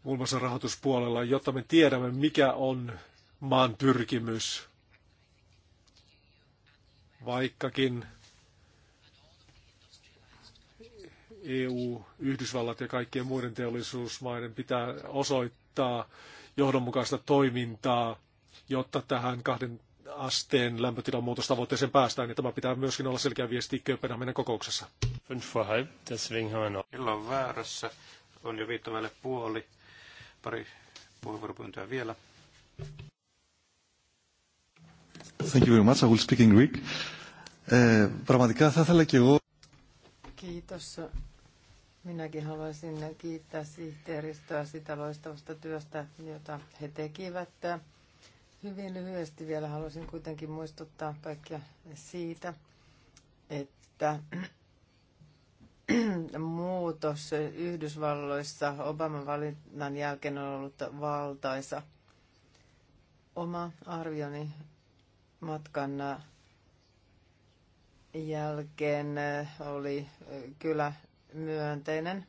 muun muassa rahoituspuolella, jotta me tiedämme, mikä on maan pyrkimys. Vaikkakin EU, Yhdysvallat ja kaikkien muiden teollisuusmaiden pitää osoittaa, johdonmukaista toimintaa, jotta tähän kahden asteen lämpötilan muutostavoitteeseen päästään, niin tämä pitää myöskin olla selkeä viesti Kööpenhaminan kokouksessa. Kello on
väärässä, on jo viittävälle puoli. Pari puheenvuoropyyntöä vielä.
Thank you very much. I will speak in Greek. Ε, eh, πραγματικά θα ήθελα και εγώ...
Minäkin haluaisin kiittää sihteeristöä sitä loistavasta työstä, jota he tekivät. Hyvin lyhyesti vielä haluaisin kuitenkin muistuttaa kaikkia siitä, että muutos Yhdysvalloissa Obaman valinnan jälkeen on ollut valtaisa. Oma arvioni matkan jälkeen oli kyllä myönteinen.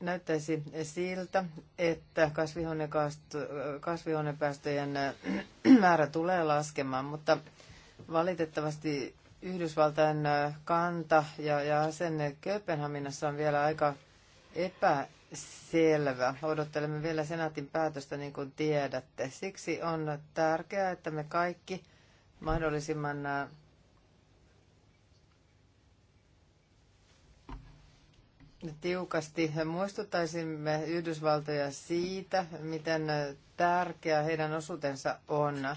Näyttäisi siltä, että kasvihuonepäästöjen määrä tulee laskemaan, mutta valitettavasti Yhdysvaltain kanta ja, ja asenne Kööpenhaminassa on vielä aika epäselvä. Odottelemme vielä senaatin päätöstä, niin kuin tiedätte. Siksi on tärkeää, että me kaikki mahdollisimman tiukasti muistuttaisimme Yhdysvaltoja siitä, miten tärkeä heidän osuutensa on.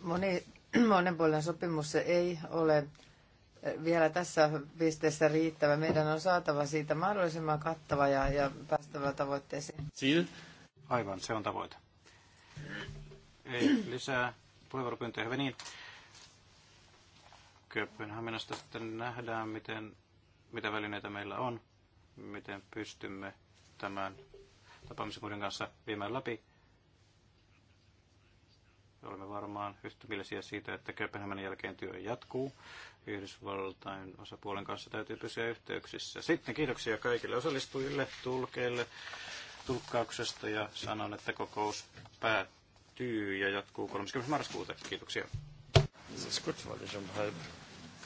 Moni, monenpuolinen sopimus ei ole vielä tässä pisteessä riittävä. Meidän on saatava siitä mahdollisimman kattava ja, ja päästävä tavoitteeseen.
Siil? Aivan, se on tavoite. Ei lisää puheenvuoropyyntöjä, hyvä niin. Kööpenhaminasta sitten nähdään, miten, mitä välineitä meillä on, miten pystymme tämän tapaamisen kanssa viemään läpi. Olemme varmaan yhtämielisiä siitä, että Kööpenhaminan jälkeen työ jatkuu. Yhdysvaltain osapuolen kanssa täytyy pysyä yhteyksissä. Sitten kiitoksia kaikille osallistujille, tulkeille, tulkkauksesta ja sanon, että kokous päättyy ja jatkuu 30. marraskuuta. Kiitoksia. Das on gut,